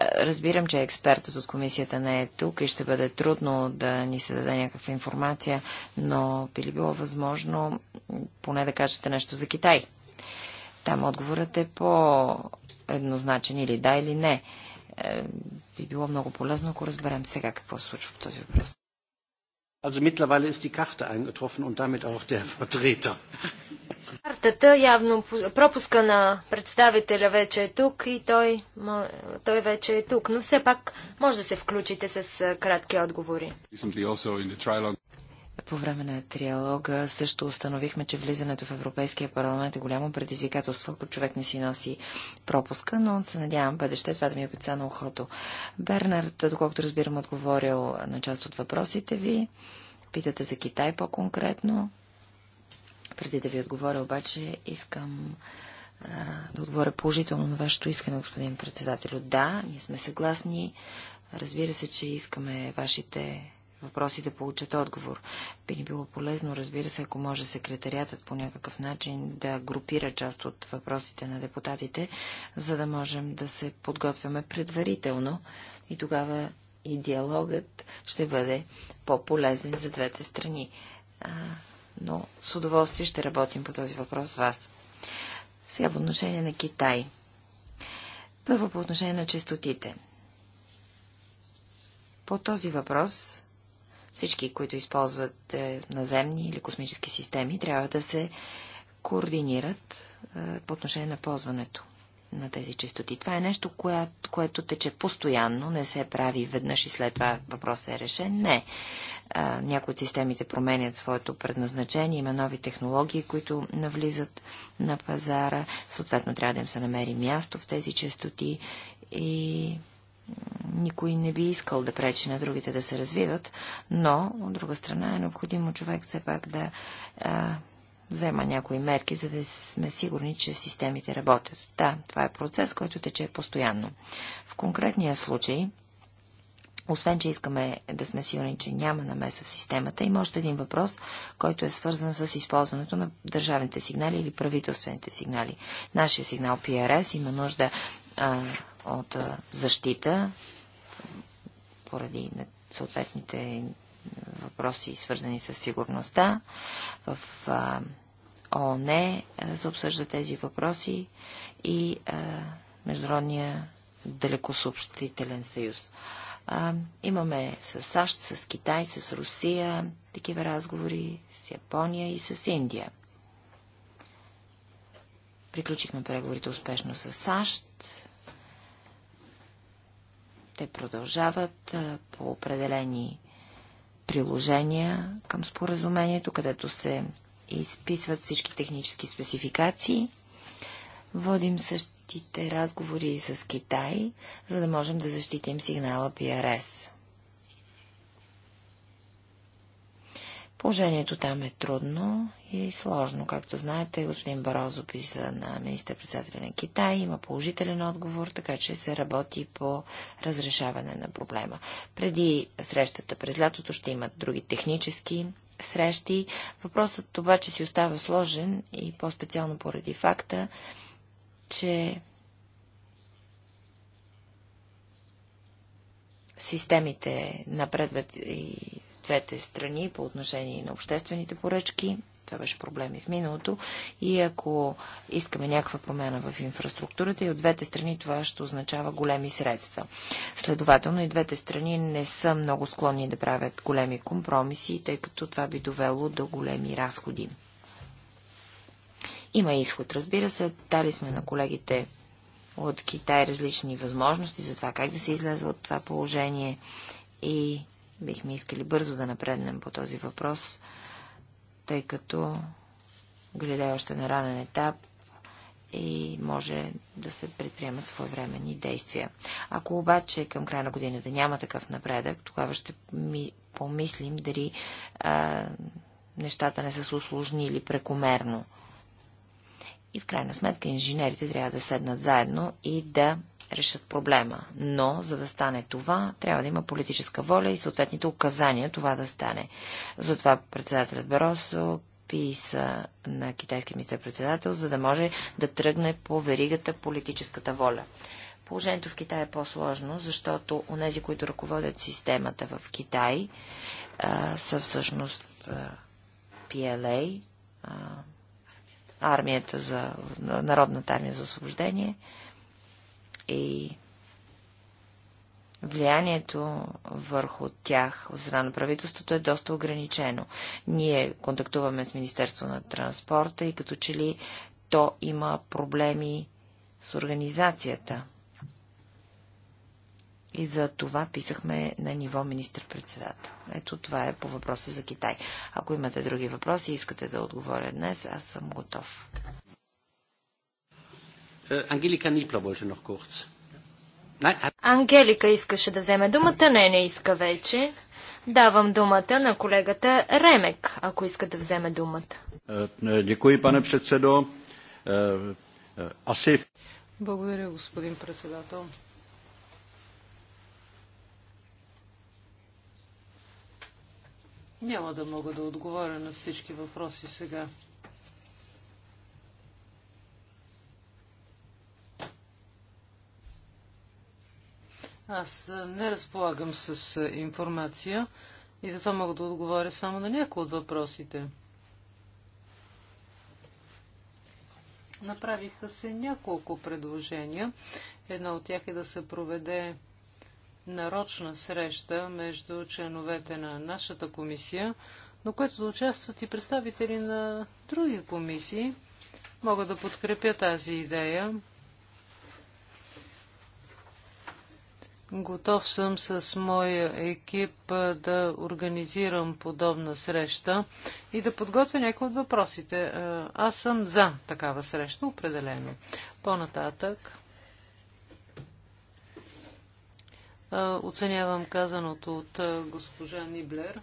Разбирам, че експертът от комисията не е тук и ще бъде трудно да ни се даде някаква информация, но би ли било възможно поне да кажете нещо за Китай? Там отговорът е по еднозначен или да или не. Е, би било много полезно, ако разберем сега какво се случва по този въпрос. Also mittlerweile ist die Karte eingetroffen und damit auch der Vertreter. Картата явно пропуска на представителя вече е тук и той, той вече е тук, но все пак може да се включите с кратки отговори. По време на триалога също установихме, че влизането в Европейския парламент е голямо предизвикателство, ако човек не си носи пропуска, но се надявам бъдеще това да ми е пица на ухото. Бернард, доколкото разбирам, отговорил на част от въпросите ви. Питате за Китай по-конкретно. Преди да ви отговоря обаче, искам а, да отговоря положително на вашето искане, господин председател. Да, ние сме съгласни. Разбира се, че искаме вашите въпроси да получат отговор. Би ни било полезно, разбира се, ако може секретариатът по някакъв начин да групира част от въпросите на депутатите, за да можем да се подготвяме предварително и тогава и диалогът ще бъде по-полезен за двете страни. А, но с удоволствие ще работим по този въпрос с вас. Сега по отношение на Китай. Първо по отношение на честотите. По този въпрос всички, които използват е, наземни или космически системи, трябва да се координират е, по отношение на ползването на тези частоти. Това е нещо, коя, което тече постоянно, не се прави веднъж и след това въпросът е решен. Не. А, е, някои от системите променят своето предназначение, има нови технологии, които навлизат на пазара, съответно трябва да им се намери място в тези частоти и никой не би искал да пречи на другите да се развиват, но, от друга страна, е необходимо човек все пак да а, взема някои мерки, за да сме сигурни, че системите работят. Да, това е процес, който тече постоянно. В конкретния случай, освен, че искаме да сме сигурни, че няма намеса в системата, има още един въпрос, който е свързан с използването на държавните сигнали или правителствените сигнали. Нашия сигнал PRS има нужда а, от защита поради съответните е, въпроси, свързани с сигурността. В ООН се обсъжда тези въпроси и Международния далекосъобщителен съюз. имаме с САЩ, с Китай, с Русия такива разговори, с Япония и с Индия. Приключихме преговорите успешно с САЩ. Те продължават по определени приложения към споразумението, където се изписват всички технически спецификации. Водим същите разговори и с Китай, за да можем да защитим сигнала PRS. Положението там е трудно и сложно. Както знаете, господин Барозо писа на министър-председателя на Китай, има положителен отговор, така че се работи по разрешаване на проблема. Преди срещата през лятото ще имат други технически срещи. Въпросът обаче си остава сложен и по-специално поради факта, че системите напредват и двете страни по отношение на обществените поръчки. Това беше проблем и в миналото. И ако искаме някаква промена в инфраструктурата и от двете страни това ще означава големи средства. Следователно и двете страни не са много склонни да правят големи компромиси, тъй като това би довело до големи разходи. Има изход, разбира се. Дали сме на колегите от Китай различни възможности за това как да се излезе от това положение и Бихме искали бързо да напреднем по този въпрос, тъй като Галилея е още на ранен етап и може да се предприемат своевременни действия. Ако обаче към края на годината няма такъв напредък, тогава ще ми помислим дали а, нещата не са се усложнили прекомерно. И в крайна сметка инженерите трябва да седнат заедно и да решат проблема. Но, за да стане това, трябва да има политическа воля и съответните указания това да стане. Затова председателят Баросо писа на китайския министър-председател, за да може да тръгне по веригата политическата воля. Положението в Китай е по-сложно, защото онези, които ръководят системата в Китай, са всъщност PLA, армията за, Народната армия за освобождение, е и влиянието върху тях от страна на правителството е доста ограничено. Ние контактуваме с Министерство на транспорта и като че ли то има проблеми с организацията. И за това писахме на ниво министр-председател. Ето това е по въпроса за Китай. Ако имате други въпроси и искате да отговоря днес, аз съм готов. Е, Ангелика Нипла wollte noch kurz. Ангелика искаше да вземе думата. Не, не иска вече. Давам думата на колегата Ремек, ако иска да вземе думата. Е, е, дякую, пане председо. Асиф. Благодаря, господин председател. Няма да мога да отговоря на всички въпроси сега. Аз не разполагам с е, информация и затова мога да отговоря само на някои от въпросите. Направиха се няколко предложения. Едно от тях е да се проведе нарочна среща между членовете на нашата комисия, но което да участват и представители на други комисии. Мога да подкрепя тази идея. Готов съм с моя екип да организирам подобна среща и да подготвя някои от въпросите. Аз съм за такава среща, определено. По-нататък. Оценявам казаното от госпожа Ниблер.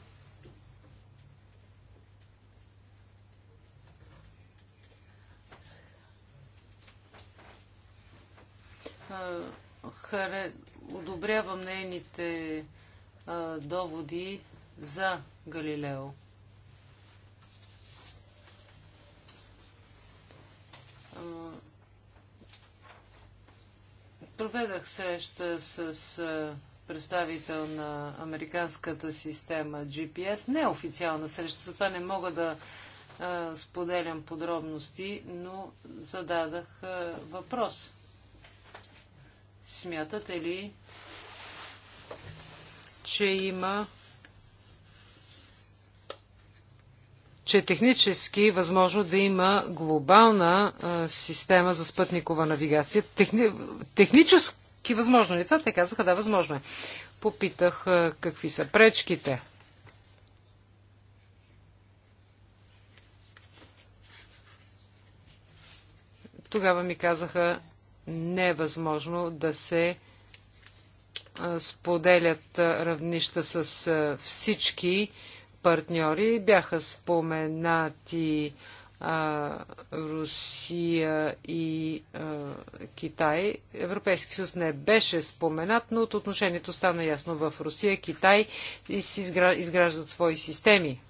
Харе одобрявам нейните а, доводи за Галилео. А, проведах среща с, представител на американската система GPS, Не е официална среща, затова не мога да а, споделям подробности, но зададах а, въпрос Смятате ли, че има че технически възможно да има глобална а, система за спътникова навигация. Техни... Технически възможно ли е това? Те казаха, да, възможно е. Попитах а, какви са пречките. Тогава ми казаха, не е възможно да се споделят равнища с всички партньори. Бяха споменати а, Русия и а, Китай. Европейски съюз не беше споменат, но от отношението стана ясно в Русия, Китай и си изграждат свои системи.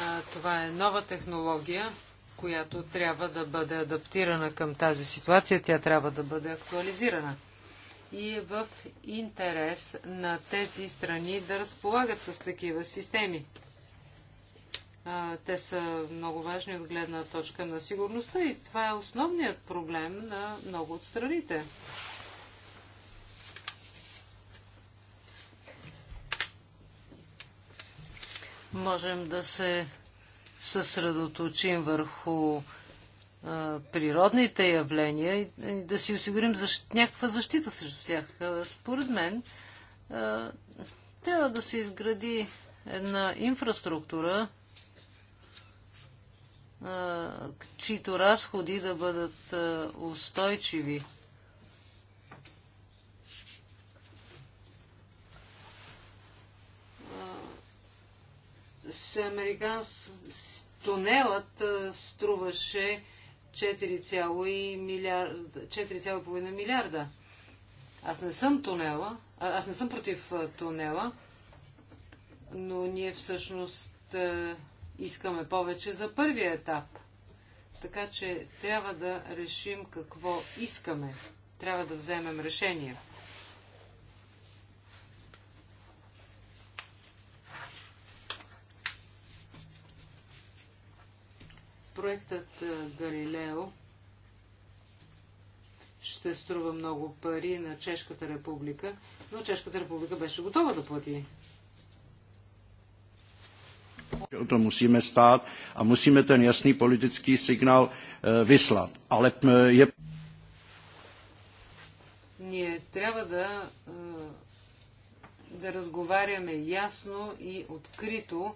А, това е нова технология която трябва да бъде адаптирана към тази ситуация. Тя трябва да бъде актуализирана. И е в интерес на тези страни да разполагат с такива системи. А, те са много важни от гледна точка на сигурността и това е основният проблем на много от страните. Можем да се съсредоточим върху природните явления и да си осигурим защ... някаква защита срещу тях. Според мен трябва да се изгради една инфраструктура, чието разходи да бъдат устойчиви. С американс тунелът струваше 4,5 милиарда, милиарда. Аз не съм тунела, аз не съм против тунела, но ние всъщност искаме повече за първия етап. Така че трябва да решим какво искаме. Трябва да вземем решение. Проектът Галилео ще струва много пари на Чешката република, но Чешката република беше готова да плати. to musíme stát a musíme ten jasný politický signál e, vyslat. Ale e, je... Ние трябва да, е, да разговаряме ясно и открито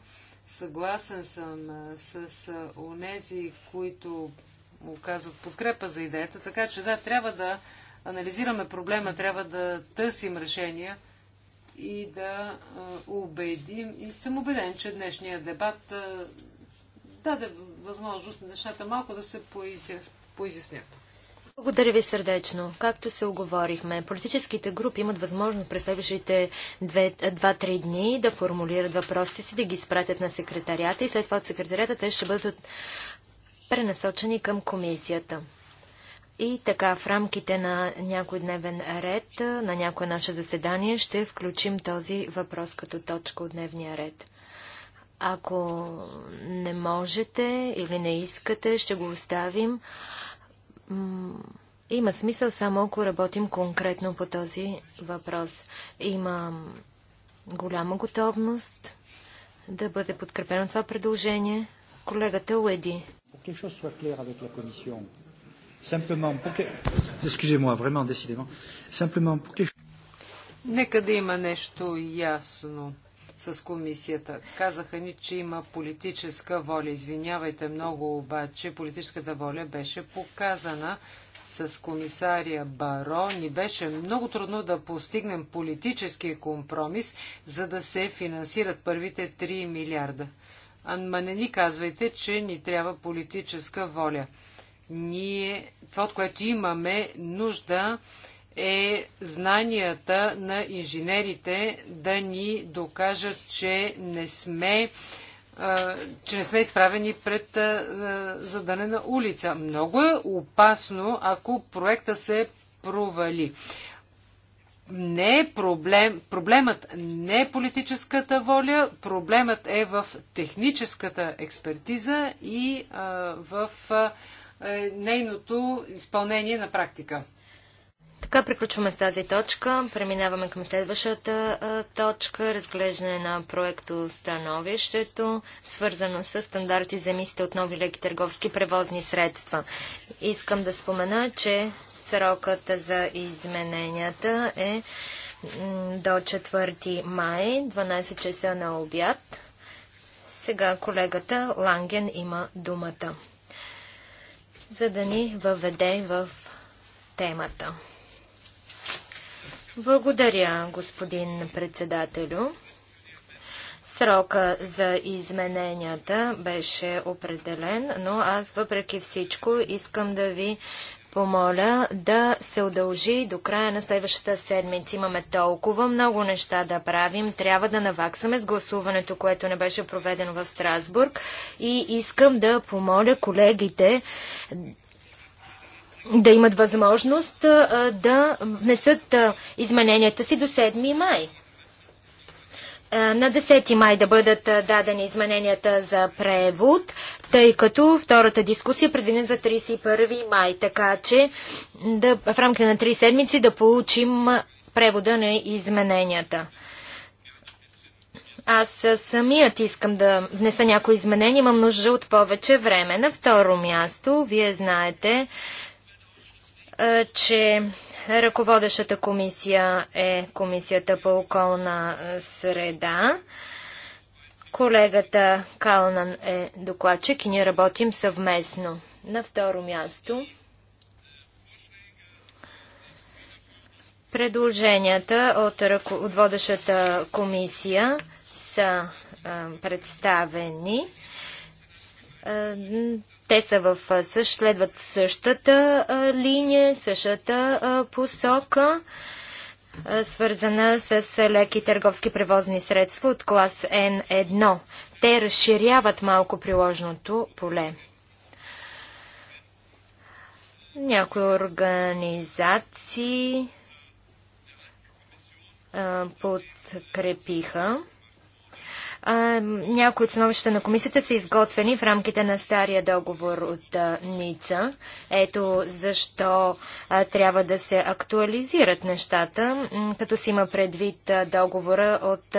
Съгласен съм с онези, които му казват подкрепа за идеята, така че да, трябва да анализираме проблема, трябва да търсим решения и да убедим. И съм убеден, че днешният дебат даде възможност нещата малко да се поизяснят. Благодаря ви сърдечно. Както се оговорихме, политическите групи имат възможност през следващите 2-3 дни да формулират въпросите си, да ги спратят на секретарията и след това от секретарията те ще бъдат пренасочени към комисията. И така, в рамките на някой дневен ред, на някое наше заседание, ще включим този въпрос като точка от дневния ред. Ако не можете или не искате, ще го оставим има смисъл само ако работим конкретно по този въпрос. Има голяма готовност да бъде подкрепено това предложение. Колегата Уеди. Нека да има нещо ясно с комисията. Казаха ни, че има политическа воля. Извинявайте много, обаче политическата воля беше показана с комисария Баро. Ни беше много трудно да постигнем политически компромис, за да се финансират първите 3 милиарда. Ама не ни казвайте, че ни трябва политическа воля. Ние, това, от което имаме нужда, е знанията на инженерите да ни докажат, че не сме че не сме изправени пред задънена улица. Много е опасно, ако проекта се провали. Не е проблем, проблемът не е политическата воля, проблемът е в техническата експертиза и а, в а, е, нейното изпълнение на практика. Така приключваме с тази точка. Преминаваме към следващата а, точка. Разглеждане на проекто становището, свързано с стандарти за емисиите от нови леки търговски превозни средства. Искам да спомена, че срокът за измененията е до 4 май, 12 часа на обяд. Сега колегата Ланген има думата, за да ни въведе в темата. Благодаря, господин председателю. Срока за измененията беше определен, но аз въпреки всичко искам да ви помоля да се удължи до края на следващата седмица. Имаме толкова много неща да правим. Трябва да наваксаме с гласуването, което не беше проведено в Страсбург. И искам да помоля колегите да имат възможност да внесат измененията си до 7 май. На 10 май да бъдат дадени измененията за превод, тъй като втората дискусия е предвидена за 31 май, така че да, в рамките на 3 седмици да получим превода на измененията. Аз самият искам да внеса някои изменения, имам нужда от повече време. На второ място, вие знаете, че ръководещата комисия е Комисията по околна среда. Колегата Калнан е докладчик и ние работим съвместно. На второ място предложенията от, ръко... от водещата комисия са а, представени. Те са в същ, следват същата а, линия, същата а, посока, а, свързана с леки търговски превозни средства от клас N1. Те разширяват малко приложното поле. Някои организации подкрепиха някои от становища на комисията са изготвени в рамките на стария договор от Ница. Ето защо трябва да се актуализират нещата, като си има предвид договора от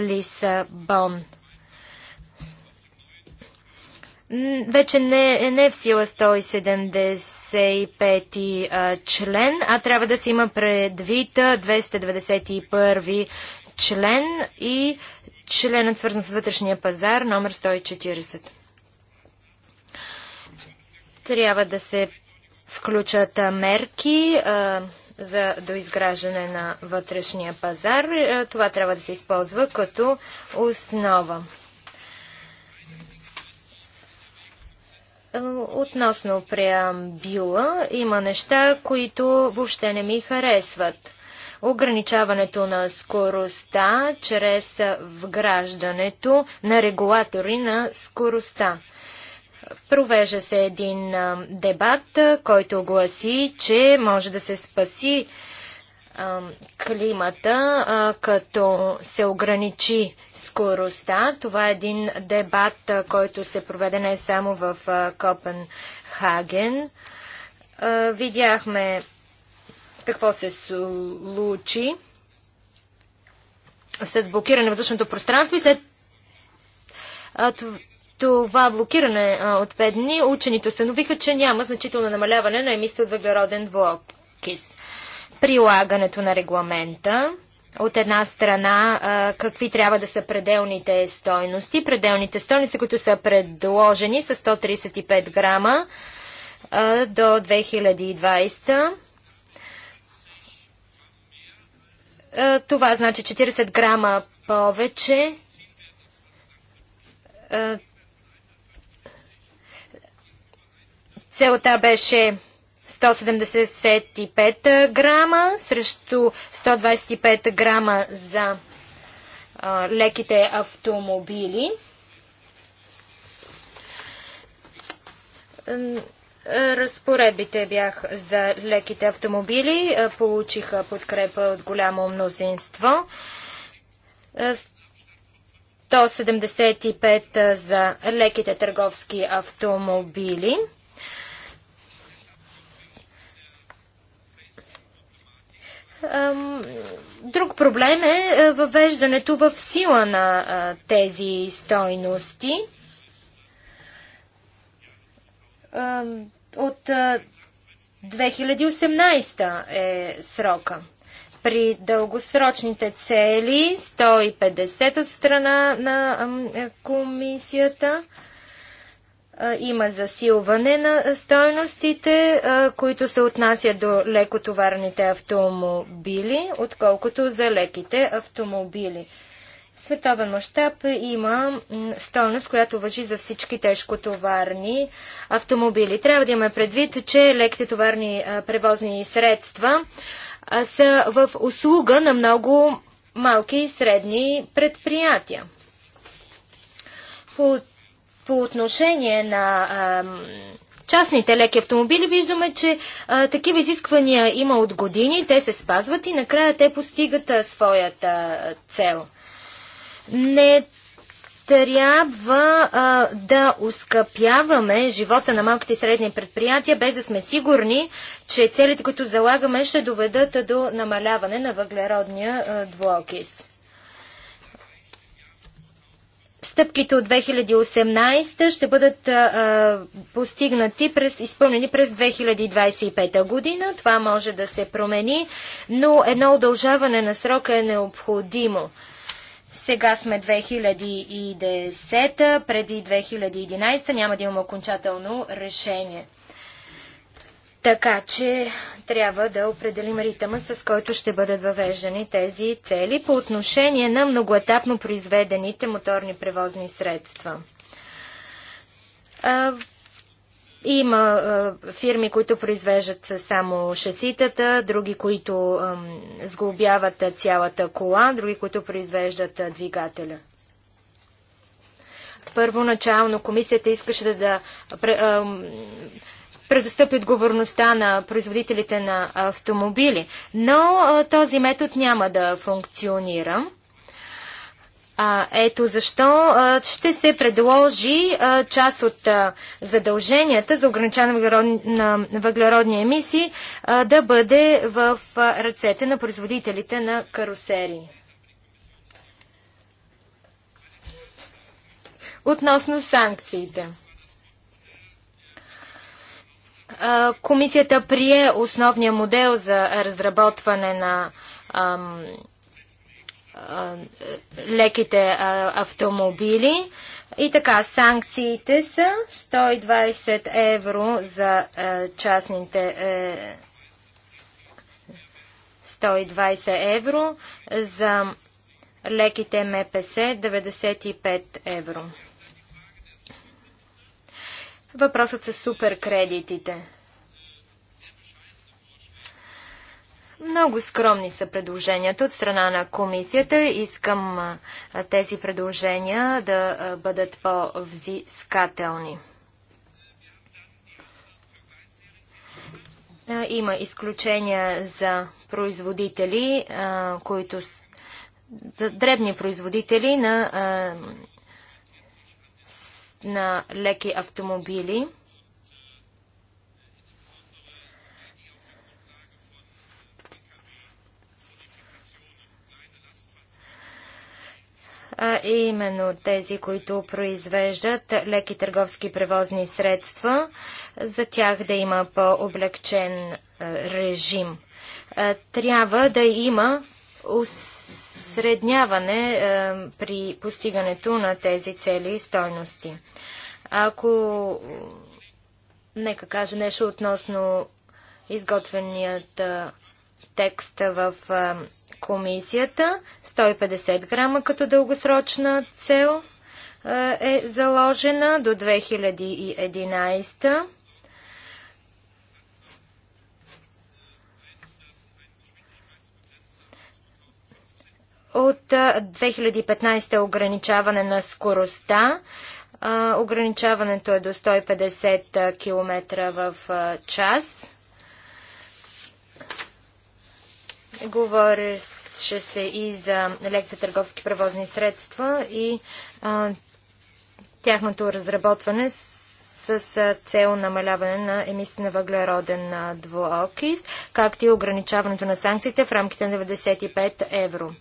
Лисабон. Вече не, не е в сила 175 член, а трябва да се има предвид 291 член и членът свързан с вътрешния пазар, номер 140. Трябва да се включат мерки а, за доизграждане на вътрешния пазар. Това трябва да се използва като основа. Относно преамбюла, има неща, които въобще не ми харесват ограничаването на скоростта чрез вграждането на регулатори на скоростта. Провежда се един дебат, който гласи, че може да се спаси климата, като се ограничи скоростта. Това е един дебат, който се проведе не само в Копенхаген. Видяхме какво се случи с блокиране на въздушното пространство и след това блокиране от 5 дни учените установиха, че няма значително намаляване на емисия от въглероден двуокис. Прилагането на регламента от една страна какви трябва да са пределните стойности. Пределните стойности, които са предложени са 135 грама до 2020 Е, това значи 40 грама повече. Е, целта беше 175 грама срещу 125 грама за леките автомобили. Разпоредбите бях за леките автомобили, получиха подкрепа от голямо мнозинство. 175 за леките търговски автомобили. Друг проблем е въвеждането в сила на тези стойности от 2018 е срока. При дългосрочните цели 150 от страна на е, комисията има засилване на стойностите, които се отнасят до лекотоварните автомобили, отколкото за леките автомобили световен мащаб има стойност, която въжи за всички тежкотоварни автомобили. Трябва да имаме предвид, че леките товарни превозни средства са в услуга на много малки и средни предприятия. По, по отношение на частните леки автомобили виждаме, че а, такива изисквания има от години, те се спазват и накрая те постигат а, своята цел – не трябва а, да ускъпяваме живота на малките и средни предприятия, без да сме сигурни, че целите, които залагаме, ще доведат до намаляване на въглеродния а, двуокис. Стъпките от 2018 ще бъдат а, постигнати през, изпълнени през 2025 година. Това може да се промени, но едно удължаване на срока е необходимо сега сме 2010, преди 2011 няма да имаме окончателно решение. Така че трябва да определим ритъма, с който ще бъдат въвеждани тези цели по отношение на многоетапно произведените моторни превозни средства. Има а, фирми, които произвеждат само шаситата, други, които а, сглобяват цялата кола, други, които произвеждат а, двигателя. Първоначално комисията искаше да, да а, предостъпи отговорността на производителите на автомобили, но а, този метод няма да функционира. Ето защо ще се предложи част от задълженията за ограничаване на въглеродни емисии да бъде в ръцете на производителите на карусери. Относно санкциите. Комисията прие основния модел за разработване на леките автомобили. И така, санкциите са 120 евро за частните 120 е, евро, за леките МПС 95 евро. Въпросът с суперкредитите. Много скромни са предложенията от страна на комисията. Искам тези предложения да бъдат по-взискателни. Има изключения за производители, които дребни производители на, на леки автомобили. а именно тези, които произвеждат леки търговски превозни средства, за тях да има по-облегчен режим. Трябва да има усредняване при постигането на тези цели и стойности. Ако нека кажа нещо относно изготвеният текста в комисията. 150 грама като дългосрочна цел е заложена до 2011. От 2015 е ограничаване на скоростта. Ограничаването е до 150 км в час. Говореше се и за лекция търговски превозни средства и а, тяхното разработване с, с цел намаляване на емисии на въглероден двуокис, както и ограничаването на санкциите в рамките на 95 евро.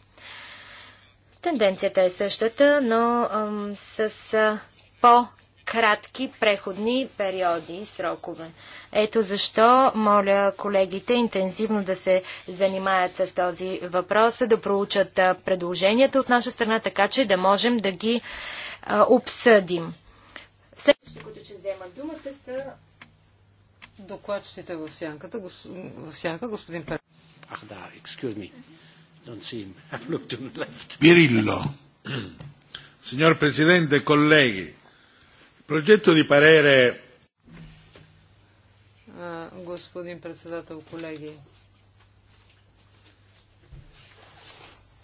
Тенденцията е същата, но ам, с по-кратки преходни периоди и срокове. Ето защо моля колегите интензивно да се занимаят с този въпрос, да проучат предложенията от наша страна, така че да можем да ги а, обсъдим. Следващите, които ще вземат думата са докладчиците в сянката, в сянка, господин Пер. Ах да, excuse me. Don't see him. I've looked to the left. Pirillo. Signor Presidente, colleghi, il progetto di parere господин председател, колеги.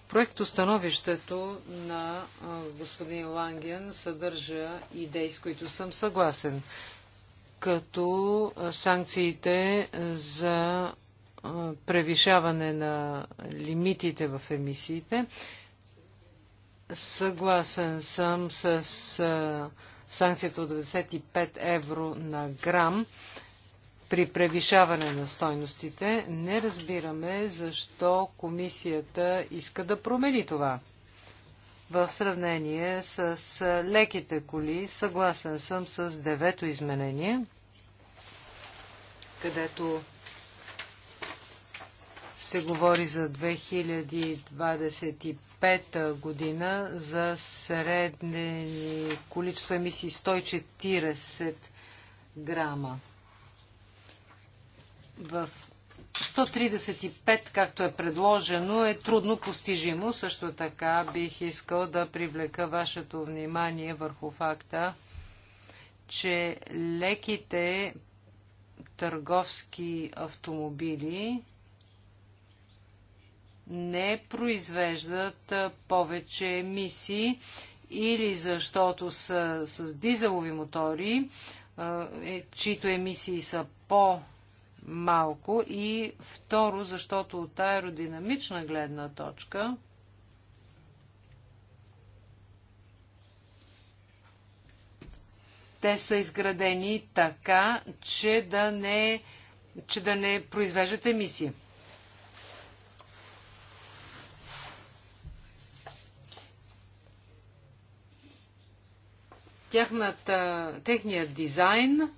Проектостановището на господин Ланген съдържа идеи, с които съм съгласен, като санкциите за превишаване на лимитите в емисиите. Съгласен съм с санкцията от 95 евро на грам при превишаване на стойностите. Не разбираме защо комисията иска да промени това. В сравнение с леките коли, съгласен съм с девето изменение, където се говори за 2025 година за средни количества емисии 140 грама в 135, както е предложено, е трудно постижимо. Също така бих искал да привлека вашето внимание върху факта, че леките търговски автомобили не произвеждат повече емисии или защото са с дизелови мотори, е, чието емисии са по- малко и второ, защото от аеродинамична гледна точка те са изградени така, че да не, че да не произвеждат емисии. Тяхната, техният дизайн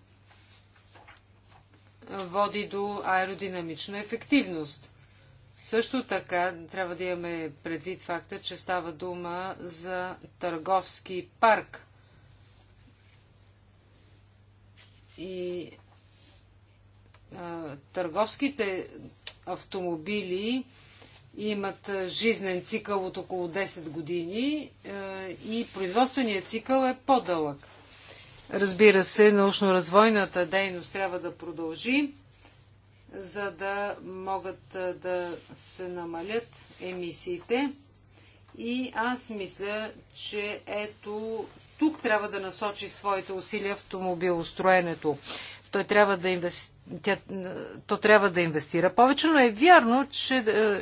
води до аеродинамична ефективност. Също така трябва да имаме предвид факта, че става дума за търговски парк. И а, търговските автомобили имат жизнен цикъл от около 10 години а, и производственият цикъл е по-дълъг. Разбира се, научно-развойната дейност трябва да продължи, за да могат да се намалят емисиите. И аз мисля, че ето тук трябва да насочи своите усилия в автомобилостроенето. Той трябва да инвести... Тя... То трябва да инвестира повече, но е вярно, че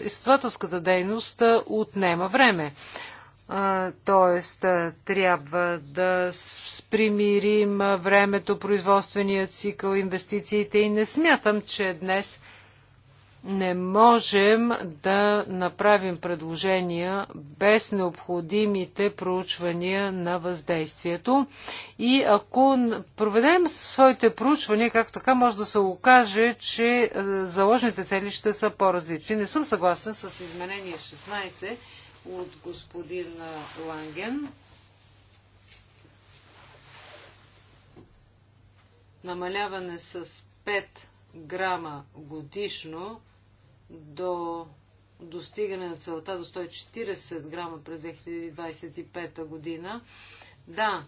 изследователската дейност отнема време. Тоест, трябва да примирим времето, производствения цикъл, инвестициите и не смятам, че днес не можем да направим предложения без необходимите проучвания на въздействието. И ако проведем своите проучвания, както така може да се окаже, че заложните цели ще са по-различни. Не съм съгласен с изменение 16 от господин Ланген. Намаляване с 5 грама годишно до достигане на целта до 140 грама през 2025 година. Да,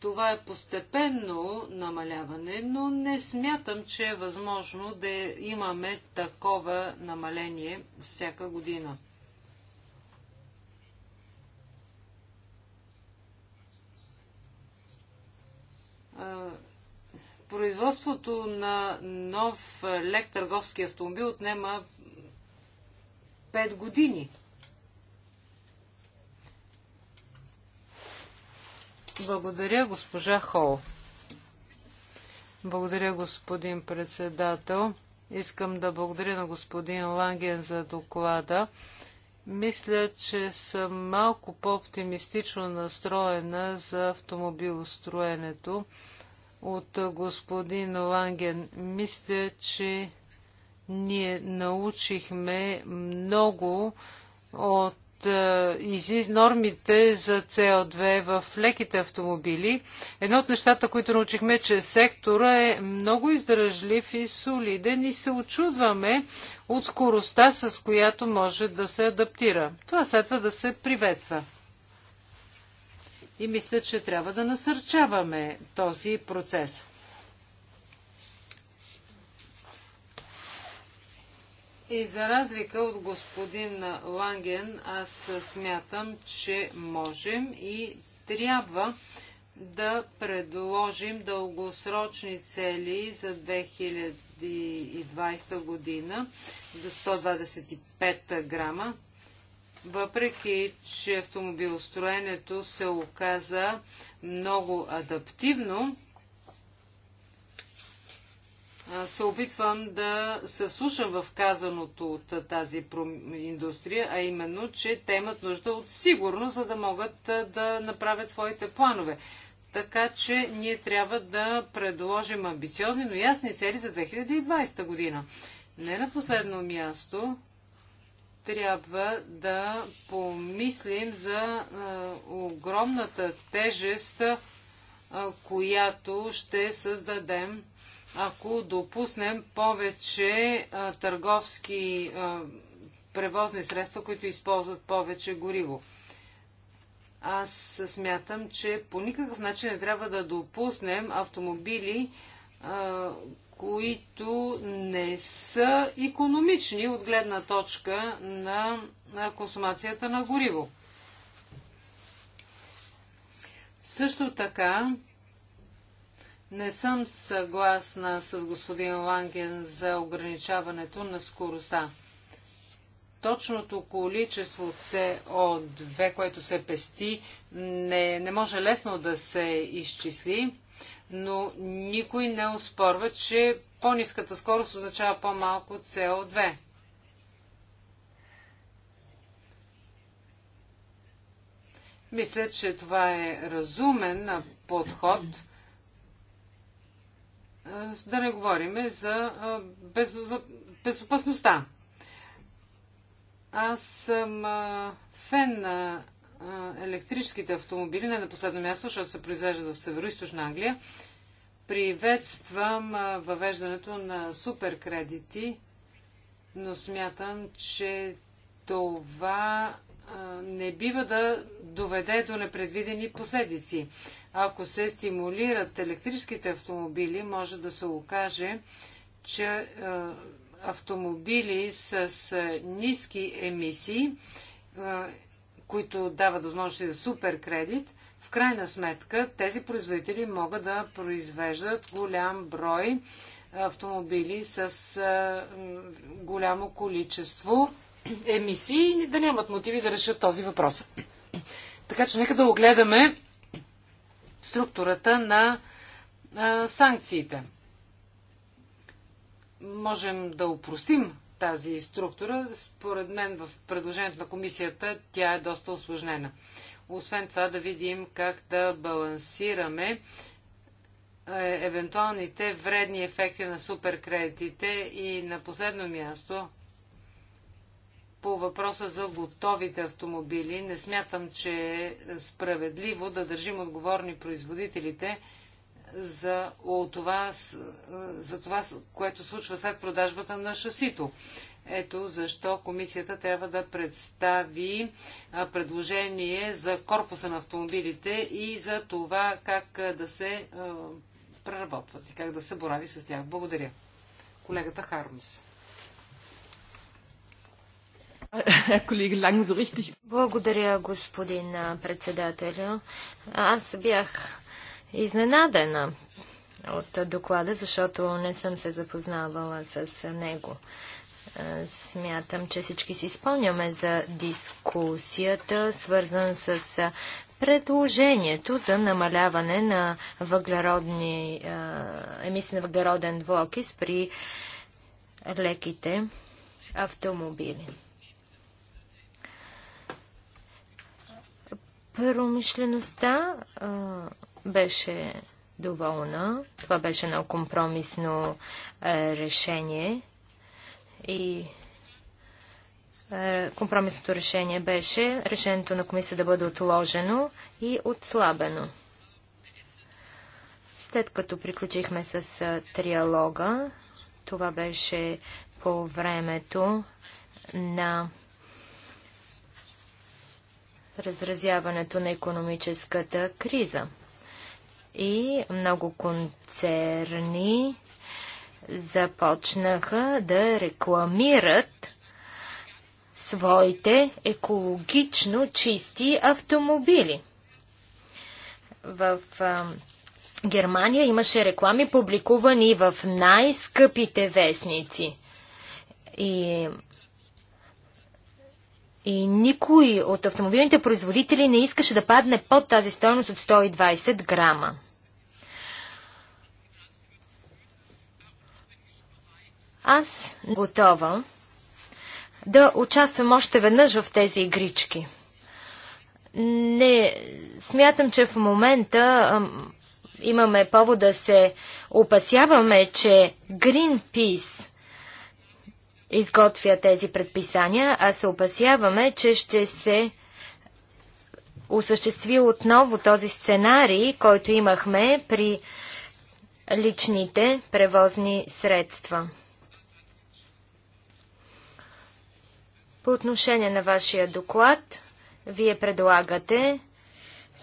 това е постепенно намаляване, но не смятам, че е възможно да имаме такова намаление всяка година. производството на нов лек търговски автомобил отнема 5 години. Благодаря, госпожа Хол. Благодаря, господин председател. Искам да благодаря на господин Ланген за доклада. Мисля, че съм малко по-оптимистично настроена за автомобилостроенето от господин Ланген. Мисля, че ние научихме много от е, изиз нормите за CO2 в леките автомобили. Едно от нещата, които научихме, че сектора е много издръжлив и солиден и се очудваме от скоростта, с която може да се адаптира. Това следва да се приветства. И мисля, че трябва да насърчаваме този процес. И за разлика от господин Ланген, аз смятам, че можем и трябва да предложим дългосрочни цели за 2020 година до 125 грама, въпреки че автомобилостроенето се оказа много адаптивно се опитвам да се слушам в казаното от тази индустрия, а именно, че те имат нужда от сигурност, за да могат да направят своите планове. Така че ние трябва да предложим амбициозни, но ясни цели за 2020 година. Не на последно място трябва да помислим за огромната тежест, която ще създадем ако допуснем повече а, търговски а, превозни средства, които използват повече гориво. Аз смятам, че по никакъв начин не трябва да допуснем автомобили, а, които не са економични от гледна точка на, на консумацията на гориво. Също така, не съм съгласна с господин Ланген за ограничаването на скоростта. Точното количество CO2, което се пести, не, не може лесно да се изчисли, но никой не оспорва, че по-низката скорост означава по-малко CO2. Мисля, че това е разумен подход – е, да не говорим за, е, без, за безопасността. Аз съм е, фен на електрическите автомобили, не на последно място, защото се произвеждат в Северо-Источна Англия. Приветствам въвеждането на суперкредити, но смятам, че това не бива да доведе до непредвидени последици. Ако се стимулират електрическите автомобили, може да се окаже, че е, автомобили с е, ниски емисии, е, които дават възможности за суперкредит, в крайна сметка тези производители могат да произвеждат голям брой автомобили с голямо количество емисии и да нямат мотиви да решат този въпрос. Така че нека да огледаме структурата на а, санкциите. Можем да упростим тази структура. Според мен в предложението на комисията тя е доста осложнена. Освен това да видим как да балансираме е, евентуалните вредни ефекти на суперкредитите и на последно място по въпроса за готовите автомобили. Не смятам, че е справедливо да държим отговорни производителите за това, е, за това, което случва след продажбата на шасито. Ето защо комисията трябва да представи е, предложение за корпуса на автомобилите и за това как е, да се преработват и как да се борави с тях. Благодаря. Колегата Хармс. Благодаря, господин председател. Аз бях изненадена от доклада, защото не съм се запознавала с него. Смятам, че всички си спомняме за дискусията, свързан с предложението за намаляване на въглеродни, емисии на въглероден двуокис при леките автомобили. Първомишлеността а, беше доволна. Това беше едно компромисно а, решение. И а, компромисното решение беше решението на комисията да бъде отложено и отслабено. След като приключихме с а, триалога, това беше по времето на разразяването на економическата криза. И много концерни започнаха да рекламират своите екологично чисти автомобили. В а, Германия имаше реклами, публикувани в най-скъпите вестници. И и никой от автомобилните производители не искаше да падне под тази стойност от 120 грама. Аз готова да участвам още веднъж в тези игрички. Не смятам, че в момента имаме повод да се опасяваме, че Greenpeace изготвя тези предписания, а се опасяваме, че ще се осъществи отново този сценарий, който имахме при личните превозни средства. По отношение на вашия доклад, вие предлагате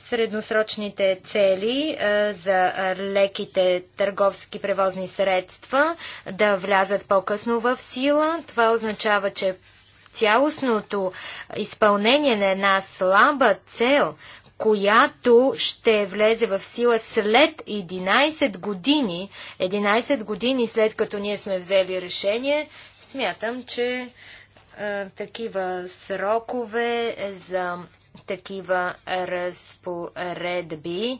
средносрочните цели за леките търговски превозни средства да влязат по-късно в сила. Това означава, че цялостното изпълнение на една слаба цел, която ще влезе в сила след 11 години, 11 години след като ние сме взели решение, смятам, че такива срокове за такива разпоредби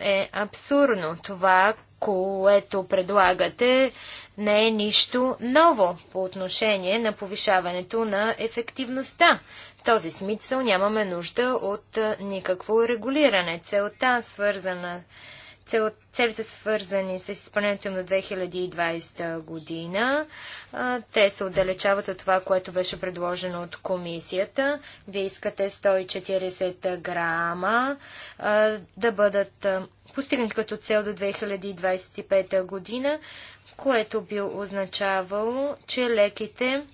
е абсурдно. Това, което предлагате, не е нищо ново по отношение на повишаването на ефективността. В този смисъл нямаме нужда от никакво регулиране. Целта, свързана с Цел, целите са свързани с изпълнението им до 2020 година. Те се отдалечават от това, което беше предложено от комисията. Вие искате 140 грама да бъдат постигнати като цел до 2025 година, което би означавало, че леките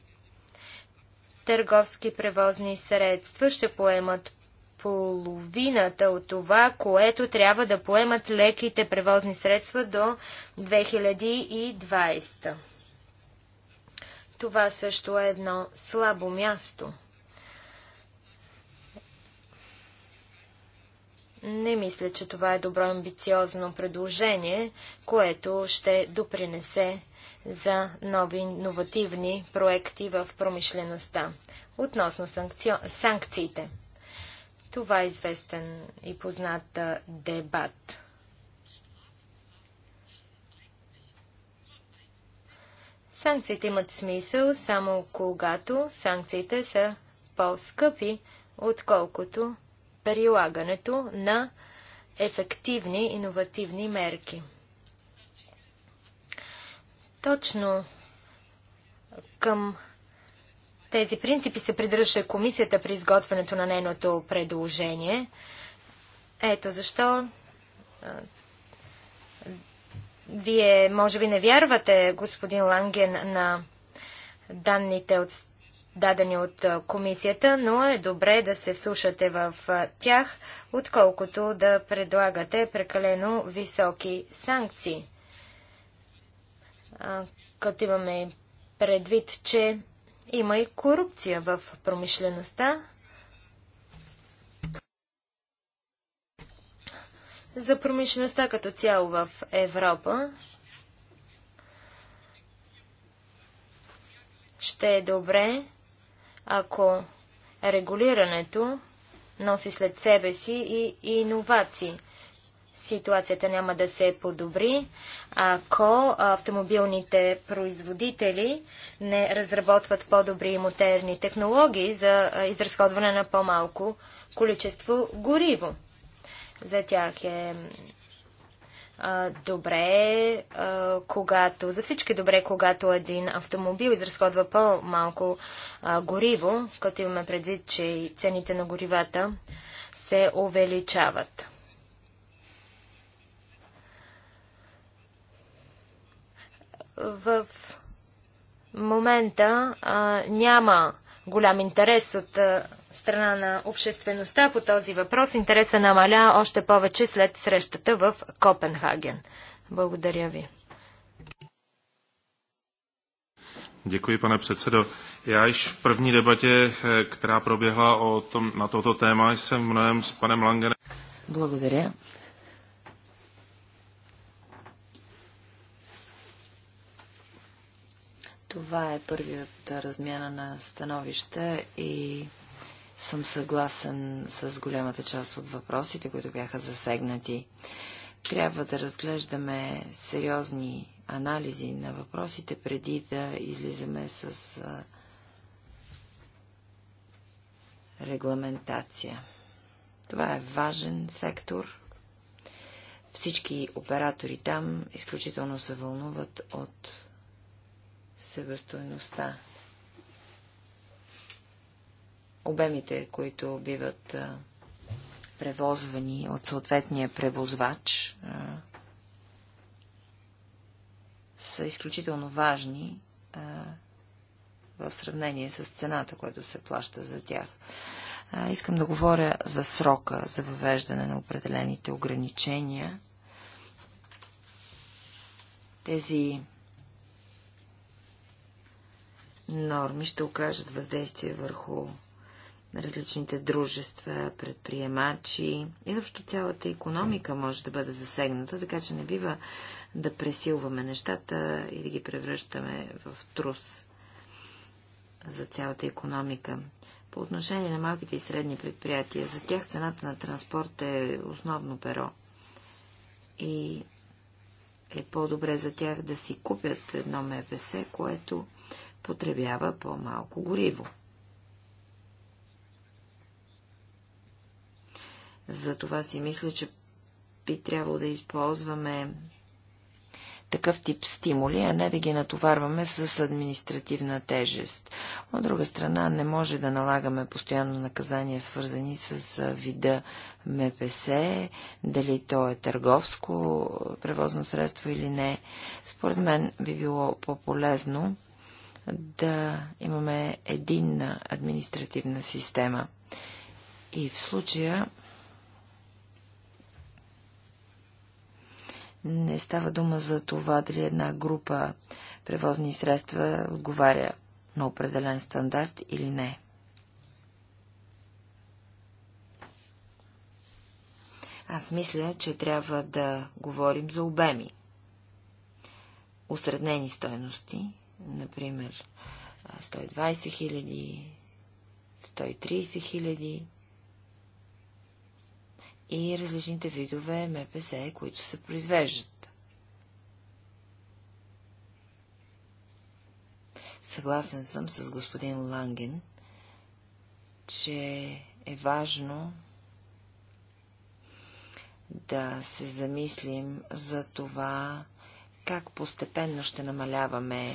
търговски превозни средства ще поемат половината от това, което трябва да поемат леките превозни средства до 2020. Това също е едно слабо място. Не мисля, че това е добро амбициозно предложение, което ще допринесе за нови иновативни проекти в промишлеността. Относно санкци... санкциите – това е известен и познат дебат. Санкциите имат смисъл само когато санкциите са по-скъпи, отколкото прилагането на ефективни иновативни мерки. Точно към тези принципи се придържа комисията при изготвянето на нейното предложение. Ето защо вие може би не вярвате, господин Ланген, на данните от, дадени от комисията, но е добре да се вслушате в тях, отколкото да предлагате прекалено високи санкции. А, като имаме предвид, че има и корупция в промишлеността. За промишлеността като цяло в Европа ще е добре, ако регулирането носи след себе си и иновации ситуацията няма да се подобри, ако автомобилните производители не разработват по-добри и модерни технологии за изразходване на по-малко количество гориво. За тях е добре, когато, за всички добре, когато един автомобил изразходва по-малко гориво, като имаме предвид, че цените на горивата се увеличават. В момента а, няма голям интерес от а, страна на обществеността по този въпрос. Интереса намаля още повече след срещата в Копенхаген. Благодаря ви. Děkuji, pane předsedo. Já již v první debatě, eh, která proběhla o tom, na toto téma, jsem mnohem s panem Langenem. Благодаря. Това е първият размяна на становища и съм съгласен с голямата част от въпросите, които бяха засегнати. Трябва да разглеждаме сериозни анализи на въпросите, преди да излизаме с регламентация. Това е важен сектор. Всички оператори там изключително се вълнуват от себестойността. Обемите, които биват превозвани от съответния превозвач, са изключително важни в сравнение с цената, която се плаща за тях. А, искам да говоря за срока за въвеждане на определените ограничения. Тези норми ще окажат въздействие върху различните дружества, предприемачи и защо цялата економика може да бъде засегната, така че не бива да пресилваме нещата и да ги превръщаме в трус за цялата економика. По отношение на малките и средни предприятия, за тях цената на транспорт е основно перо. И е по-добре за тях да си купят едно МПС, което потребява по-малко гориво. Затова си мисля, че би трябвало да използваме такъв тип стимули, а не да ги натоварваме с административна тежест. От друга страна, не може да налагаме постоянно наказания, свързани с вида МПС, дали то е търговско превозно средство или не. Според мен би било по-полезно да имаме единна административна система. И в случая не става дума за това дали една група превозни средства отговаря на определен стандарт или не. Аз мисля, че трябва да говорим за обеми, усреднени стоености Например, 120 хиляди, 130 хиляди и различните видове МПС, които се произвеждат. Съгласен съм с господин Ланген, че е важно да се замислим за това, как постепенно ще намаляваме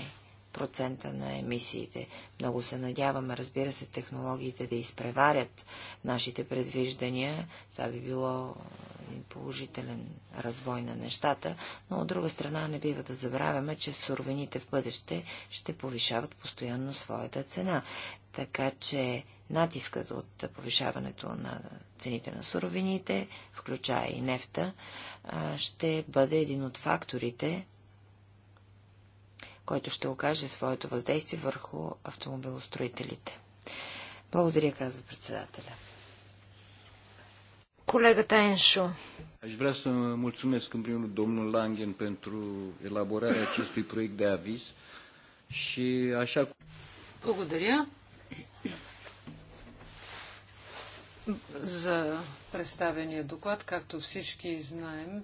процента на емисиите. Много се надяваме, разбира се, технологиите да изпреварят нашите предвиждания. Това би било положителен развой на нещата, но от друга страна не бива да забравяме, че суровините в бъдеще ще повишават постоянно своята цена. Така че натискът от повишаването на цените на суровините, включая и нефта, ще бъде един от факторите, който ще окаже своето въздействие върху автомобилостроителите. Благодаря, казва председателя. Колегата Еншо. Aș vrea să mulțumesc în primul domnul Langen pentru elaborarea acestui proiect de aviz și așa... Благодаря за представения доклад. Както всички знаем,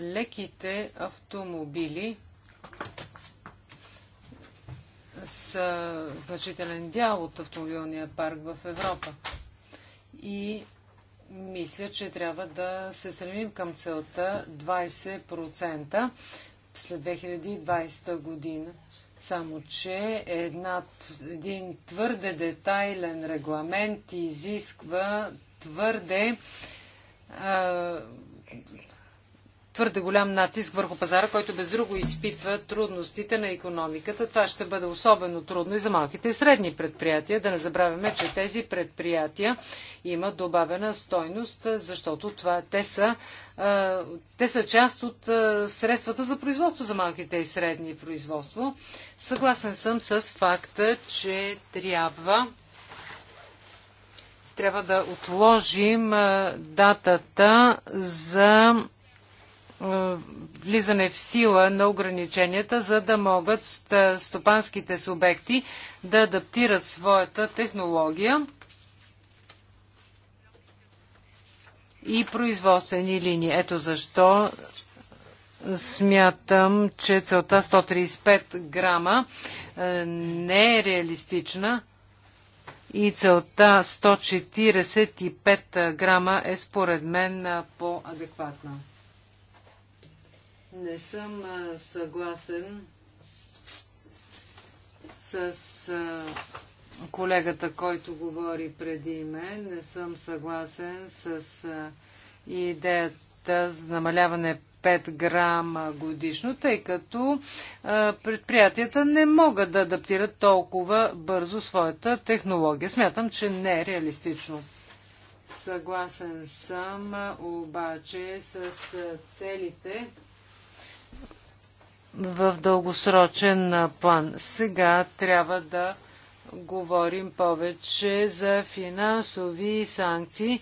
леките автомобили са значителен дял от автомобилния парк в Европа. И мисля, че трябва да се стремим към целта 20% след 2020 година. Само, че една, един твърде детайлен регламент изисква твърде а, твърде голям натиск върху пазара, който без друго изпитва трудностите на економиката. Това ще бъде особено трудно и за малките и средни предприятия. Да не забравяме, че тези предприятия имат добавена стойност, защото това, те, са, те са част от средствата за производство за малките и средни производство. Съгласен съм с факта, че трябва трябва да отложим датата за е, влизане в сила на ограниченията, за да могат стопанските субекти да адаптират своята технология и производствени линии. Ето защо смятам, че целта 135 грама е, не е реалистична и целта 145 грама е според мен е, по-адекватна. Не съм съгласен с колегата, който говори преди мен. Не съм съгласен с идеята за намаляване 5 грама годишно, тъй като предприятията не могат да адаптират толкова бързо своята технология. Смятам, че не е реалистично. Съгласен съм обаче с целите в дългосрочен план. Сега трябва да говорим повече за финансови санкции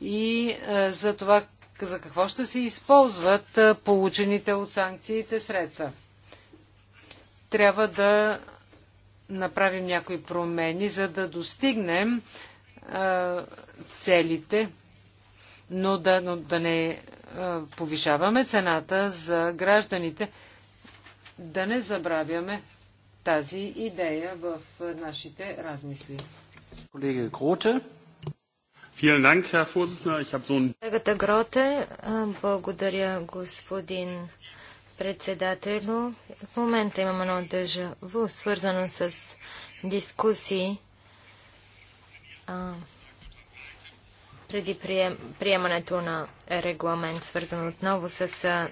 и за това за какво ще се използват получените от санкциите средства. Трябва да направим някои промени, за да достигнем целите, но да, но да не повишаваме цената за гражданите да не забравяме тази идея в нашите размисли. Колега Гроте. Колегата Гроте, благодаря господин председател. В момента имам едно дежаво, свързано с дискусии а, преди прием, приемането на регламент, свързан отново с а,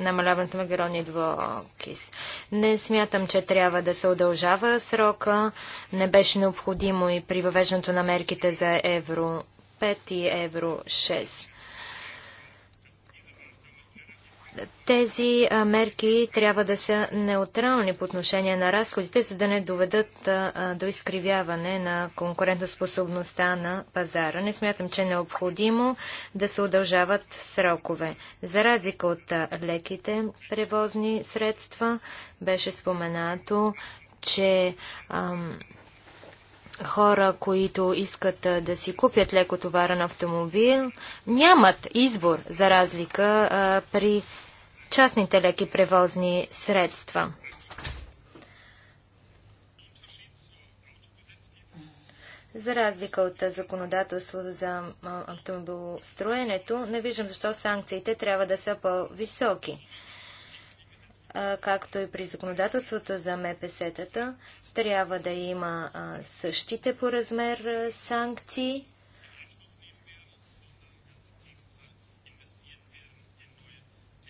намаляването на въглеродния двуокис. Не смятам, че трябва да се удължава срока. Не беше необходимо и при въвеждането на мерките за евро 5 и евро 6. Тези мерки трябва да са неутрални по отношение на разходите, за да не доведат до изкривяване на конкурентоспособността на пазара. Не смятам, че е необходимо да се удължават срокове. За разлика от леките превозни средства, беше споменато, че ам, хора, които искат да си купят лекотоварен автомобил, нямат избор, за разлика а, при частните леки превозни средства. За разлика от законодателство за автомобилостроенето, не виждам защо санкциите трябва да са по-високи. Както и при законодателството за МПС-тата, трябва да има същите по размер санкции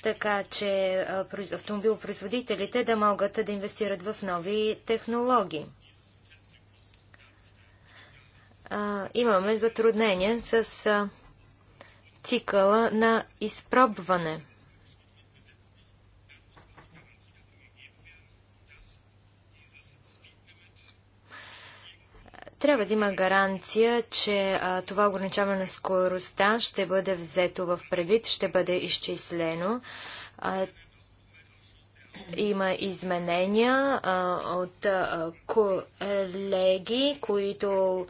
така че автомобилопроизводителите да могат да инвестират в нови технологии. Имаме затруднения с цикъла на изпробване – Трябва да има гаранция, че а, това ограничаване на скоростта ще бъде взето в предвид, ще бъде изчислено. А, има изменения а, от а, колеги, които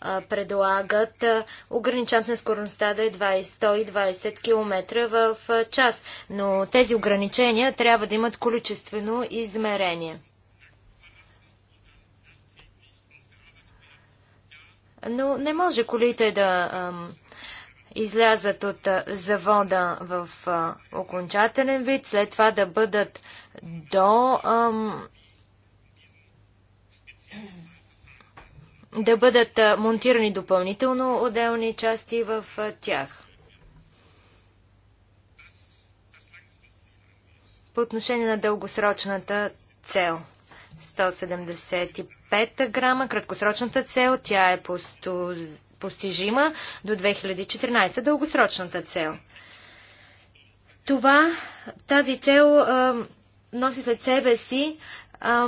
а, предлагат ограничаване на скоростта да е 20, 120 км в час. Но тези ограничения трябва да имат количествено измерение. Но не може колите да ам, излязат от а, завода в а, окончателен вид, след това да бъдат до. Ам, да бъдат а, монтирани допълнително отделни части в а, тях. По отношение на дългосрочната цел 175 5 грама. Краткосрочната цел, тя е посто... постижима до 2014. Дългосрочната цел. Това, тази цел а, носи след себе си а,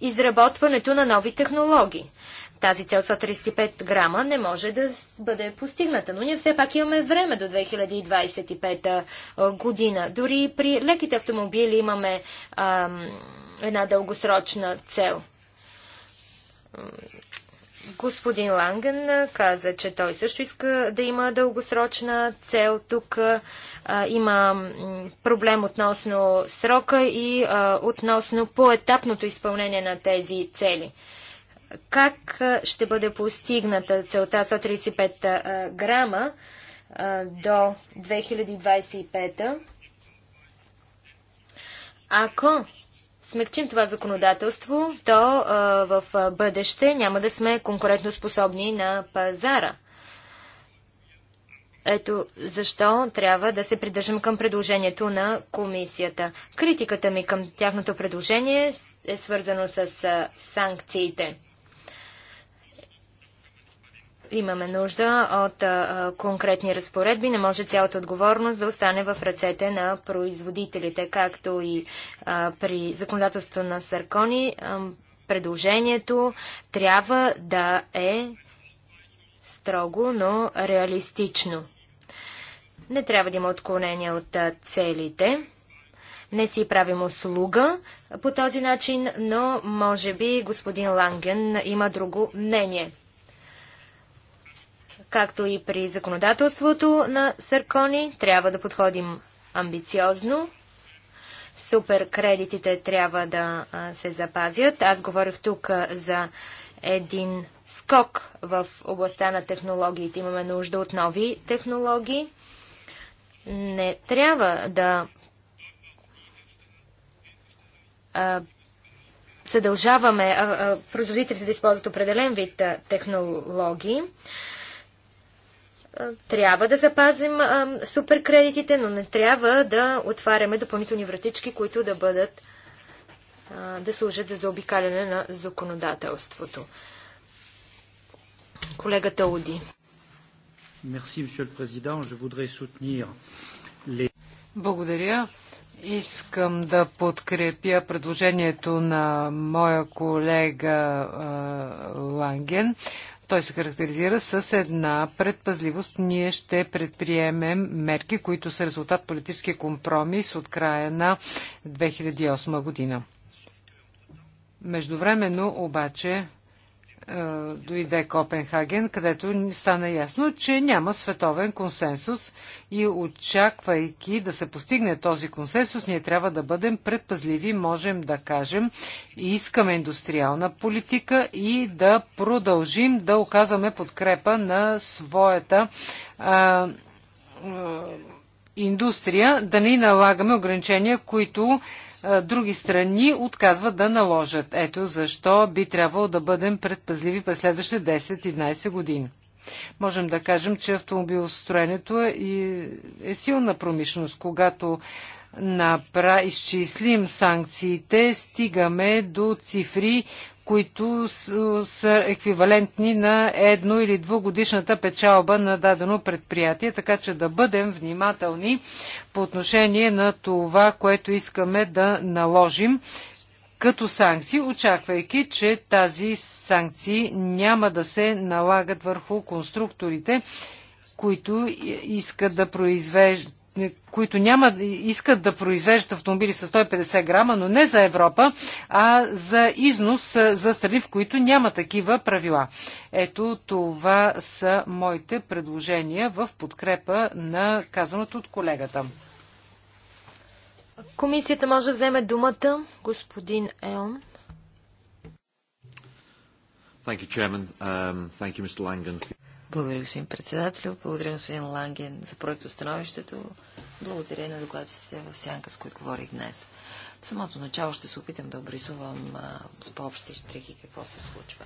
изработването на нови технологии. Тази цел 135 грама не може да бъде постигната, но ние все пак имаме време до 2025 година. Дори при леките автомобили имаме една дългосрочна цел. Господин Ланген каза, че той също иска да има дългосрочна цел. Тук има проблем относно срока и относно поетапното изпълнение на тези цели. Как ще бъде постигната целта 135 грама до 2025? Ако смекчим това законодателство, то в бъдеще няма да сме конкурентоспособни на пазара. Ето защо трябва да се придържам към предложението на комисията. Критиката ми към тяхното предложение е свързано с санкциите. Имаме нужда от конкретни разпоредби. Не може цялата отговорност да остане в ръцете на производителите, както и при законодателство на Саркони. предложението трябва да е строго, но реалистично. Не трябва да има отклонения от целите. Не си правим услуга по този начин, но може би господин Ланген има друго мнение. Както и при законодателството на Саркони, трябва да подходим амбициозно. Суперкредитите трябва да се запазят. Аз говорих тук за един скок в областта на технологиите. Имаме нужда от нови технологии. Не трябва да съдължаваме производителите да използват определен вид технологии. Трябва да запазим суперкредитите, но не трябва да отваряме допълнителни вратички, които да бъдат а, да служат за обикаляне на законодателството. Колегата Уди. Благодаря. Искам да подкрепя предложението на моя колега Ланген. Той се характеризира с една предпазливост. Ние ще предприемем мерки, които са резултат политически компромис от края на 2008 година. Междувременно обаче е, дойде Копенхаген, където стана ясно, че няма световен консенсус и очаквайки да се постигне този консенсус, ние трябва да бъдем предпазливи, можем да кажем, искаме индустриална политика и да продължим да оказваме подкрепа на своята а, е, а, е, индустрия, да не налагаме ограничения, които други страни отказват да наложат. Ето защо би трябвало да бъдем предпазливи през следващите 10-11 години. Можем да кажем, че автомобилостроенето е, е силна промишленост. Когато напра... изчислим санкциите, стигаме до цифри, които са еквивалентни на едно или двугодишната печалба на дадено предприятие, така че да бъдем внимателни по отношение на това, което искаме да наложим като санкции, очаквайки, че тази санкции няма да се налагат върху конструкторите, които искат да произвеждат които няма, искат да произвеждат автомобили с 150 грама, но не за Европа, а за износ за страни, в които няма такива правила. Ето това са моите предложения в подкрепа на казаното от колегата. Комисията може да вземе думата. Господин Елм. Thank you, Chairman. Um, thank you, Mr. Благодаря, господин председател, Благодаря, господин Ланген, за проектостановището. Благодаря на докладчиците в сянка, с които говорих днес. В самото начало ще се опитам да обрисувам а, с по-общи штрихи какво се случва.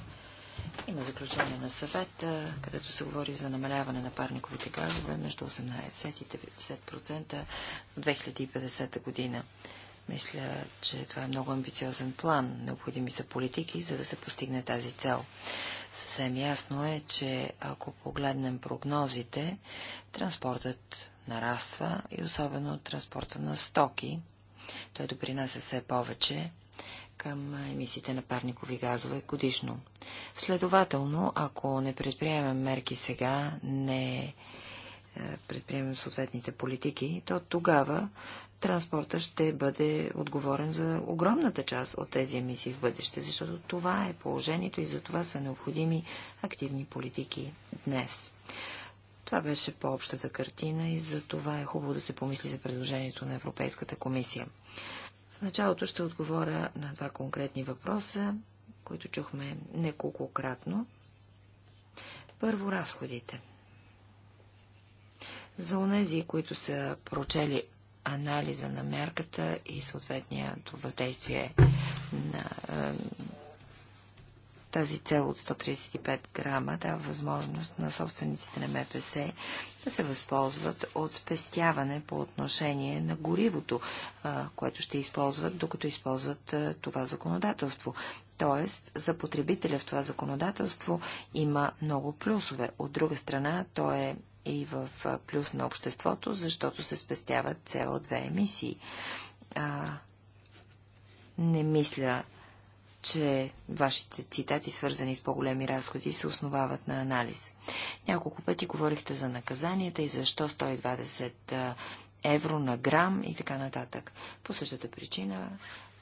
Има заключение на съвета, където се говори за намаляване на парниковите газове между 18 и 90% в 2050 година. Мисля, че това е много амбициозен план. Необходими са политики, за да се постигне тази цел. Съвсем ясно е, че ако погледнем прогнозите, транспортът нараства и особено транспорта на стоки. Той допринася все повече към емисиите на парникови газове годишно. Следователно, ако не предприемем мерки сега, не е, предприемем съответните политики, то тогава транспорта ще бъде отговорен за огромната част от тези емисии в бъдеще, защото това е положението и за това са необходими активни политики днес. Това беше по-общата картина и за това е хубаво да се помисли за предложението на Европейската комисия. В началото ще отговоря на два конкретни въпроса, които чухме неколкократно. Първо, разходите. За онези, които са прочели анализа на мярката и съответното въздействие на тази цел от 135 грама дава възможност на собствениците на МПС да се възползват от спестяване по отношение на горивото, е, което ще използват, докато използват е, това законодателство. Тоест, за потребителя в това законодателство има много плюсове. От друга страна, то е и в плюс на обществото, защото се спестяват CO2 емисии. А, не мисля, че вашите цитати, свързани с по-големи разходи, се основават на анализ. Няколко пъти говорихте за наказанията и защо 120 евро на грам и така нататък. По същата причина,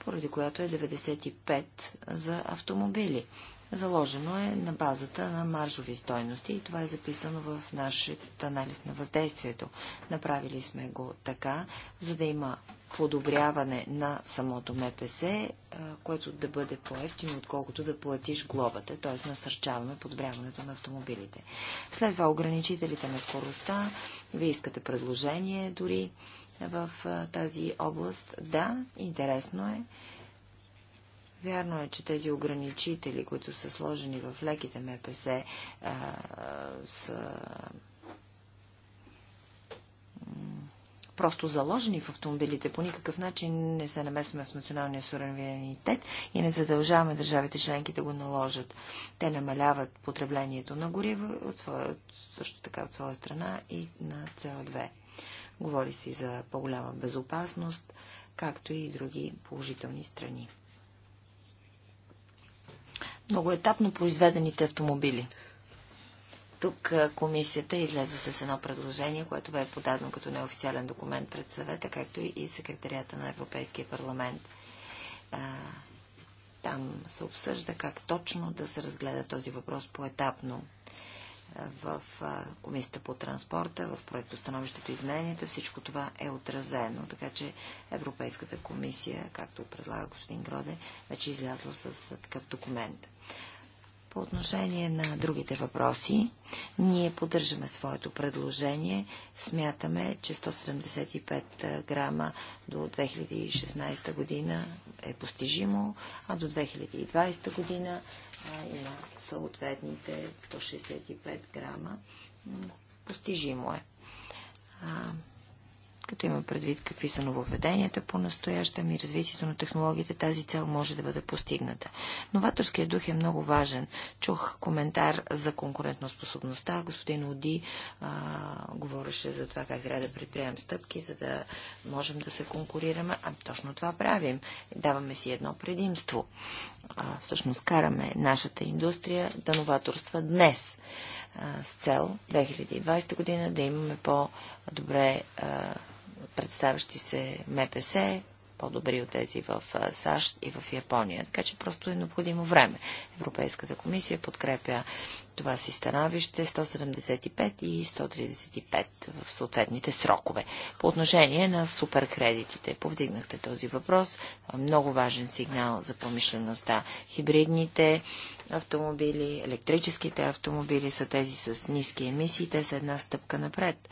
поради която е 95 за автомобили заложено е на базата на маржови стойности и това е записано в нашия анализ на въздействието. Направили сме го така, за да има подобряване на самото МПС, което да бъде по-ефтино, отколкото да платиш глобата, т.е. насърчаваме подобряването на автомобилите. След това ограничителите на скоростта, вие искате предложение дори в тази област. Да, интересно е Вярно е, че тези ограничители, които са сложени в леките МПС, а, са просто заложени в автомобилите. По никакъв начин не се намесваме в националния суверенитет и не задължаваме държавите членки да го наложат. Те намаляват потреблението на гориво, от своя, също така от своя страна и на CO2. Говори си за по-голяма безопасност, както и други положителни страни многоетапно произведените автомобили. Тук комисията излезе с едно предложение, което бе подадено като неофициален документ пред съвета, както и секретарията на Европейския парламент. Там се обсъжда как точно да се разгледа този въпрос поетапно в Комисията по транспорта, в проекто становището измененията. Всичко това е отразено, така че Европейската комисия, както предлага господин Гроде, вече е излязла с такъв документ. По отношение на другите въпроси, ние поддържаме своето предложение. Смятаме, че 175 грама до 2016 година е постижимо, а до 2020 година и на съответните 165 грама. Постижимо е. Като има предвид какви са нововведенията по настоящем и развитието на технологиите, тази цел може да бъде постигната. Новаторският дух е много важен. Чух коментар за конкурентоспособността. Господин Оди а, говореше за това как трябва да предприемем стъпки, за да можем да се конкурираме. А точно това правим. Даваме си едно предимство. А, всъщност караме нашата индустрия да новаторства днес а, с цел 2020 година да имаме по-добре представящи се МПС, по-добри от тези в САЩ и в Япония. Така че просто е необходимо време. Европейската комисия подкрепя това си становище 175 и 135 в съответните срокове. По отношение на суперкредитите, повдигнахте този въпрос. Е много важен сигнал за промишлеността. Хибридните автомобили, електрическите автомобили са тези с ниски емисии. Те са една стъпка напред.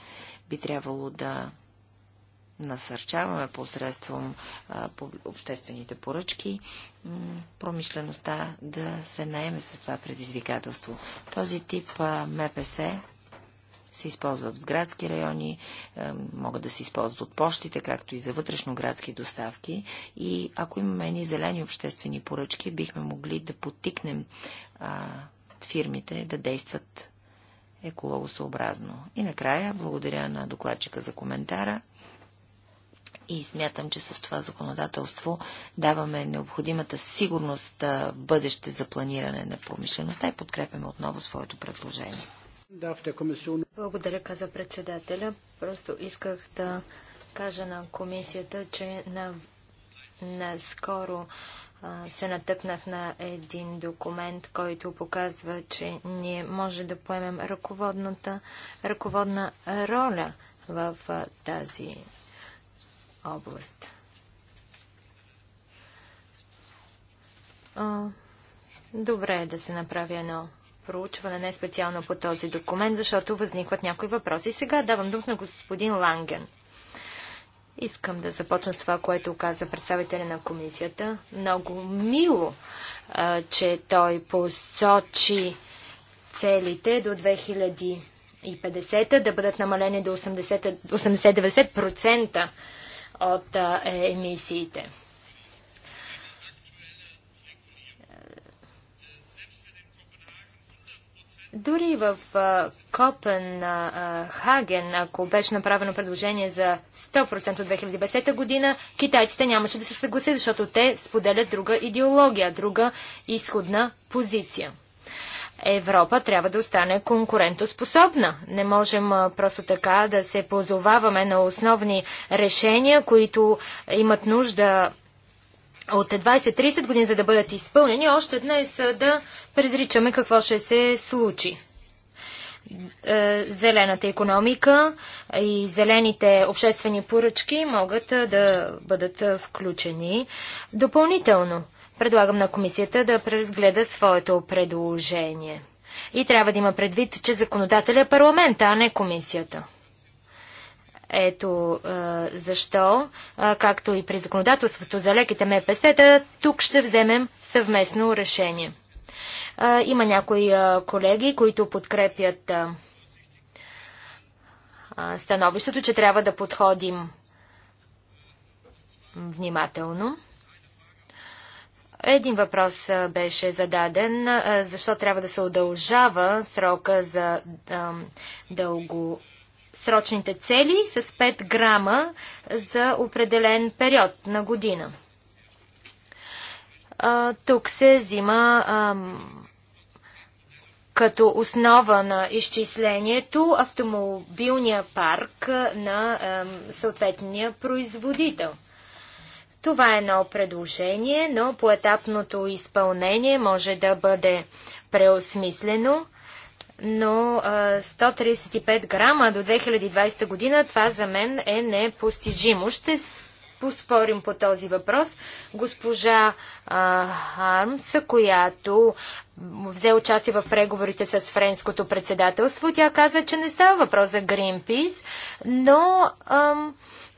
Би трябвало да насърчаваме посредством а, по обществените поръчки промишлеността да се наеме с това предизвикателство. Този тип а, МПС се използват в градски райони, могат да се използват от почтите, както и за вътрешноградски доставки. И ако имаме едни зелени обществени поръчки, бихме могли да потикнем а, фирмите да действат екологосъобразно. И накрая, благодаря на докладчика за коментара и смятам, че с това законодателство даваме необходимата сигурност в бъдеще за планиране на промишлеността и подкрепяме отново своето предложение. Благодаря, каза председателя. Просто исках да кажа на комисията, че на, наскоро се натъкнах на един документ, който показва, че ние може да поемем ръководната, ръководна роля в тази област. Добре е да се направи едно проучване, не специално по този документ, защото възникват някои въпроси. Сега давам дух на господин Ланген. Искам да започна с това, което каза представителя на комисията. Много мило, а, че той посочи целите до 2050 да бъдат намалени до 80-90% от е, емисиите. Дори в Копенхаген, ако беше направено предложение за 100% от 2010 година, китайците нямаше да се съгласят, защото те споделят друга идеология, друга изходна позиция. Европа трябва да остане конкурентоспособна. Не можем просто така да се позоваваме на основни решения, които имат нужда от 20-30 години, за да бъдат изпълнени, още днес да предричаме какво ще се случи. Е, зелената економика и зелените обществени поръчки могат да бъдат включени допълнително. Предлагам на комисията да преразгледа своето предложение. И трябва да има предвид, че законодателя е парламента, а не комисията. Ето е, защо, е, както и при законодателството за леките МПС-та, тук ще вземем съвместно решение. Е, има някои е, колеги, които подкрепят е, становището, че трябва да подходим внимателно. Един въпрос беше зададен. Защо трябва да се удължава срока за дълго срочните цели с 5 грама за определен период на година. Тук се взима като основа на изчислението автомобилния парк на съответния производител. Това е едно предложение, но поетапното изпълнение може да бъде преосмислено но 135 грама до 2020 година, това за мен е непостижимо. Ще поспорим по този въпрос. Госпожа а, Хармс, която взе участие в преговорите с френското председателство, тя каза, че не става въпрос за Greenpeace, но... Ам,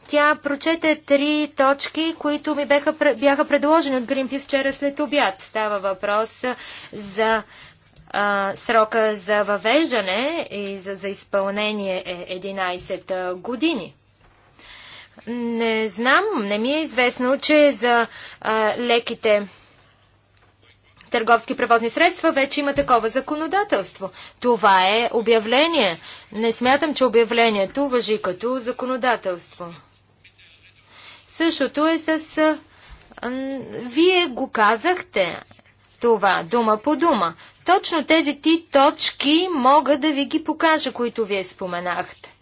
тя прочете три точки, които ми бяха, бяха предложени от Гринпис вчера след обяд. Става въпрос за а, срока за въвеждане и за, за изпълнение е 11 години. Не знам, не ми е известно, че за а, леките търговски превозни средства вече има такова законодателство. Това е обявление. Не смятам, че обявлението въжи като законодателство. Същото е с... Вие го казахте това, дума по дума. Точно тези ти точки мога да ви ги покажа, които вие споменахте.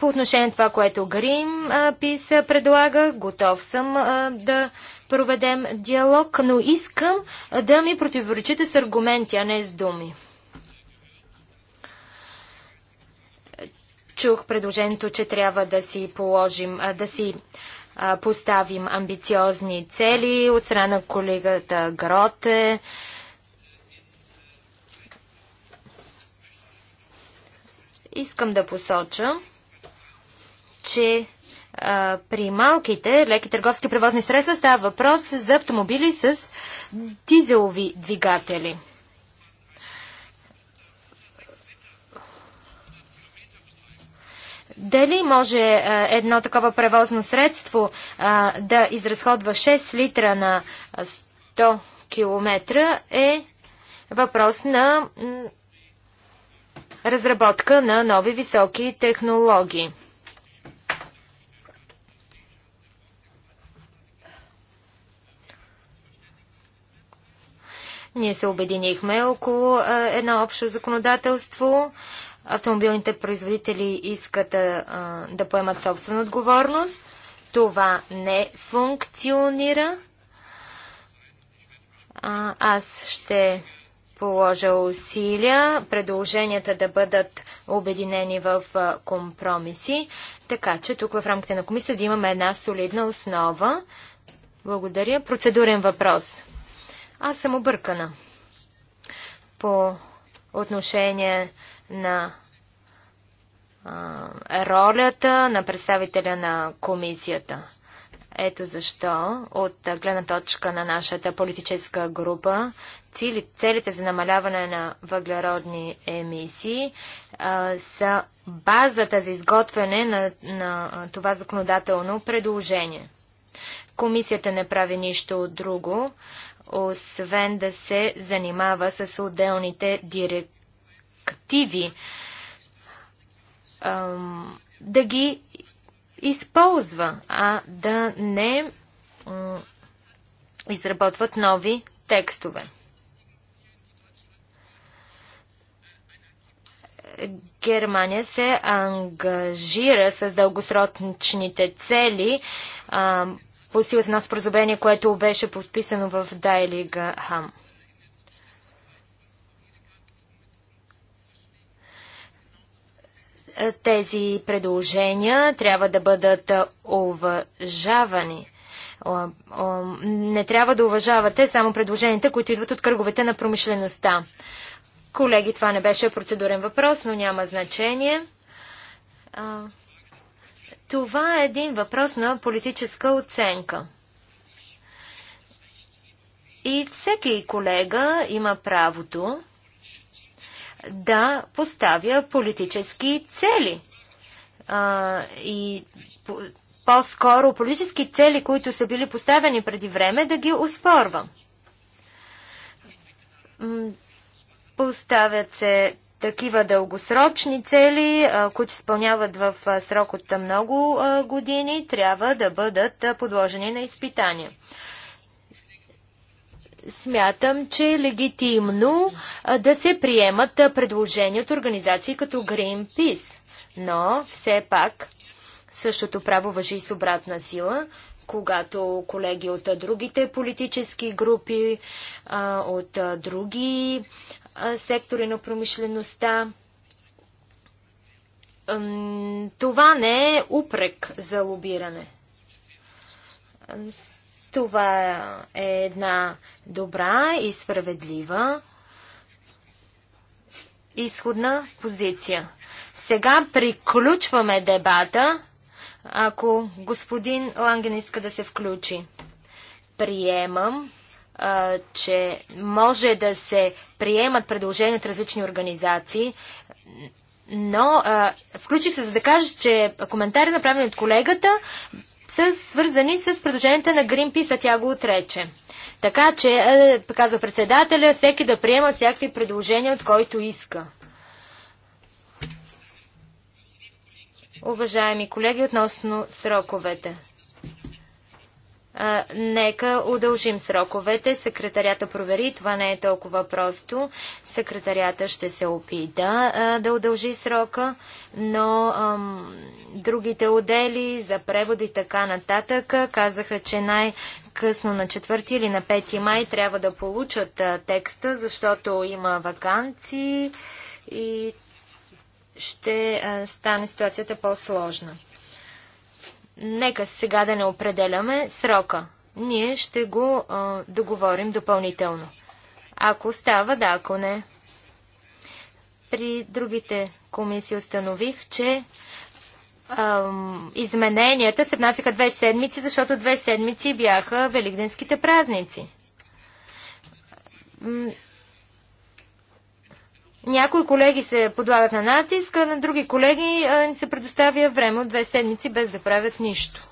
По отношение на това, което Грим а, писа, предлага, готов съм а, да проведем диалог, но искам а, да ми противоречите с аргументи, а не с думи. Чух предложението, че трябва да си положим, да си поставим амбициозни цели от страна колегата Гроте. Искам да посоча, че при малките леки търговски превозни средства става въпрос за автомобили с дизелови двигатели. Дали може е, едно такова превозно средство е, да изразходва 6 литра на 100 е, км е въпрос на разработка на нови високи технологии. Ние се обединихме около едно общо законодателство автомобилните производители искат а, да поемат собствена отговорност. Това не функционира. А, аз ще положа усилия предложенията да бъдат обединени в компромиси, така че тук в рамките на комисия да имаме една солидна основа. Благодаря. Процедурен въпрос. Аз съм объркана по отношение на а, ролята на представителя на комисията. Ето защо, от гледна точка на нашата политическа група, цели, целите за намаляване на въглеродни емисии а, са базата за изготвяне на, на това законодателно предложение. Комисията не прави нищо друго, освен да се занимава с отделните директиви перспективи, да ги използва, а да не изработват нови текстове. Германия се ангажира с дългосрочните цели по силата на споразумение, което беше подписано в Дайлига Хам. тези предложения трябва да бъдат уважавани. Не трябва да уважавате само предложенията, които идват от кръговете на промишлеността. Колеги, това не беше процедурен въпрос, но няма значение. Това е един въпрос на политическа оценка. И всеки колега има правото да поставя политически цели. А, и по-скоро политически цели, които са били поставени преди време, да ги успорвам. Поставят се такива дългосрочни цели, които изпълняват в срок от много години, трябва да бъдат подложени на изпитания смятам, че е легитимно да се приемат предложения от организации като Greenpeace. Но все пак същото право въжи и с обратна сила, когато колеги от другите политически групи, от други сектори на промишлеността, това не е упрек за лобиране. Това е една добра и справедлива изходна позиция. Сега приключваме дебата, ако господин Ланген иска да се включи. Приемам, че може да се приемат предложения от различни организации, но а, включих се за да кажа, че коментари направен от колегата са свързани с предложенията на Гринпис, а тя го отрече. Така че, е, казва каза председателя, всеки да приема всякакви предложения, от който иска. Уважаеми колеги, относно сроковете нека удължим сроковете. Секретарята провери, това не е толкова просто. Секретарята ще се опита да удължи срока, но ам, другите отдели за превод и така нататък казаха, че най-късно на 4 или на 5 май трябва да получат а, текста, защото има вакансии и ще стане ситуацията по-сложна. Нека сега да не определяме срока. Ние ще го а, договорим допълнително. Ако става, да, ако не. При другите комисии установих, че ам, измененията се внасяха две седмици, защото две седмици бяха великденските празници. Някои колеги се подлагат на натиск, а на други колеги а, ни се предоставя време от две седмици без да правят нищо.